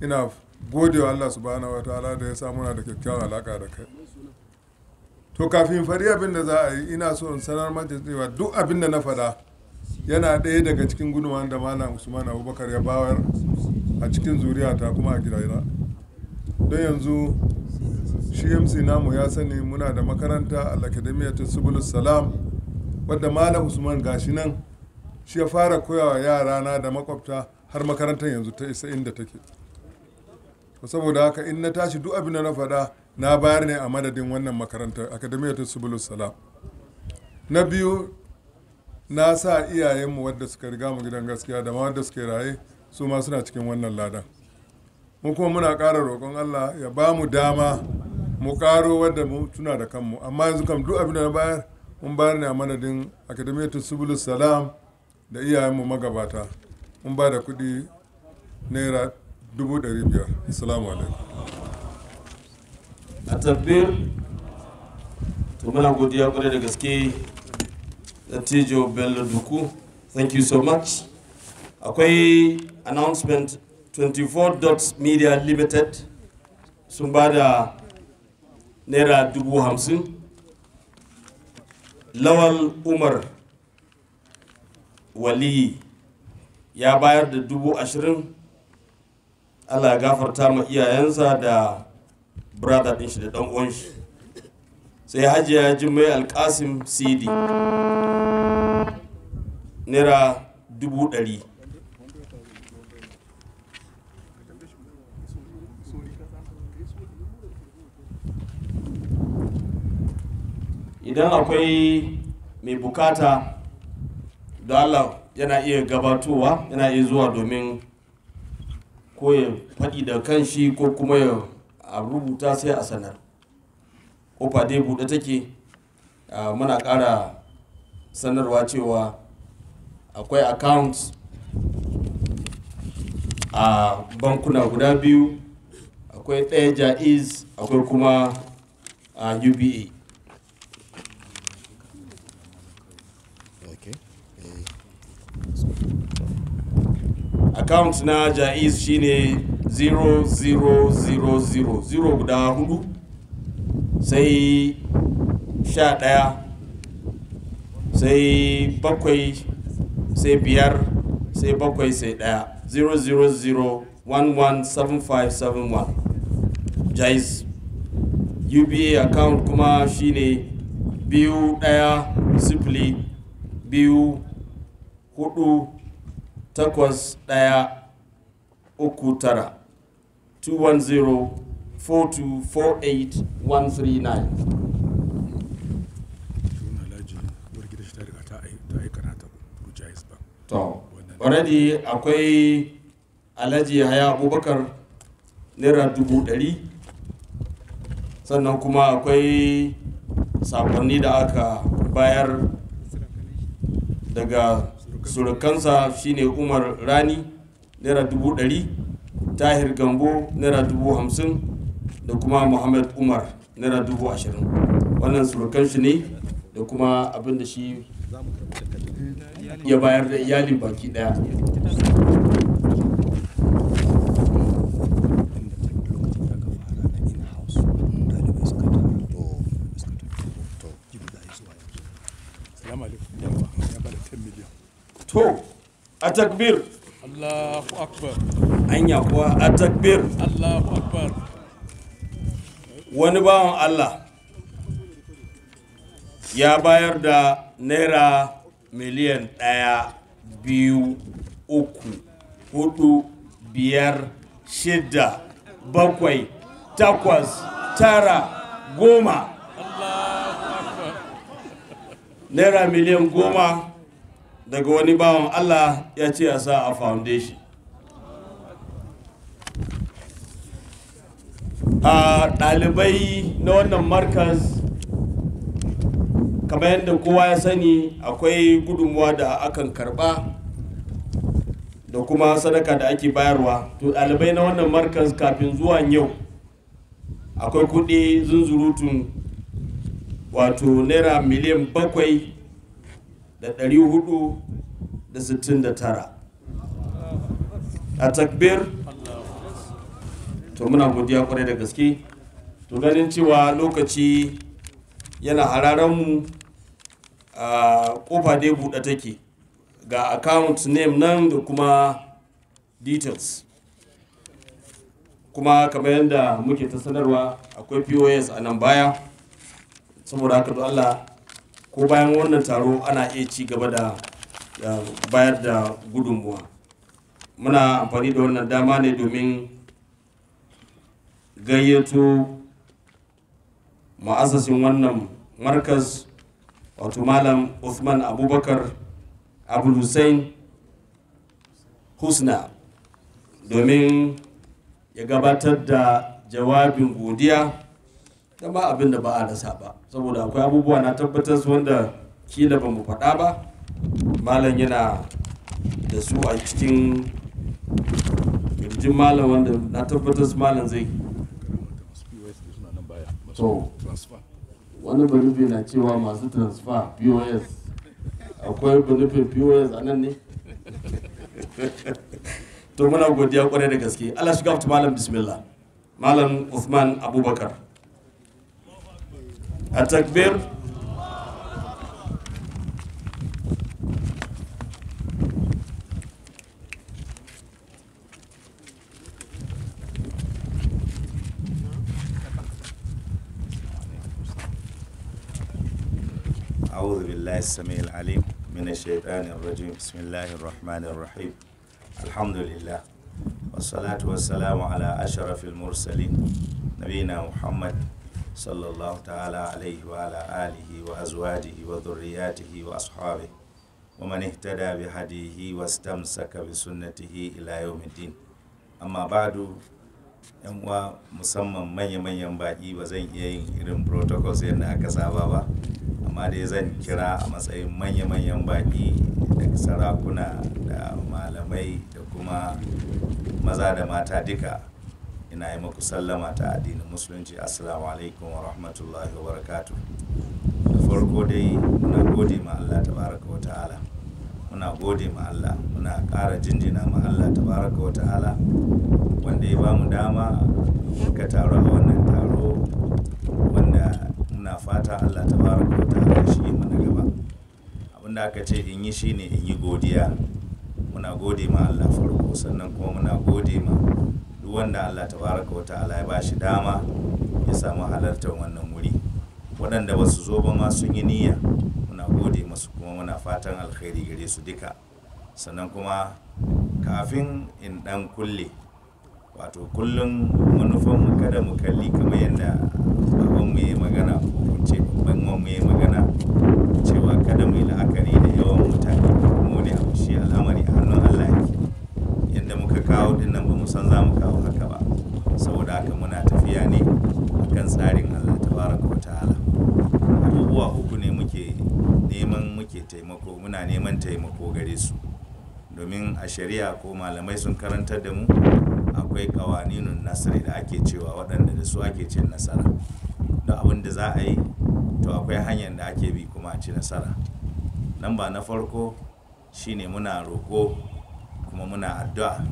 Speaker 5: ina gode wa Allah subhanahu wa ta'ala da ya sa muna da kyakkyawan alaka da kai to kafin fari abin da za a yi ina so in sanar maka cewa duk abin da na faɗa yana ɗaya daga cikin gudunman da malam usman abubakar ya bawar a cikin zuriyata kuma a gidana don yanzu shi mc namu ya sani muna da makaranta a ta subulus salam wadda malam usman gashi nan shi ya fara koyawa yara na da makwabta har makarantar yanzu ta isa inda take saboda haka in na tashi duk abin da na faɗa na bayar ne a madadin wannan makarantar akademiyyar subulus salam na biyu na sa iyayenmu wadda suka riga mu gidan gaskiya da ma wadda suka raye su ma suna cikin wannan ladan mu kuma muna ƙara roƙon allah ya ba mu dama mu ƙaro wadda mu tuna da kanmu amma yanzu kam duk abin da na bayar mun bayar ne a madadin akademiyyatu subul salam da iyayenmu magabata mun ba da kuɗi naira dubu ɗari biyar assalamu alaikum a tabbir to muna godiya kwarai da gaske
Speaker 1: Latijo Bello Duku. Thank you so much. Akwai announcement 24 Dots Media Limited sun ba da Naira dubu hamsin. Lawal Umar wali ya bayar da dubu ashirin. Allah ya gafarta ma iyayensa da brother din shi da ɗan uwan shi. sai hajiya jimai alkasim cd naira dubu ɗari idan akwai mai bukata da allah yana iya gabatowa yana iya zuwa domin ko ya faɗi da kanshi ko kuma ya rubuta sai a sanar kofa dai buɗe take muna kara sanarwa cewa akwai accounts a bankuna guda biyu akwai daya jaiz akwai kuma a uba account na jaiz shine 0000 guda hudu sai sha ɗaya sai bakwai sai biyar sai bakwai sai ɗaya 000117571 jais uba account kuma shine biyu ɗaya sifili biyu hudu takwas ɗaya uku tara 210 4248139 to already akwai alhaji haya abubakar naira dubu ɗari sannan kuma akwai sakonni da aka bayar daga surukansa shine umar rani naira dubu ɗari tahir gambo naira dubu hamsin da kuma muhammad umar naira dubu ashirin wannan surukan shi ne da kuma abin da shi ya bayar da iyali baki daya to a takbir allahu akbar anya kuwa a takbir allahu akbar wani bawan Allah ya bayar da naira miliyan ɗaya biyu uku hudu biyar shida bakwai takwas tara goma naira miliyan goma daga wani bawan Allah ya ce a sa a foundation a ɗalibai na wannan markaz kamar yadda kowa ya sani akwai gudunmuwa da akan karɓa da kuma sadaka da ake bayarwa to ɗalibai na wannan markaz kafin zuwa yau akwai kuɗi zunzurutun wato naira miliyan bakwai da ɗari hudu da sittin da tara a takbir to muna godiya kwarai da gaske to ganin cewa lokaci yana hararanmu a kofa dai buɗe take ga account name nan da kuma details kuma kamar yadda muke ta sanarwa akwai pos a nan baya saboda haka to allah ko bayan wannan taro ana iya ci gaba da bayar da gudunmuwa muna amfani da wannan dama ne domin gayyato ma'asasin wannan markaz wato malam Uthman abubakar abu hussein husna domin ya gabatar da jawabin godiya da ba abin da ba a rasa ba saboda akwai abubuwa na tabbatar su wanda kila ba mu faɗa ba malam yana da su a cikin kirjin malam wanda na tabbatar malam zai to wani banufe na cewa masu transfer pos akwai banufe pos a nan ne [laughs] to muna godiya kwarai da gaske ala shiga fata malam bismillah malam usman abubakar a takbir
Speaker 13: بالله السميع العليم من الشيطان الرجيم بسم الله الرحمن الرحيم الحمد لله والصلاة والسلام على أشرف المرسلين نبينا محمد صلى الله تعالى عليه وعلى آله وأزواجه وذرياته وأصحابه ومن اهتدى بهديه واستمسك بسنته إلى يوم الدين أما بعد yan uwa musamman manya-manyan baƙi ba zan iya yin irin protocols yadda aka saba ba amma dai zan kira a matsayin manya-manyan baƙi da sarakuna da malamai da kuma maza da mata duka ina yi muku sallama ta addinin musulunci assalamu alaikum wa rahmatullahi wa barakatu da farko dai muna gode ma Allah tabaraka wa ta'ala muna gode ma Allah muna ƙara jinjina ma Allah tabaraka wa ta'ala wanda ya bamu dama muka taru a wannan taro wanda muna fata Allah ta fara baraka ta shi yi na gaba abinda aka ce in yi shi ne in yi godiya muna gode ma Allah farko sannan kuma muna gode ma duk wanda Allah ta fara wa ala ya bashi dama ya samu halartar wannan wuri waɗanda ba su zo ba ma sun yi niyya muna gode masu kuma muna fatan alkhairi gare su duka sannan kuma kafin in dan kulle wato kullum mu kada mu kalli kamar yadda baban mu yi magana hukunce babban mu yi magana cewa kada mu yi la'akari da yawan mutane mu ne abu shi al'amari a hannun Allah yake yadda muka kawo din nan ba mu san za mu kawo haka ba saboda haka muna tafiya ne akan tsarin Allah tabaraka wa ta'ala abubuwa uku ne muke neman muke taimako muna neman taimako gare su domin a shari'a ko malamai sun karantar da mu akwai kawaninun nasari da ake cewa waɗanda da su ake cin nasara da abin da za a yi to akwai hanyar da ake bi kuma a ci nasara nan ba na farko shine muna roƙo kuma muna addu'a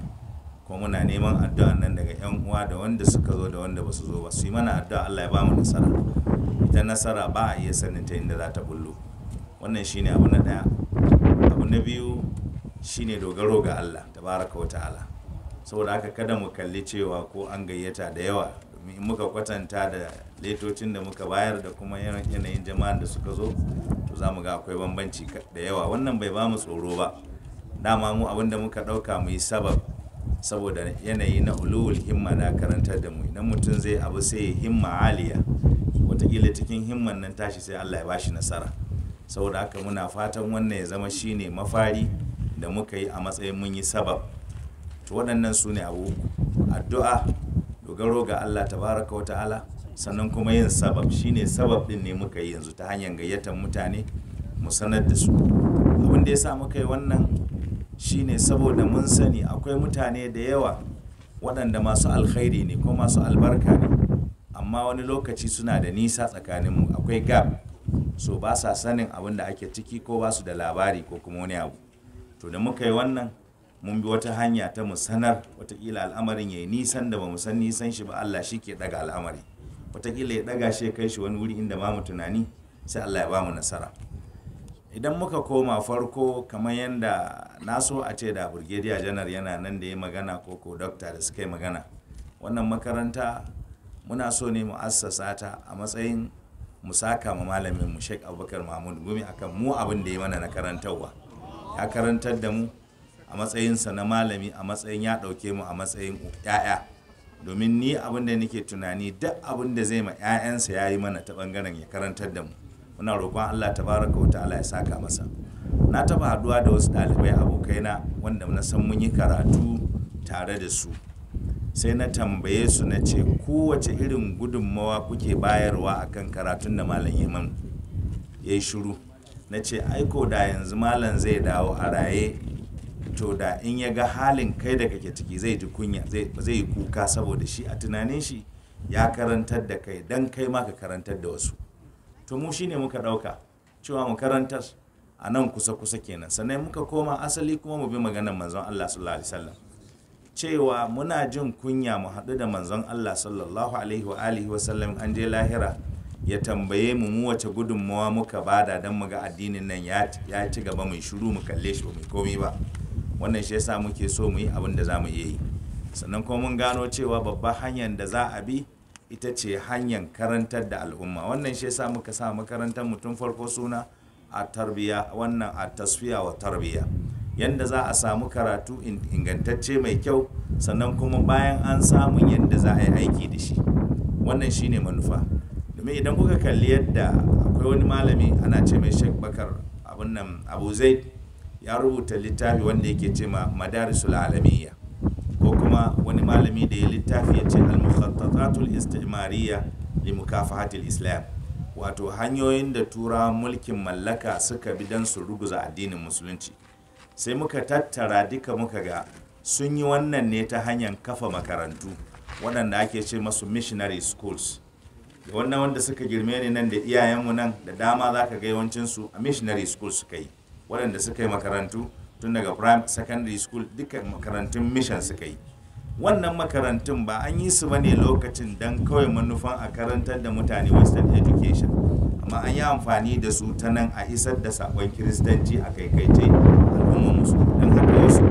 Speaker 13: kuma muna neman addu'a nan daga 'yan uwa da wanda suka zo da wanda ba su zo ba su yi mana addu'a Allah ya ba mu nasara ita nasara ba a iya sanin ta inda za ta bullo wannan shine abu na ɗaya abu na biyu shine dogaro ga Allah tabaraka wa ta'ala saboda haka kada mu kalli cewa ko an gayyata da yawa muka kwatanta da letocin da muka bayar da kuma yanayin jama'an da suka zo to za mu ga akwai bambanci da yawa wannan bai ba mu tsoro ba dama mu abin da muka ɗauka mu yi sabab saboda yanayi na ulul himma na karantar da mu idan mutum zai abu sai himma aliya watakila cikin himman nan tashi sai allah ya bashi nasara saboda haka muna fatan wannan ya zama shine mafari da muka yi a matsayin mun yi sabab to waɗannan su ne abu addu'a dogaro ga Allah tabaraka wa ta'ala sannan kuma yin sabab shine sabab din ne muka yi yanzu ta hanyar gayyatar mutane mu sanar da su abin da ya sa muka yi wannan shine saboda mun sani akwai mutane da yawa waɗanda masu alkhairi ne ko masu albarka ne amma wani lokaci suna da nisa tsakaninmu akwai gab so ba sa sanin abin da ake ciki ko ba su da labari ko kuma wani abu to da muka yi wannan mun bi wata hanya ta mu sanar watakila al'amarin ya yi nisan da ba mu san nisan shi ba Allah shi ke daga al'amari watakila ya daga shi kai shi wani wuri inda ba mu tunani sai Allah ya ba mu nasara idan muka koma farko kamar yadda na so a ce da burgediya janar yana nan da ya magana ko ko dokta da suka yi magana wannan makaranta muna so ne mu assasa ta a matsayin mu saka ma malamin mu shek Abubakar Mahmud Gumi akan mu abin da ya mana na karantarwa ya karantar da mu a matsayinsa na malami a matsayin ya ɗauke mu a matsayin 'ya'ya domin ni abin da nake tunani duk abin da zai ma 'ya'yansa ya yi mana ta ɓangaren ya karantar da mu muna roƙon allah ta baraka wa ta'ala ya saka masa na taɓa haduwa da wasu ɗalibai abokaina wanda na san mun yi karatu tare da su sai na tambaye su na ce kowace irin gudunmawa kuke bayarwa akan karatun da malam ya yi shiru na ce aiko da yanzu malam zai dawo a raye to da in ya ga halin kai da kake ciki zai ji kunya zai yi kuka saboda shi a tunanin shi ya karantar da kai dan kai ma ka karantar da wasu to mu shine muka dauka cewa mu karantar a nan kusa kusa kenan sannan muka koma asali kuma mu bi maganar manzon Allah sallallahu alaihi wasallam cewa muna jin kunya mu haɗu da manzon Allah sallallahu alaihi wa alihi wasallam an je lahira ya tambaye mu mu wace gudunmawa muka bada don mu ga addinin nan ya ci gaba mai shiru mu kalle shi ba mai komi ba wannan shi yasa muke so mu yi abin da za mu iya yi sannan kuma mun gano cewa babban hanyar da za a bi ita ce hanyar karantar da al'umma wannan shi yasa muka sa makarantar mutum farko suna a tarbiya wannan a taswiya wa tarbiya yanda za a samu karatu ingantacce mai kyau sannan kuma bayan an samu yadda za a yi aiki da shi wannan shi ne manufa domin idan kuka kalli yadda akwai wani malami ana ce mai shek bakar abu zaid ya rubuta littafi wanda yake ce ma madarisul alamiyya ko kuma wani malami da ya littafi ya ce al-mukhattatatul istimariya li mukafahatil islam wato hanyoyin da tura mulkin mallaka suka bi dan su ruguza addinin musulunci sai muka tattara duka muka ga sun yi wannan ne ta hanyar kafa makarantu waɗanda ake ce masu missionary schools da wannan wanda suka girme ne nan da iyayenmu nan da dama za ka ga yawancinsu a missionary schools suka yi waɗanda suka yi makarantu tun daga prime secondary school duka makarantun mission suka yi wannan makarantun ba an yi su bane lokacin don kawai manufan a karantar da mutane western education amma an yi amfani da su ta nan a isar da sakon kiristanci a kaikaice al'umma musu don haka wasu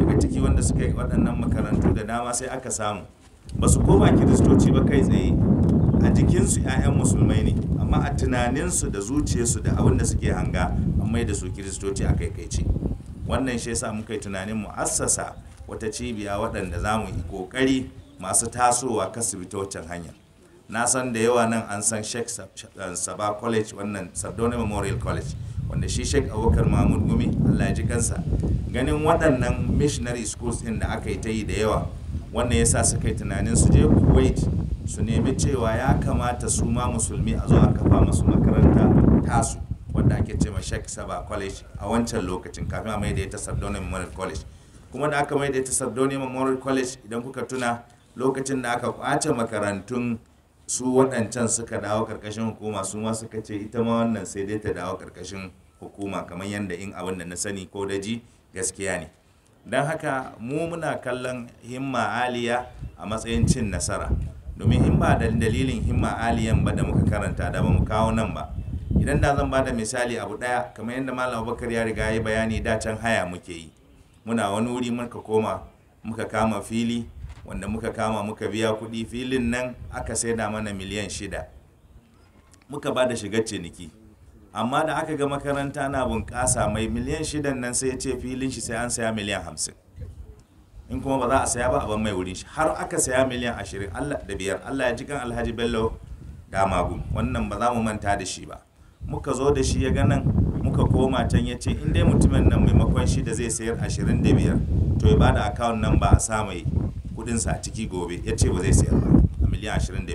Speaker 13: daga ciki wanda suka yi waɗannan makarantu da dama sai aka samu ba su koma kiristoci ba kai tsaye a jikinsu 'ya'yan musulmai ne amma a tunaninsu da zuciyarsu da abin da suke hanga an mai da su kiristoci a kaikaici wannan shi yasa muka yi tunanin mu wata cibiya waɗanda za mu yi ƙoƙari masu tasowa kasu bi ta waccan hanya na san da yawa nan an san shek eh, saba college wannan sardauna memorial college wanda shi sheikh abubakar mahmud gumi allah ya ji kansa ganin waɗannan missionary schools ɗin da aka yi ta yi da yawa wannan yasa suka yi tunanin su je kuwait su nemi cewa ya kamata su ma musulmi a zo a kafa masu makaranta tasu wanda ake ce ma Sheikh Saba College a wancan lokacin kafin a maida ita Sardauna Memorial College kuma da aka maida ita Sardauna Memorial College idan kuka tuna lokacin da aka kwace makarantun su waɗancan suka dawo karkashin hukuma su ma suka ce ita ma wannan sai dai ta dawo karkashin hukuma kamar yadda in abin da na sani ko daji gaskiya ne don haka mu muna kallon himma aliya a matsayin cin nasara domin in ba da dalilin himma aliyan ba da muka karanta da ba mu kawo nan ba idan da zan bada misali abu daya kamar yadda malam abubakar ya riga ya bayani da can haya muke yi muna wani wuri muka koma muka kama fili wanda muka kama muka biya kuɗi filin nan aka sai da mana miliyan shida muka ba da shiga ciniki amma da aka ga makaranta na bunƙasa mai miliyan shidan nan sai ya ce filin shi sai an saya miliyan hamsin in kuma ba za a saya ba a ban mai wurin shi har aka saya miliyan ashirin allah da biyar allah ya ji kan alhaji bello damagun wannan ba za mu manta da shi ba muka zo da shi ya ganan muka koma can ya ce in dai mutumin nan maimakon shi da zai sayar ashirin da biyar to ya bada akawun nan ba a sa mai kudinsa a ciki gobe ya ce ba zai sayar ba a miliyan ashirin da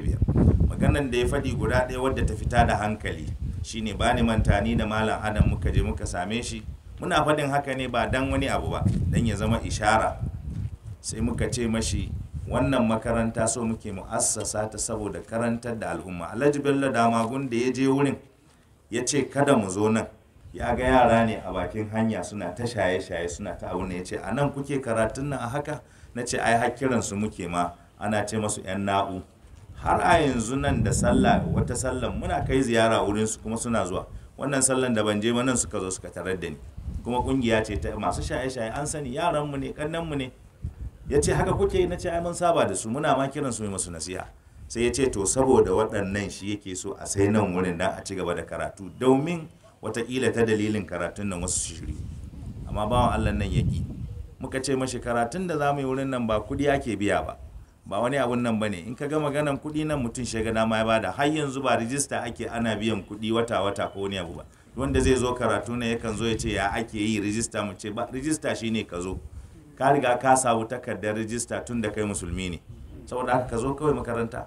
Speaker 13: maganan da ya faɗi guda ɗaya wadda ta fita da hankali shine ba ni manta ni da malam adam muka je muka same shi muna faɗin haka ne ba dan wani abu ba dan ya zama ishara sai muka ce mashi wannan makaranta so muke mu'assasa ta saboda karantar da al'umma alhaji bello damagun da ya je wurin ya ce kada mu zo nan ya ga yara ne a bakin hanya suna ta shaye-shaye suna ta abu ya ce a nan kuke karatun nan a haka na ce ai hakiran su muke ma ana ce masu yan na'u har a yanzu nan da sallah wata sallan muna kai ziyara wurin su kuma suna zuwa wannan sallan da ban je ba nan suka zo suka tarar da ni kuma kungiya ce ta masu shaye-shaye an sani yaran mu ne kannan mu ne ya ce haka kuke na ce ai mun saba da su muna ma kiran su masu nasiha sai ya ce to saboda waɗannan shi yake so a sai nan wurin dan a ci gaba da karatu domin watakila ta dalilin karatun nan wasu shiri amma bawan allah nan ya ƙi muka ce mashi karatun da za mu yi wurin nan ba kuɗi ake biya ba ba wani abun nan bane in ka ga maganan kuɗi nan mutum shiga na ma ya bada har yanzu ba rijista ake ana biyan kuɗi wata wata ko wani abu ba wanda zai zo karatu ne yakan zo ya ce ya ake yi rijista mu ce ba rijista shine ka zo ka riga ka samu takardar rijista tun da kai musulmi ne saboda haka ka zo kawai makaranta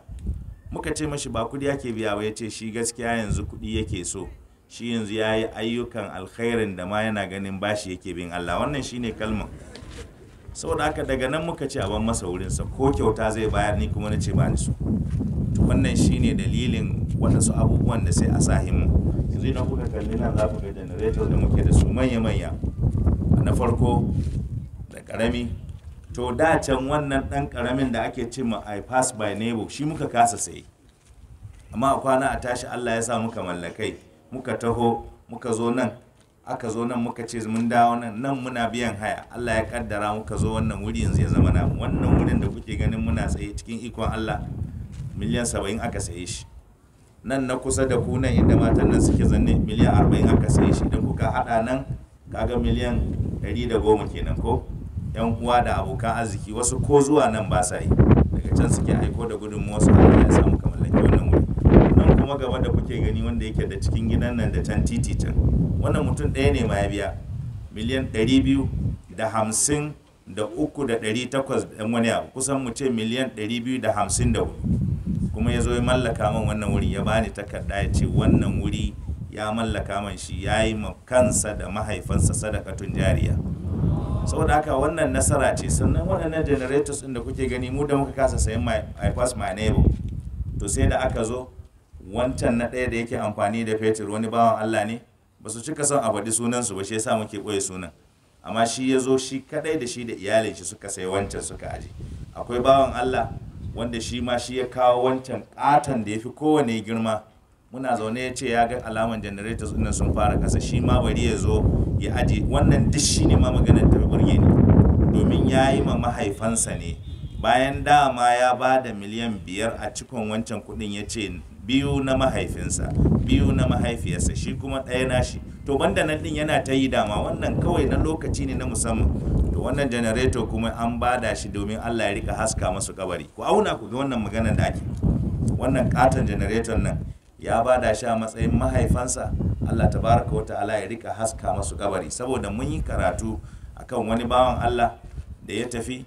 Speaker 13: muka ce mashi ba kudi yake biya ba yace shi gaskiya yanzu kudi yake so shi yanzu ya yi ayyukan alkhairin da ma yana ganin bashi yake bin Allah wannan shine kalman saboda haka daga nan muka ce a ban masa wurinsa ko kyauta zai bayar ni kuma na ce ba ni so to wannan shine dalilin waɗansu abubuwan da sai a sa himma. yanzu idan kuka kalli nan za ku ga generator da muke da su manya-manya na farko karami to da can wannan dan karamin da ake ce ma i pass by neighbor shi muka kasa sai amma a kwana a tashi Allah ya sa muka mallakai muka taho muka zo nan aka zo nan muka ce mun dawo nan nan muna biyan haya Allah ya kaddara muka zo wannan wuri yanzu ya zama na wannan wurin da kuke ganin muna tsaye cikin ikon Allah miliyan saba'in aka saye shi nan na kusa da ku nan inda matan nan suke zanne miliyan arba'in aka saye shi idan kuka hada nan kaga miliyan ɗari da goma kenan ko yan uwa da abokan arziki wasu ko zuwa nan ba sa yi daga can suke aiko da gudun su da ya samu kamar lake wannan wuri nan kuma gaba da kuke gani wanda yake da cikin gidan nan da can titi can wannan mutum ɗaya ne ma ya biya miliyan ɗari biyu da hamsin da uku da ɗari takwas ɗan wani abu kusan mu ce miliyan ɗari biyu da hamsin da hudu kuma ya zo ya mallaka min wannan wuri ya bani takarda ya ce wannan wuri ya mallaka man shi ya yi ma kansa da mahaifansa sadakatun jariya saboda haka wannan nasara ce sannan waɗannan generators ɗin da kuke gani mu da muka kasa sayan my pass my neighbor to sai da aka zo wancan na ɗaya da yake amfani da fetur wani bawan Allah ne ba su cika son a faɗi sunan su ba shi yasa muke ɓoye sunan amma shi ya zo shi kaɗai da shi da iyalin shi suka sayi wancan suka aje akwai bawan Allah wanda shi ma shi ya kawo wancan ƙaton da ya fi kowane girma muna zaune ya ce ya ga alaman generators ɗin sun fara kasa shi ma bari ya zo ya aje wannan duk shi ne ma maganar ta burge ne domin ya yi ma mahaifansa ne bayan dama ya ba da miliyan biyar a cikon wancan kuɗin ya ce biyu na mahaifinsa biyu na mahaifiyarsa shi kuma ɗaya nashi to banda nan ɗin yana ta yi dama wannan kawai na lokaci ne na musamman to wannan janareto kuma an bada shi domin allah ya rika haska masu kabari ku auna ku ga wannan maganar da ake wannan katon janareton nan ya bada shi a matsayin mahaifansa Allah ta baraka wata ta'ala ya rika haska masu kabari saboda mun yi karatu akan wani bawan Allah da ya tafi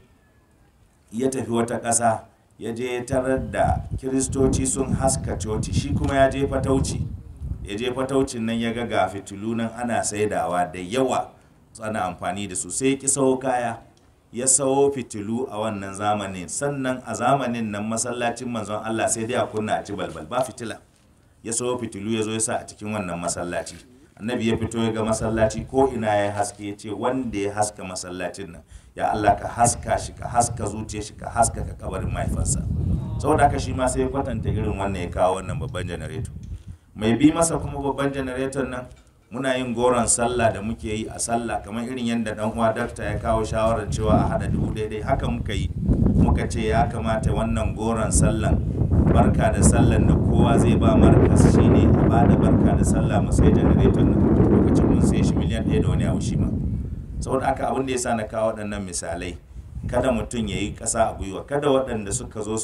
Speaker 13: ya tafi wata ƙasa ya je tarar da kiristoci sun haska coci shi kuma ya je fatauci ya je fataucin nan ya ga ga fitilu nan ana saidawa da yawa ana amfani da su sai ki sawo kaya ya sawo fitilu a wannan zamanin sannan a zamanin nan masallacin manzon Allah sai dai a kunna a ci balbal ba fitila ya so fitilu ya zo ya sa a cikin wannan masallaci annabi ya fito ya ga masallaci ko ina ya haske ya ce wanda ya haska masallacin nan ya Allah ka haska shi ka haska zuciyar shi ka haska ka kabarin mahaifarsa saboda haka shi ma sai ya kwatanta irin wannan ya kawo wannan babban janareto mai bi masa kuma babban janareton nan muna yin goron sallah da muke yi a sallah kamar irin yadda dan uwa dakta ya kawo shawarar cewa a hada dubu daidai haka muka yi muka ce ya kamata wannan goron sallan barka da sallan da kowa zai ba markas ne a ba da barka da sallah mu sai janareton na lokacin mun sai shi miliyan ɗaya da wani abu shi ma saboda aka abin da ya sa na kawo waɗannan misalai kada mutum ya yi ƙasa a gwiwa kada waɗanda suka zo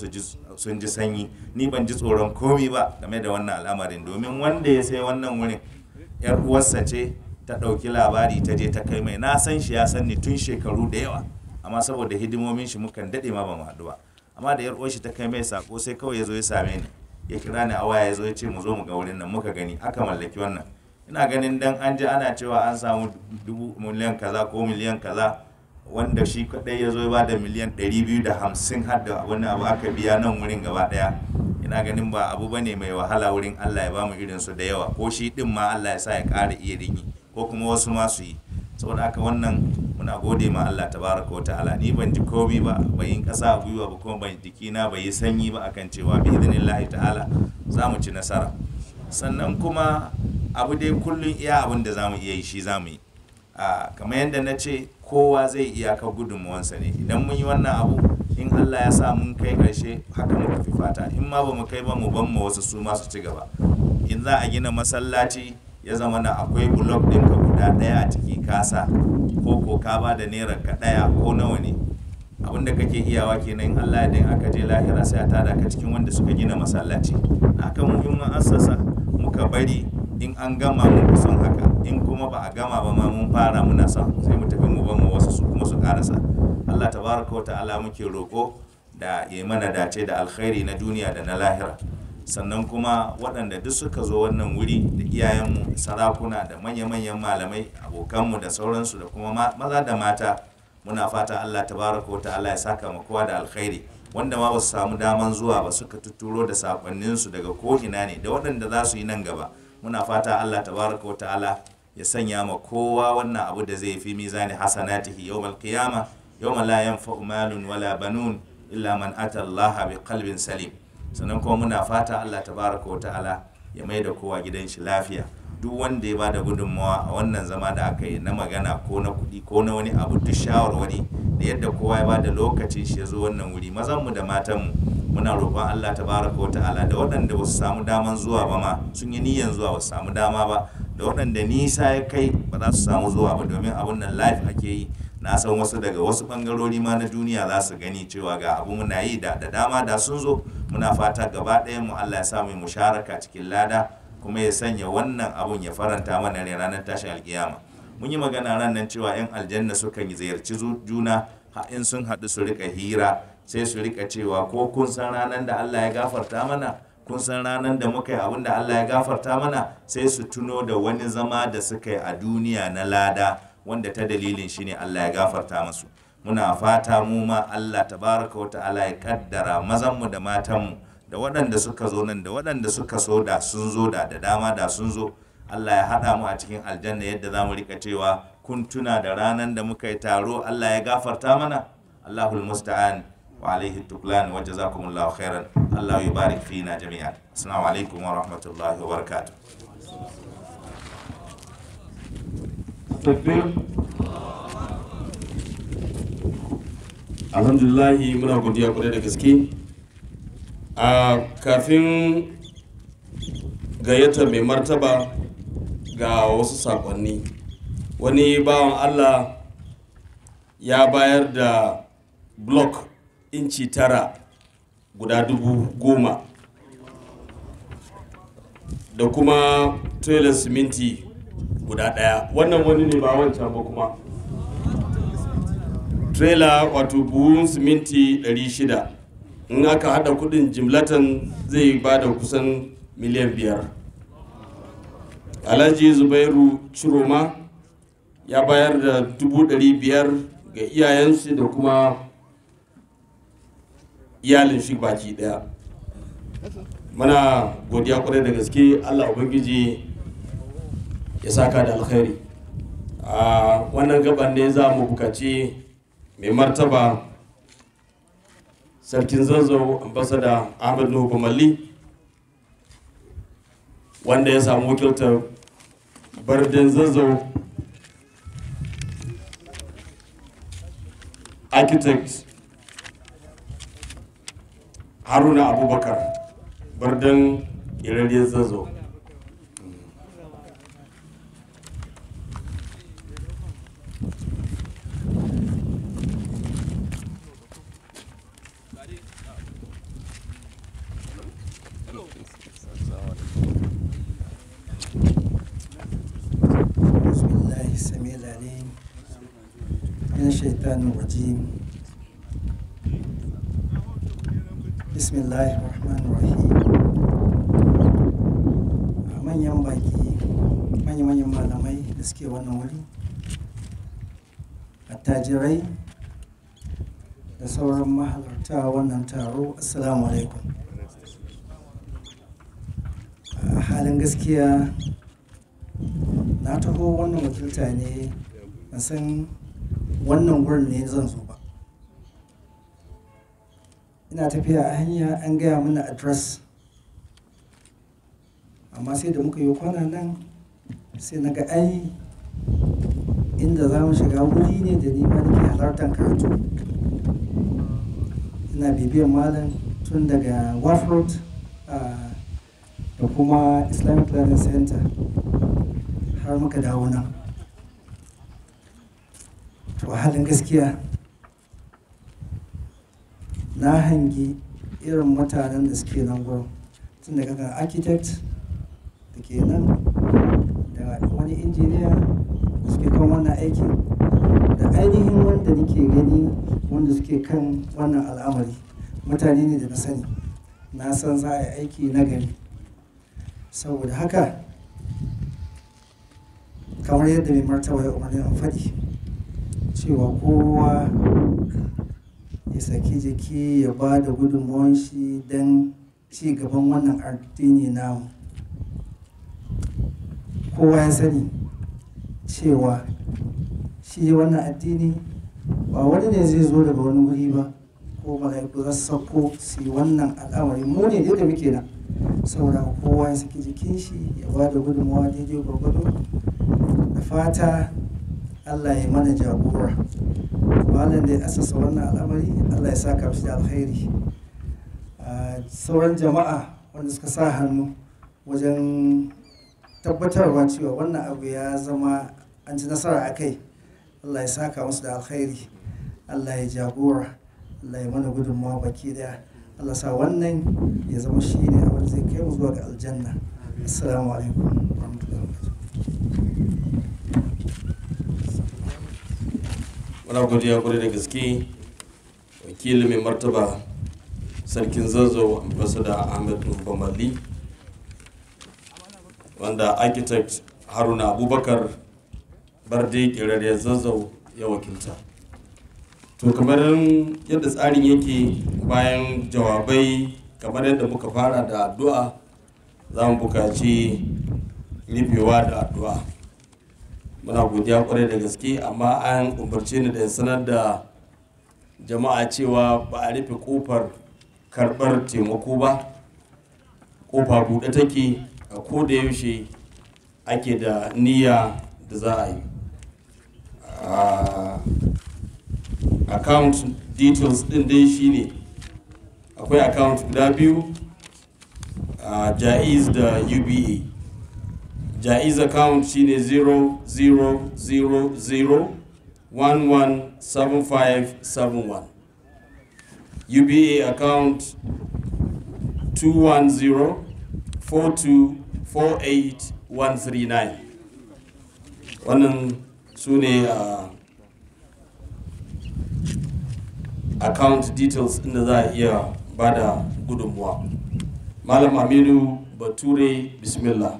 Speaker 13: sun ji sanyi ni ban ji tsoron komi ba game da wannan al'amarin domin wanda ya sai wannan wurin yar uwarsa ce ta ɗauki labari ta je ta kai mai na san shi ya san ni tun shekaru da yawa amma saboda hidimomin shi mukan daɗe ma ba mu haɗu ba amma da yar uwarshi ta kai mai sako sai kawai ya zo ya same ni ya kira ni a waya ya zo ya ce mu zo mu ga wurin nan muka gani aka mallaki wannan ina ganin dan an ji ana cewa an samu dubu miliyan kaza ko miliyan kaza wanda shi kadai ya zo ya bada miliyan 250 har da wani abu aka biya nan wurin gaba daya ina ganin ba abu bane mai wahala wurin Allah ya bamu irin su da yawa ko shi din ma Allah ya sa ya ƙara iya ko kuma wasu ma su yi saboda haka wannan muna gode ma Allah tabaraka wa ta'ala ni ban ji komi ba ban yi kasa gwiwa ba kuma ban jiki na bai yi sanyi ba akan cewa bi idinillahi ta'ala za mu ci nasara sannan kuma abu dai kullun iya abin da za mu iya yi shi za mu yi a kamar yadda na ce kowa zai iya ka gudunmuwansa ne idan mun yi wannan abu in Allah ya sa mun kai karshe haka mu fi fata in ma ba mu kai ba mu ban mu wasu su ma su ci gaba in za a gina masallaci ya zama na akwai blog ɗinka guda ɗaya a ciki kasa ko ko ka ba da naira ka ɗaya ko nawa ne abin da kake iyawa kenan allah din aka je lahira sai a tada ka cikin wanda suka gina masallaci haka muhimmin assasa muka bari in an gama mun kusan haka in kuma ba a gama ba ma mun fara muna sa sai mu tafi mu bamu wasu su kuma su karasa allah tabaraka wa ta'ala muke roƙo da ya mana dace da alkhairi na duniya da na lahira sannan kuma waɗanda duk suka zo wannan wuri da iyayenmu da sarakuna da manya-manyan malamai abokanmu da sauransu da kuma maza da mata muna fata allah baraka wata ta'ala ya saka makuwa da alkhairi wanda ma ba samu daman zuwa ba suka tuturo da sakonninsu daga ko'ina ne da waɗanda za su yi nan gaba muna fata allah baraka wata ta'ala ya sanya ma kowa wannan abu da zai fi mizani hasanatihi hasana qiyama yawma la yanfa'u wala banun illa man ata allah bi salim sannan kuma muna fata allah tabaraka wa ta'ala ya mai da kowa gidan shi lafiya duk wanda ya bada gudunmawa a wannan zama da aka yi na magana ko na kuɗi ko na wani abu duk shawarwari da yadda kowa ya bada lokacin shi ya zo wannan wuri mazanmu da matanmu muna roƙon Allah tabaraka wa ta'ala da waɗanda ba su samu daman zuwa ba ma sun yi niyyan zuwa ba su samu dama ba da waɗanda nisa ya kai ba za su samu zuwa ba domin abun nan life ake yi na san wasu daga wasu bangarori ma na duniya za su gani cewa ga abu muna yi da da dama da sun zo muna fata gaba ɗaya mu Allah ya sa mu musharaka cikin lada kuma ya sanya wannan abun ya faranta mana ne ranar tashin alkiyama mun yi magana ran nan cewa yan aljanna sukan ziyarci juna in sun haɗu su rika hira sai su rika cewa ko kun san ranar da Allah ya gafarta mana kun san ranar da muka yi abin da Allah ya gafarta mana sai su tuno da wani zama da suka yi a duniya na lada wanda ta dalilin shine Allah ya gafarta masu muna fata mu ma Allah tabaraka wa ta'ala ya kaddara mazanmu da matanmu da waɗanda suka zo nan da waɗanda suka so da sun zo da da dama da sun zo Allah ya haɗa mu a cikin aljanna yadda za mu rika cewa kun tuna da ranar da muka yi taro Allah ya gafarta mana Allahul musta'an wa alaihi tuklan wa jazakumullahu khairan Allah ya barik fina jami'an assalamu alaikum wa rahmatullahi wa barakatuh
Speaker 1: alhamdulillah muna godiya kudai da gaske a kafin gayyata mai martaba ga wasu sakonni wani bawan allah ya bayar da blok inci tara guda dubu goma da kuma toilet siminti guda ɗaya wannan wani ne ba wancan ba kuma trailer wato buhun siminti 600 in aka hada kudin jimlatan zai ba da kusan miliyan biyar alhaji zubairu ciroma ya bayar da dubu dari biyar ga iyayensu da kuma iyalin shi baki daya muna godiya kwarai da gaske allah ubangiji ya saka da alkhairi a wannan gaban ne za mu bukaci mai martaba sarkin zanzo ambasada ahmed nuhu malli wanda ya samu wakiltar birnin zanzo architect haruna abubakar birnin irin zanzo
Speaker 14: الشيطان الرجيم بسم الله الرحمن الرحيم manyan baki manya-manyan malamai da suke wannan wuri attajirai da sauran mahalarta wannan taro assalamu a halin gaskiya na taho wannan wakilta ne na san wannan wurin ne zan zo ba ina tafiya a hanya an gaya mana adres amma sai da muka yi kwana nan sai na ga ai inda za mu shiga wuri ne da nima da ke halartar karatu ina bibiyar malam tun daga wharf road da kuma islamic learning center har muka dawo nan Wahalin gaskiya na hangi irin mutanen da suke nan gurin tun daga ga architect da ke nan da wani injiniya da suke kan wannan aiki da ainihin wanda nake gani wanda suke kan wannan al'amari mutane ne da na sani na san za a yi aiki na gani saboda haka kamar yadda mai martaba ya umarni an faɗi cewa kowa ya saki jiki ya ba da gudunmuwan shi don ci gaban wannan addini namu kowa ya sani cewa shi wannan addini ba wani ne zai zo daga wani wuri ba ko mala'iku za su sauko su yi wannan al'amari mu ne da muke nan saboda kowa ya saki jikin shi ya ba da gudunmawa daidai gwargwado da fata allah ya mana jagora malam da ya asasa wannan al'amari allah ya sa kamshi da alkhairi ah, sauran jama'a wanda suka sa hannu wajen tabbatarwa cewa wannan abu ya zama an ci nasara a kai allah ya saka musu da alkhairi allah ya jagora allah ya mana gudunmawa baki daya allah sa wannan ya zama shi ne abin zai kai mu zuwa ga aljanna assalamu alaikum
Speaker 1: muna godiya kwarai da gaske wakili mai martaba sarkin zazzau da ahmed bamali wanda architect haruna abubakar barde kirarriyar zazzau ya wakilta to kamar yadda tsarin yake bayan jawabai kamar yadda muka fara da addu'a za mu bukaci rufewa da addu'a muna godiya kwarai da gaske amma an umarce ni da sanar da jama'a cewa ba a rufe kofar karɓar taimako ba kofa buɗe take a ko da yaushe ake da niyya da za a yi ah, account details ɗin dai shine akwai account guda biyu ah, jaiz da uba jaiz account shine 0000117571 uba account 210-4248-139 wannan su ne a uh, account details inda za a iya bada da gudunmuwa malam aminu bature bismillah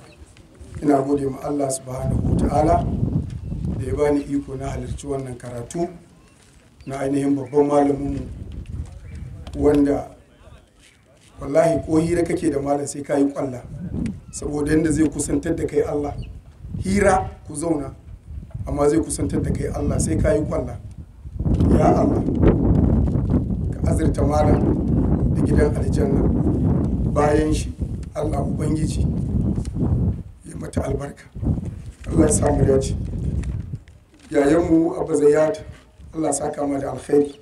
Speaker 15: ina gode ma Allah subhanahu ta'ala da ya bani iko na halarci wannan karatu na ainihin babban malamin wanda wallahi ko hira kake da malam sai ka yi kwalla saboda yadda zai kusantar da kai Allah hira ku zauna amma zai kusantar da kai Allah sai ka yi kwalla ya Allah ka azurta malam da gidan aljanna bayan shi Allah ubangiji ta albarka allah ya samu dace yayanmu abu zayyad allah saka ma da alkhairi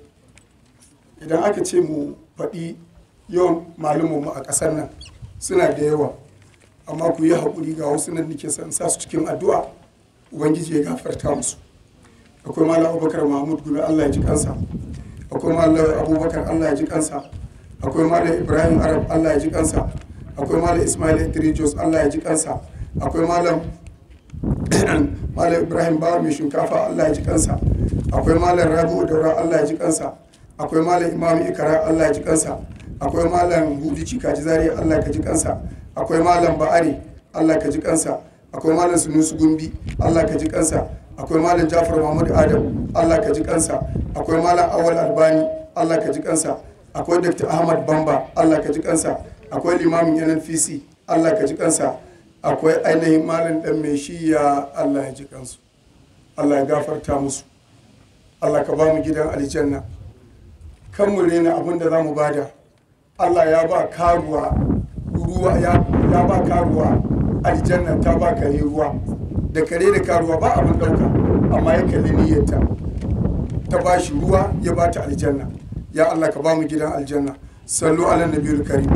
Speaker 15: idan aka ce mu faɗi yawan mu a ƙasar nan suna da yawa amma ku yi haƙuri ga wasu nan nake san sa su cikin addu'a ubangiji ya gafarta musu akwai malam abubakar mahmud gumi allah ya ji kansa akwai malam abubakar allah ya ji kansa akwai malam ibrahim arab allah ya ji kansa akwai malam ismail idris allah ya ji kansa akwai malam malam ibrahim bawa mai shinkafa allah ya ji kansa akwai malam rabu daura allah ya ji kansa akwai malam imam ikara allah ya ji kansa akwai malam hudu cikaji zari allah ka ji kansa akwai malam ba'ari allah ka ji kansa akwai malam sunusu gumbi allah ka ji kansa akwai malam jafar mahmud adam allah ka ji kansa akwai malam awal albani allah ka ji kansa akwai dr ahmad bamba allah ka ji kansa akwai limamin nnpc allah ka ji kansa akwai ainihin malin ɗan mai shiya allah ya ji kansu allah ya gafarta musu allah ka ba mu gidan aljanna kan mu rena abin da za mu bada allah ya ba karuwa ruwa ya ba karuwa aljanna ta ba ka ruwa da kare da karuwa ba abin ɗauka amma ya kalli niyyarta ta ba shi ruwa ya ba ta aljanna ya allah ka ba mu gidan aljanna sallu ala nabiyul karim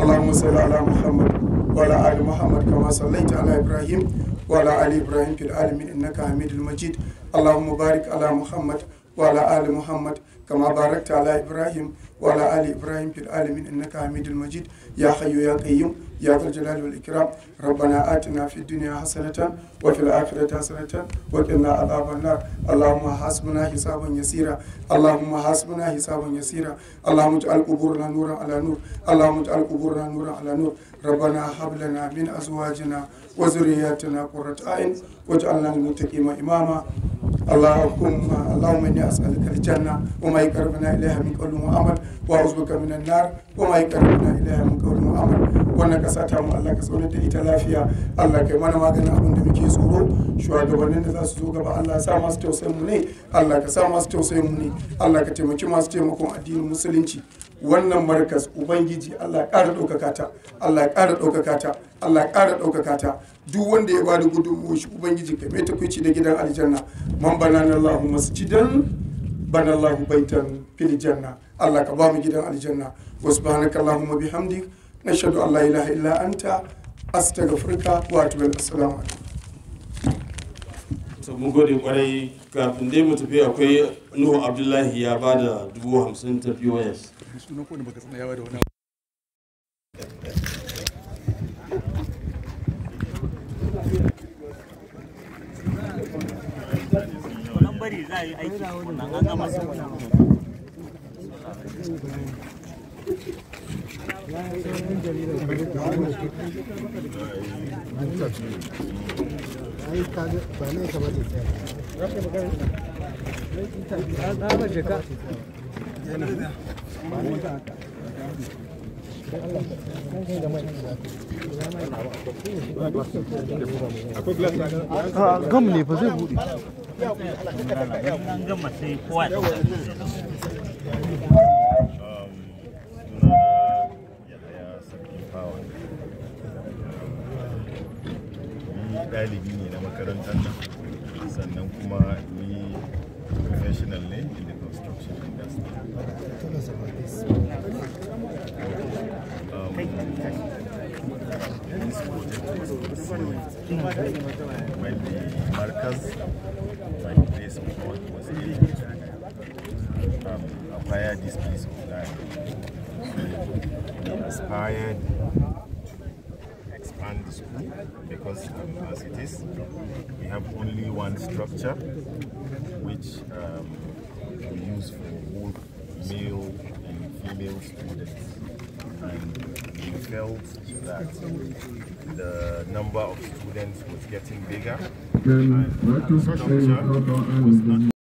Speaker 15: allahumma salli ala muhammad wala ali muhammad kama sallaita ala ibrahim wala ali ibrahim fil alamin innaka hamidul majid allahumma barik ala muhammad wala ali muhammad kama barakta ala ibrahim wala ali ibrahim fil alamin innaka hamidul majid ya hayyu ya qayyum ya dhal jalali wal ikram rabbana atina fid dunya hasanatan wa fil akhirati hasanatan wa qina adhaban nar allahumma hasbuna hisaban yasira allahumma hasbuna hisaban yasira allahumma ij'al quburana nuran ala nur allahumma ij'al quburana nuran ala nur allahumma ربنا هب لنا من أزواجنا وذرياتنا قرة أعين واجعلنا للمتقين إماما اللهم اللهم إني أسألك الجنة وما يقربنا إليها من قول وعمل وأعوذ بك من النار وما يقربنا إليها من قول وعمل wannan kasa ta mu Allah ka tsaunar da ita lafiya Allah kai mana maganin abin da muke tsoro shugabannin da za su zo gaba Allah sa masu tausayin mu ne Allah ka sa masu tausayin mu ne Allah ka taimaki masu taimakon addinin musulunci wannan markas ubangiji Allah ƙara ɗaukaka ta Allah ƙara ɗaukaka ta Allah ƙara ɗaukaka ta duk wanda ya bada gudunmuwa shi ubangiji ka mai takwici da gidan aljanna man banana Allahu masjidan bana Allahu baitan fil janna Allah ka ba mu gidan aljanna wa Allahumma bihamdik na shaɗu Allah ilaha illa ta astagfirka wa atubu assalamu alaikum mun gode
Speaker 1: kwarai kafin dai mu tafi akwai nuhu abdullahi ya ba da dubu hamsin ta pos
Speaker 12: bari za a yi aiki an gama gam ne fa zai buɗe gama sai kowa
Speaker 13: tallafawa ni ɗalibi ne na makarantar nan sannan
Speaker 6: kuma ni professional ne in the construction industry um,
Speaker 1: this project was conceived when the markers
Speaker 6: my place board was able to um, acquire this piece of
Speaker 13: land. So, inspired the school because um, as it is, we have only one structure
Speaker 6: which um, we use for both male and female students. And we felt that
Speaker 13: the number of students was getting bigger
Speaker 11: and the structure was not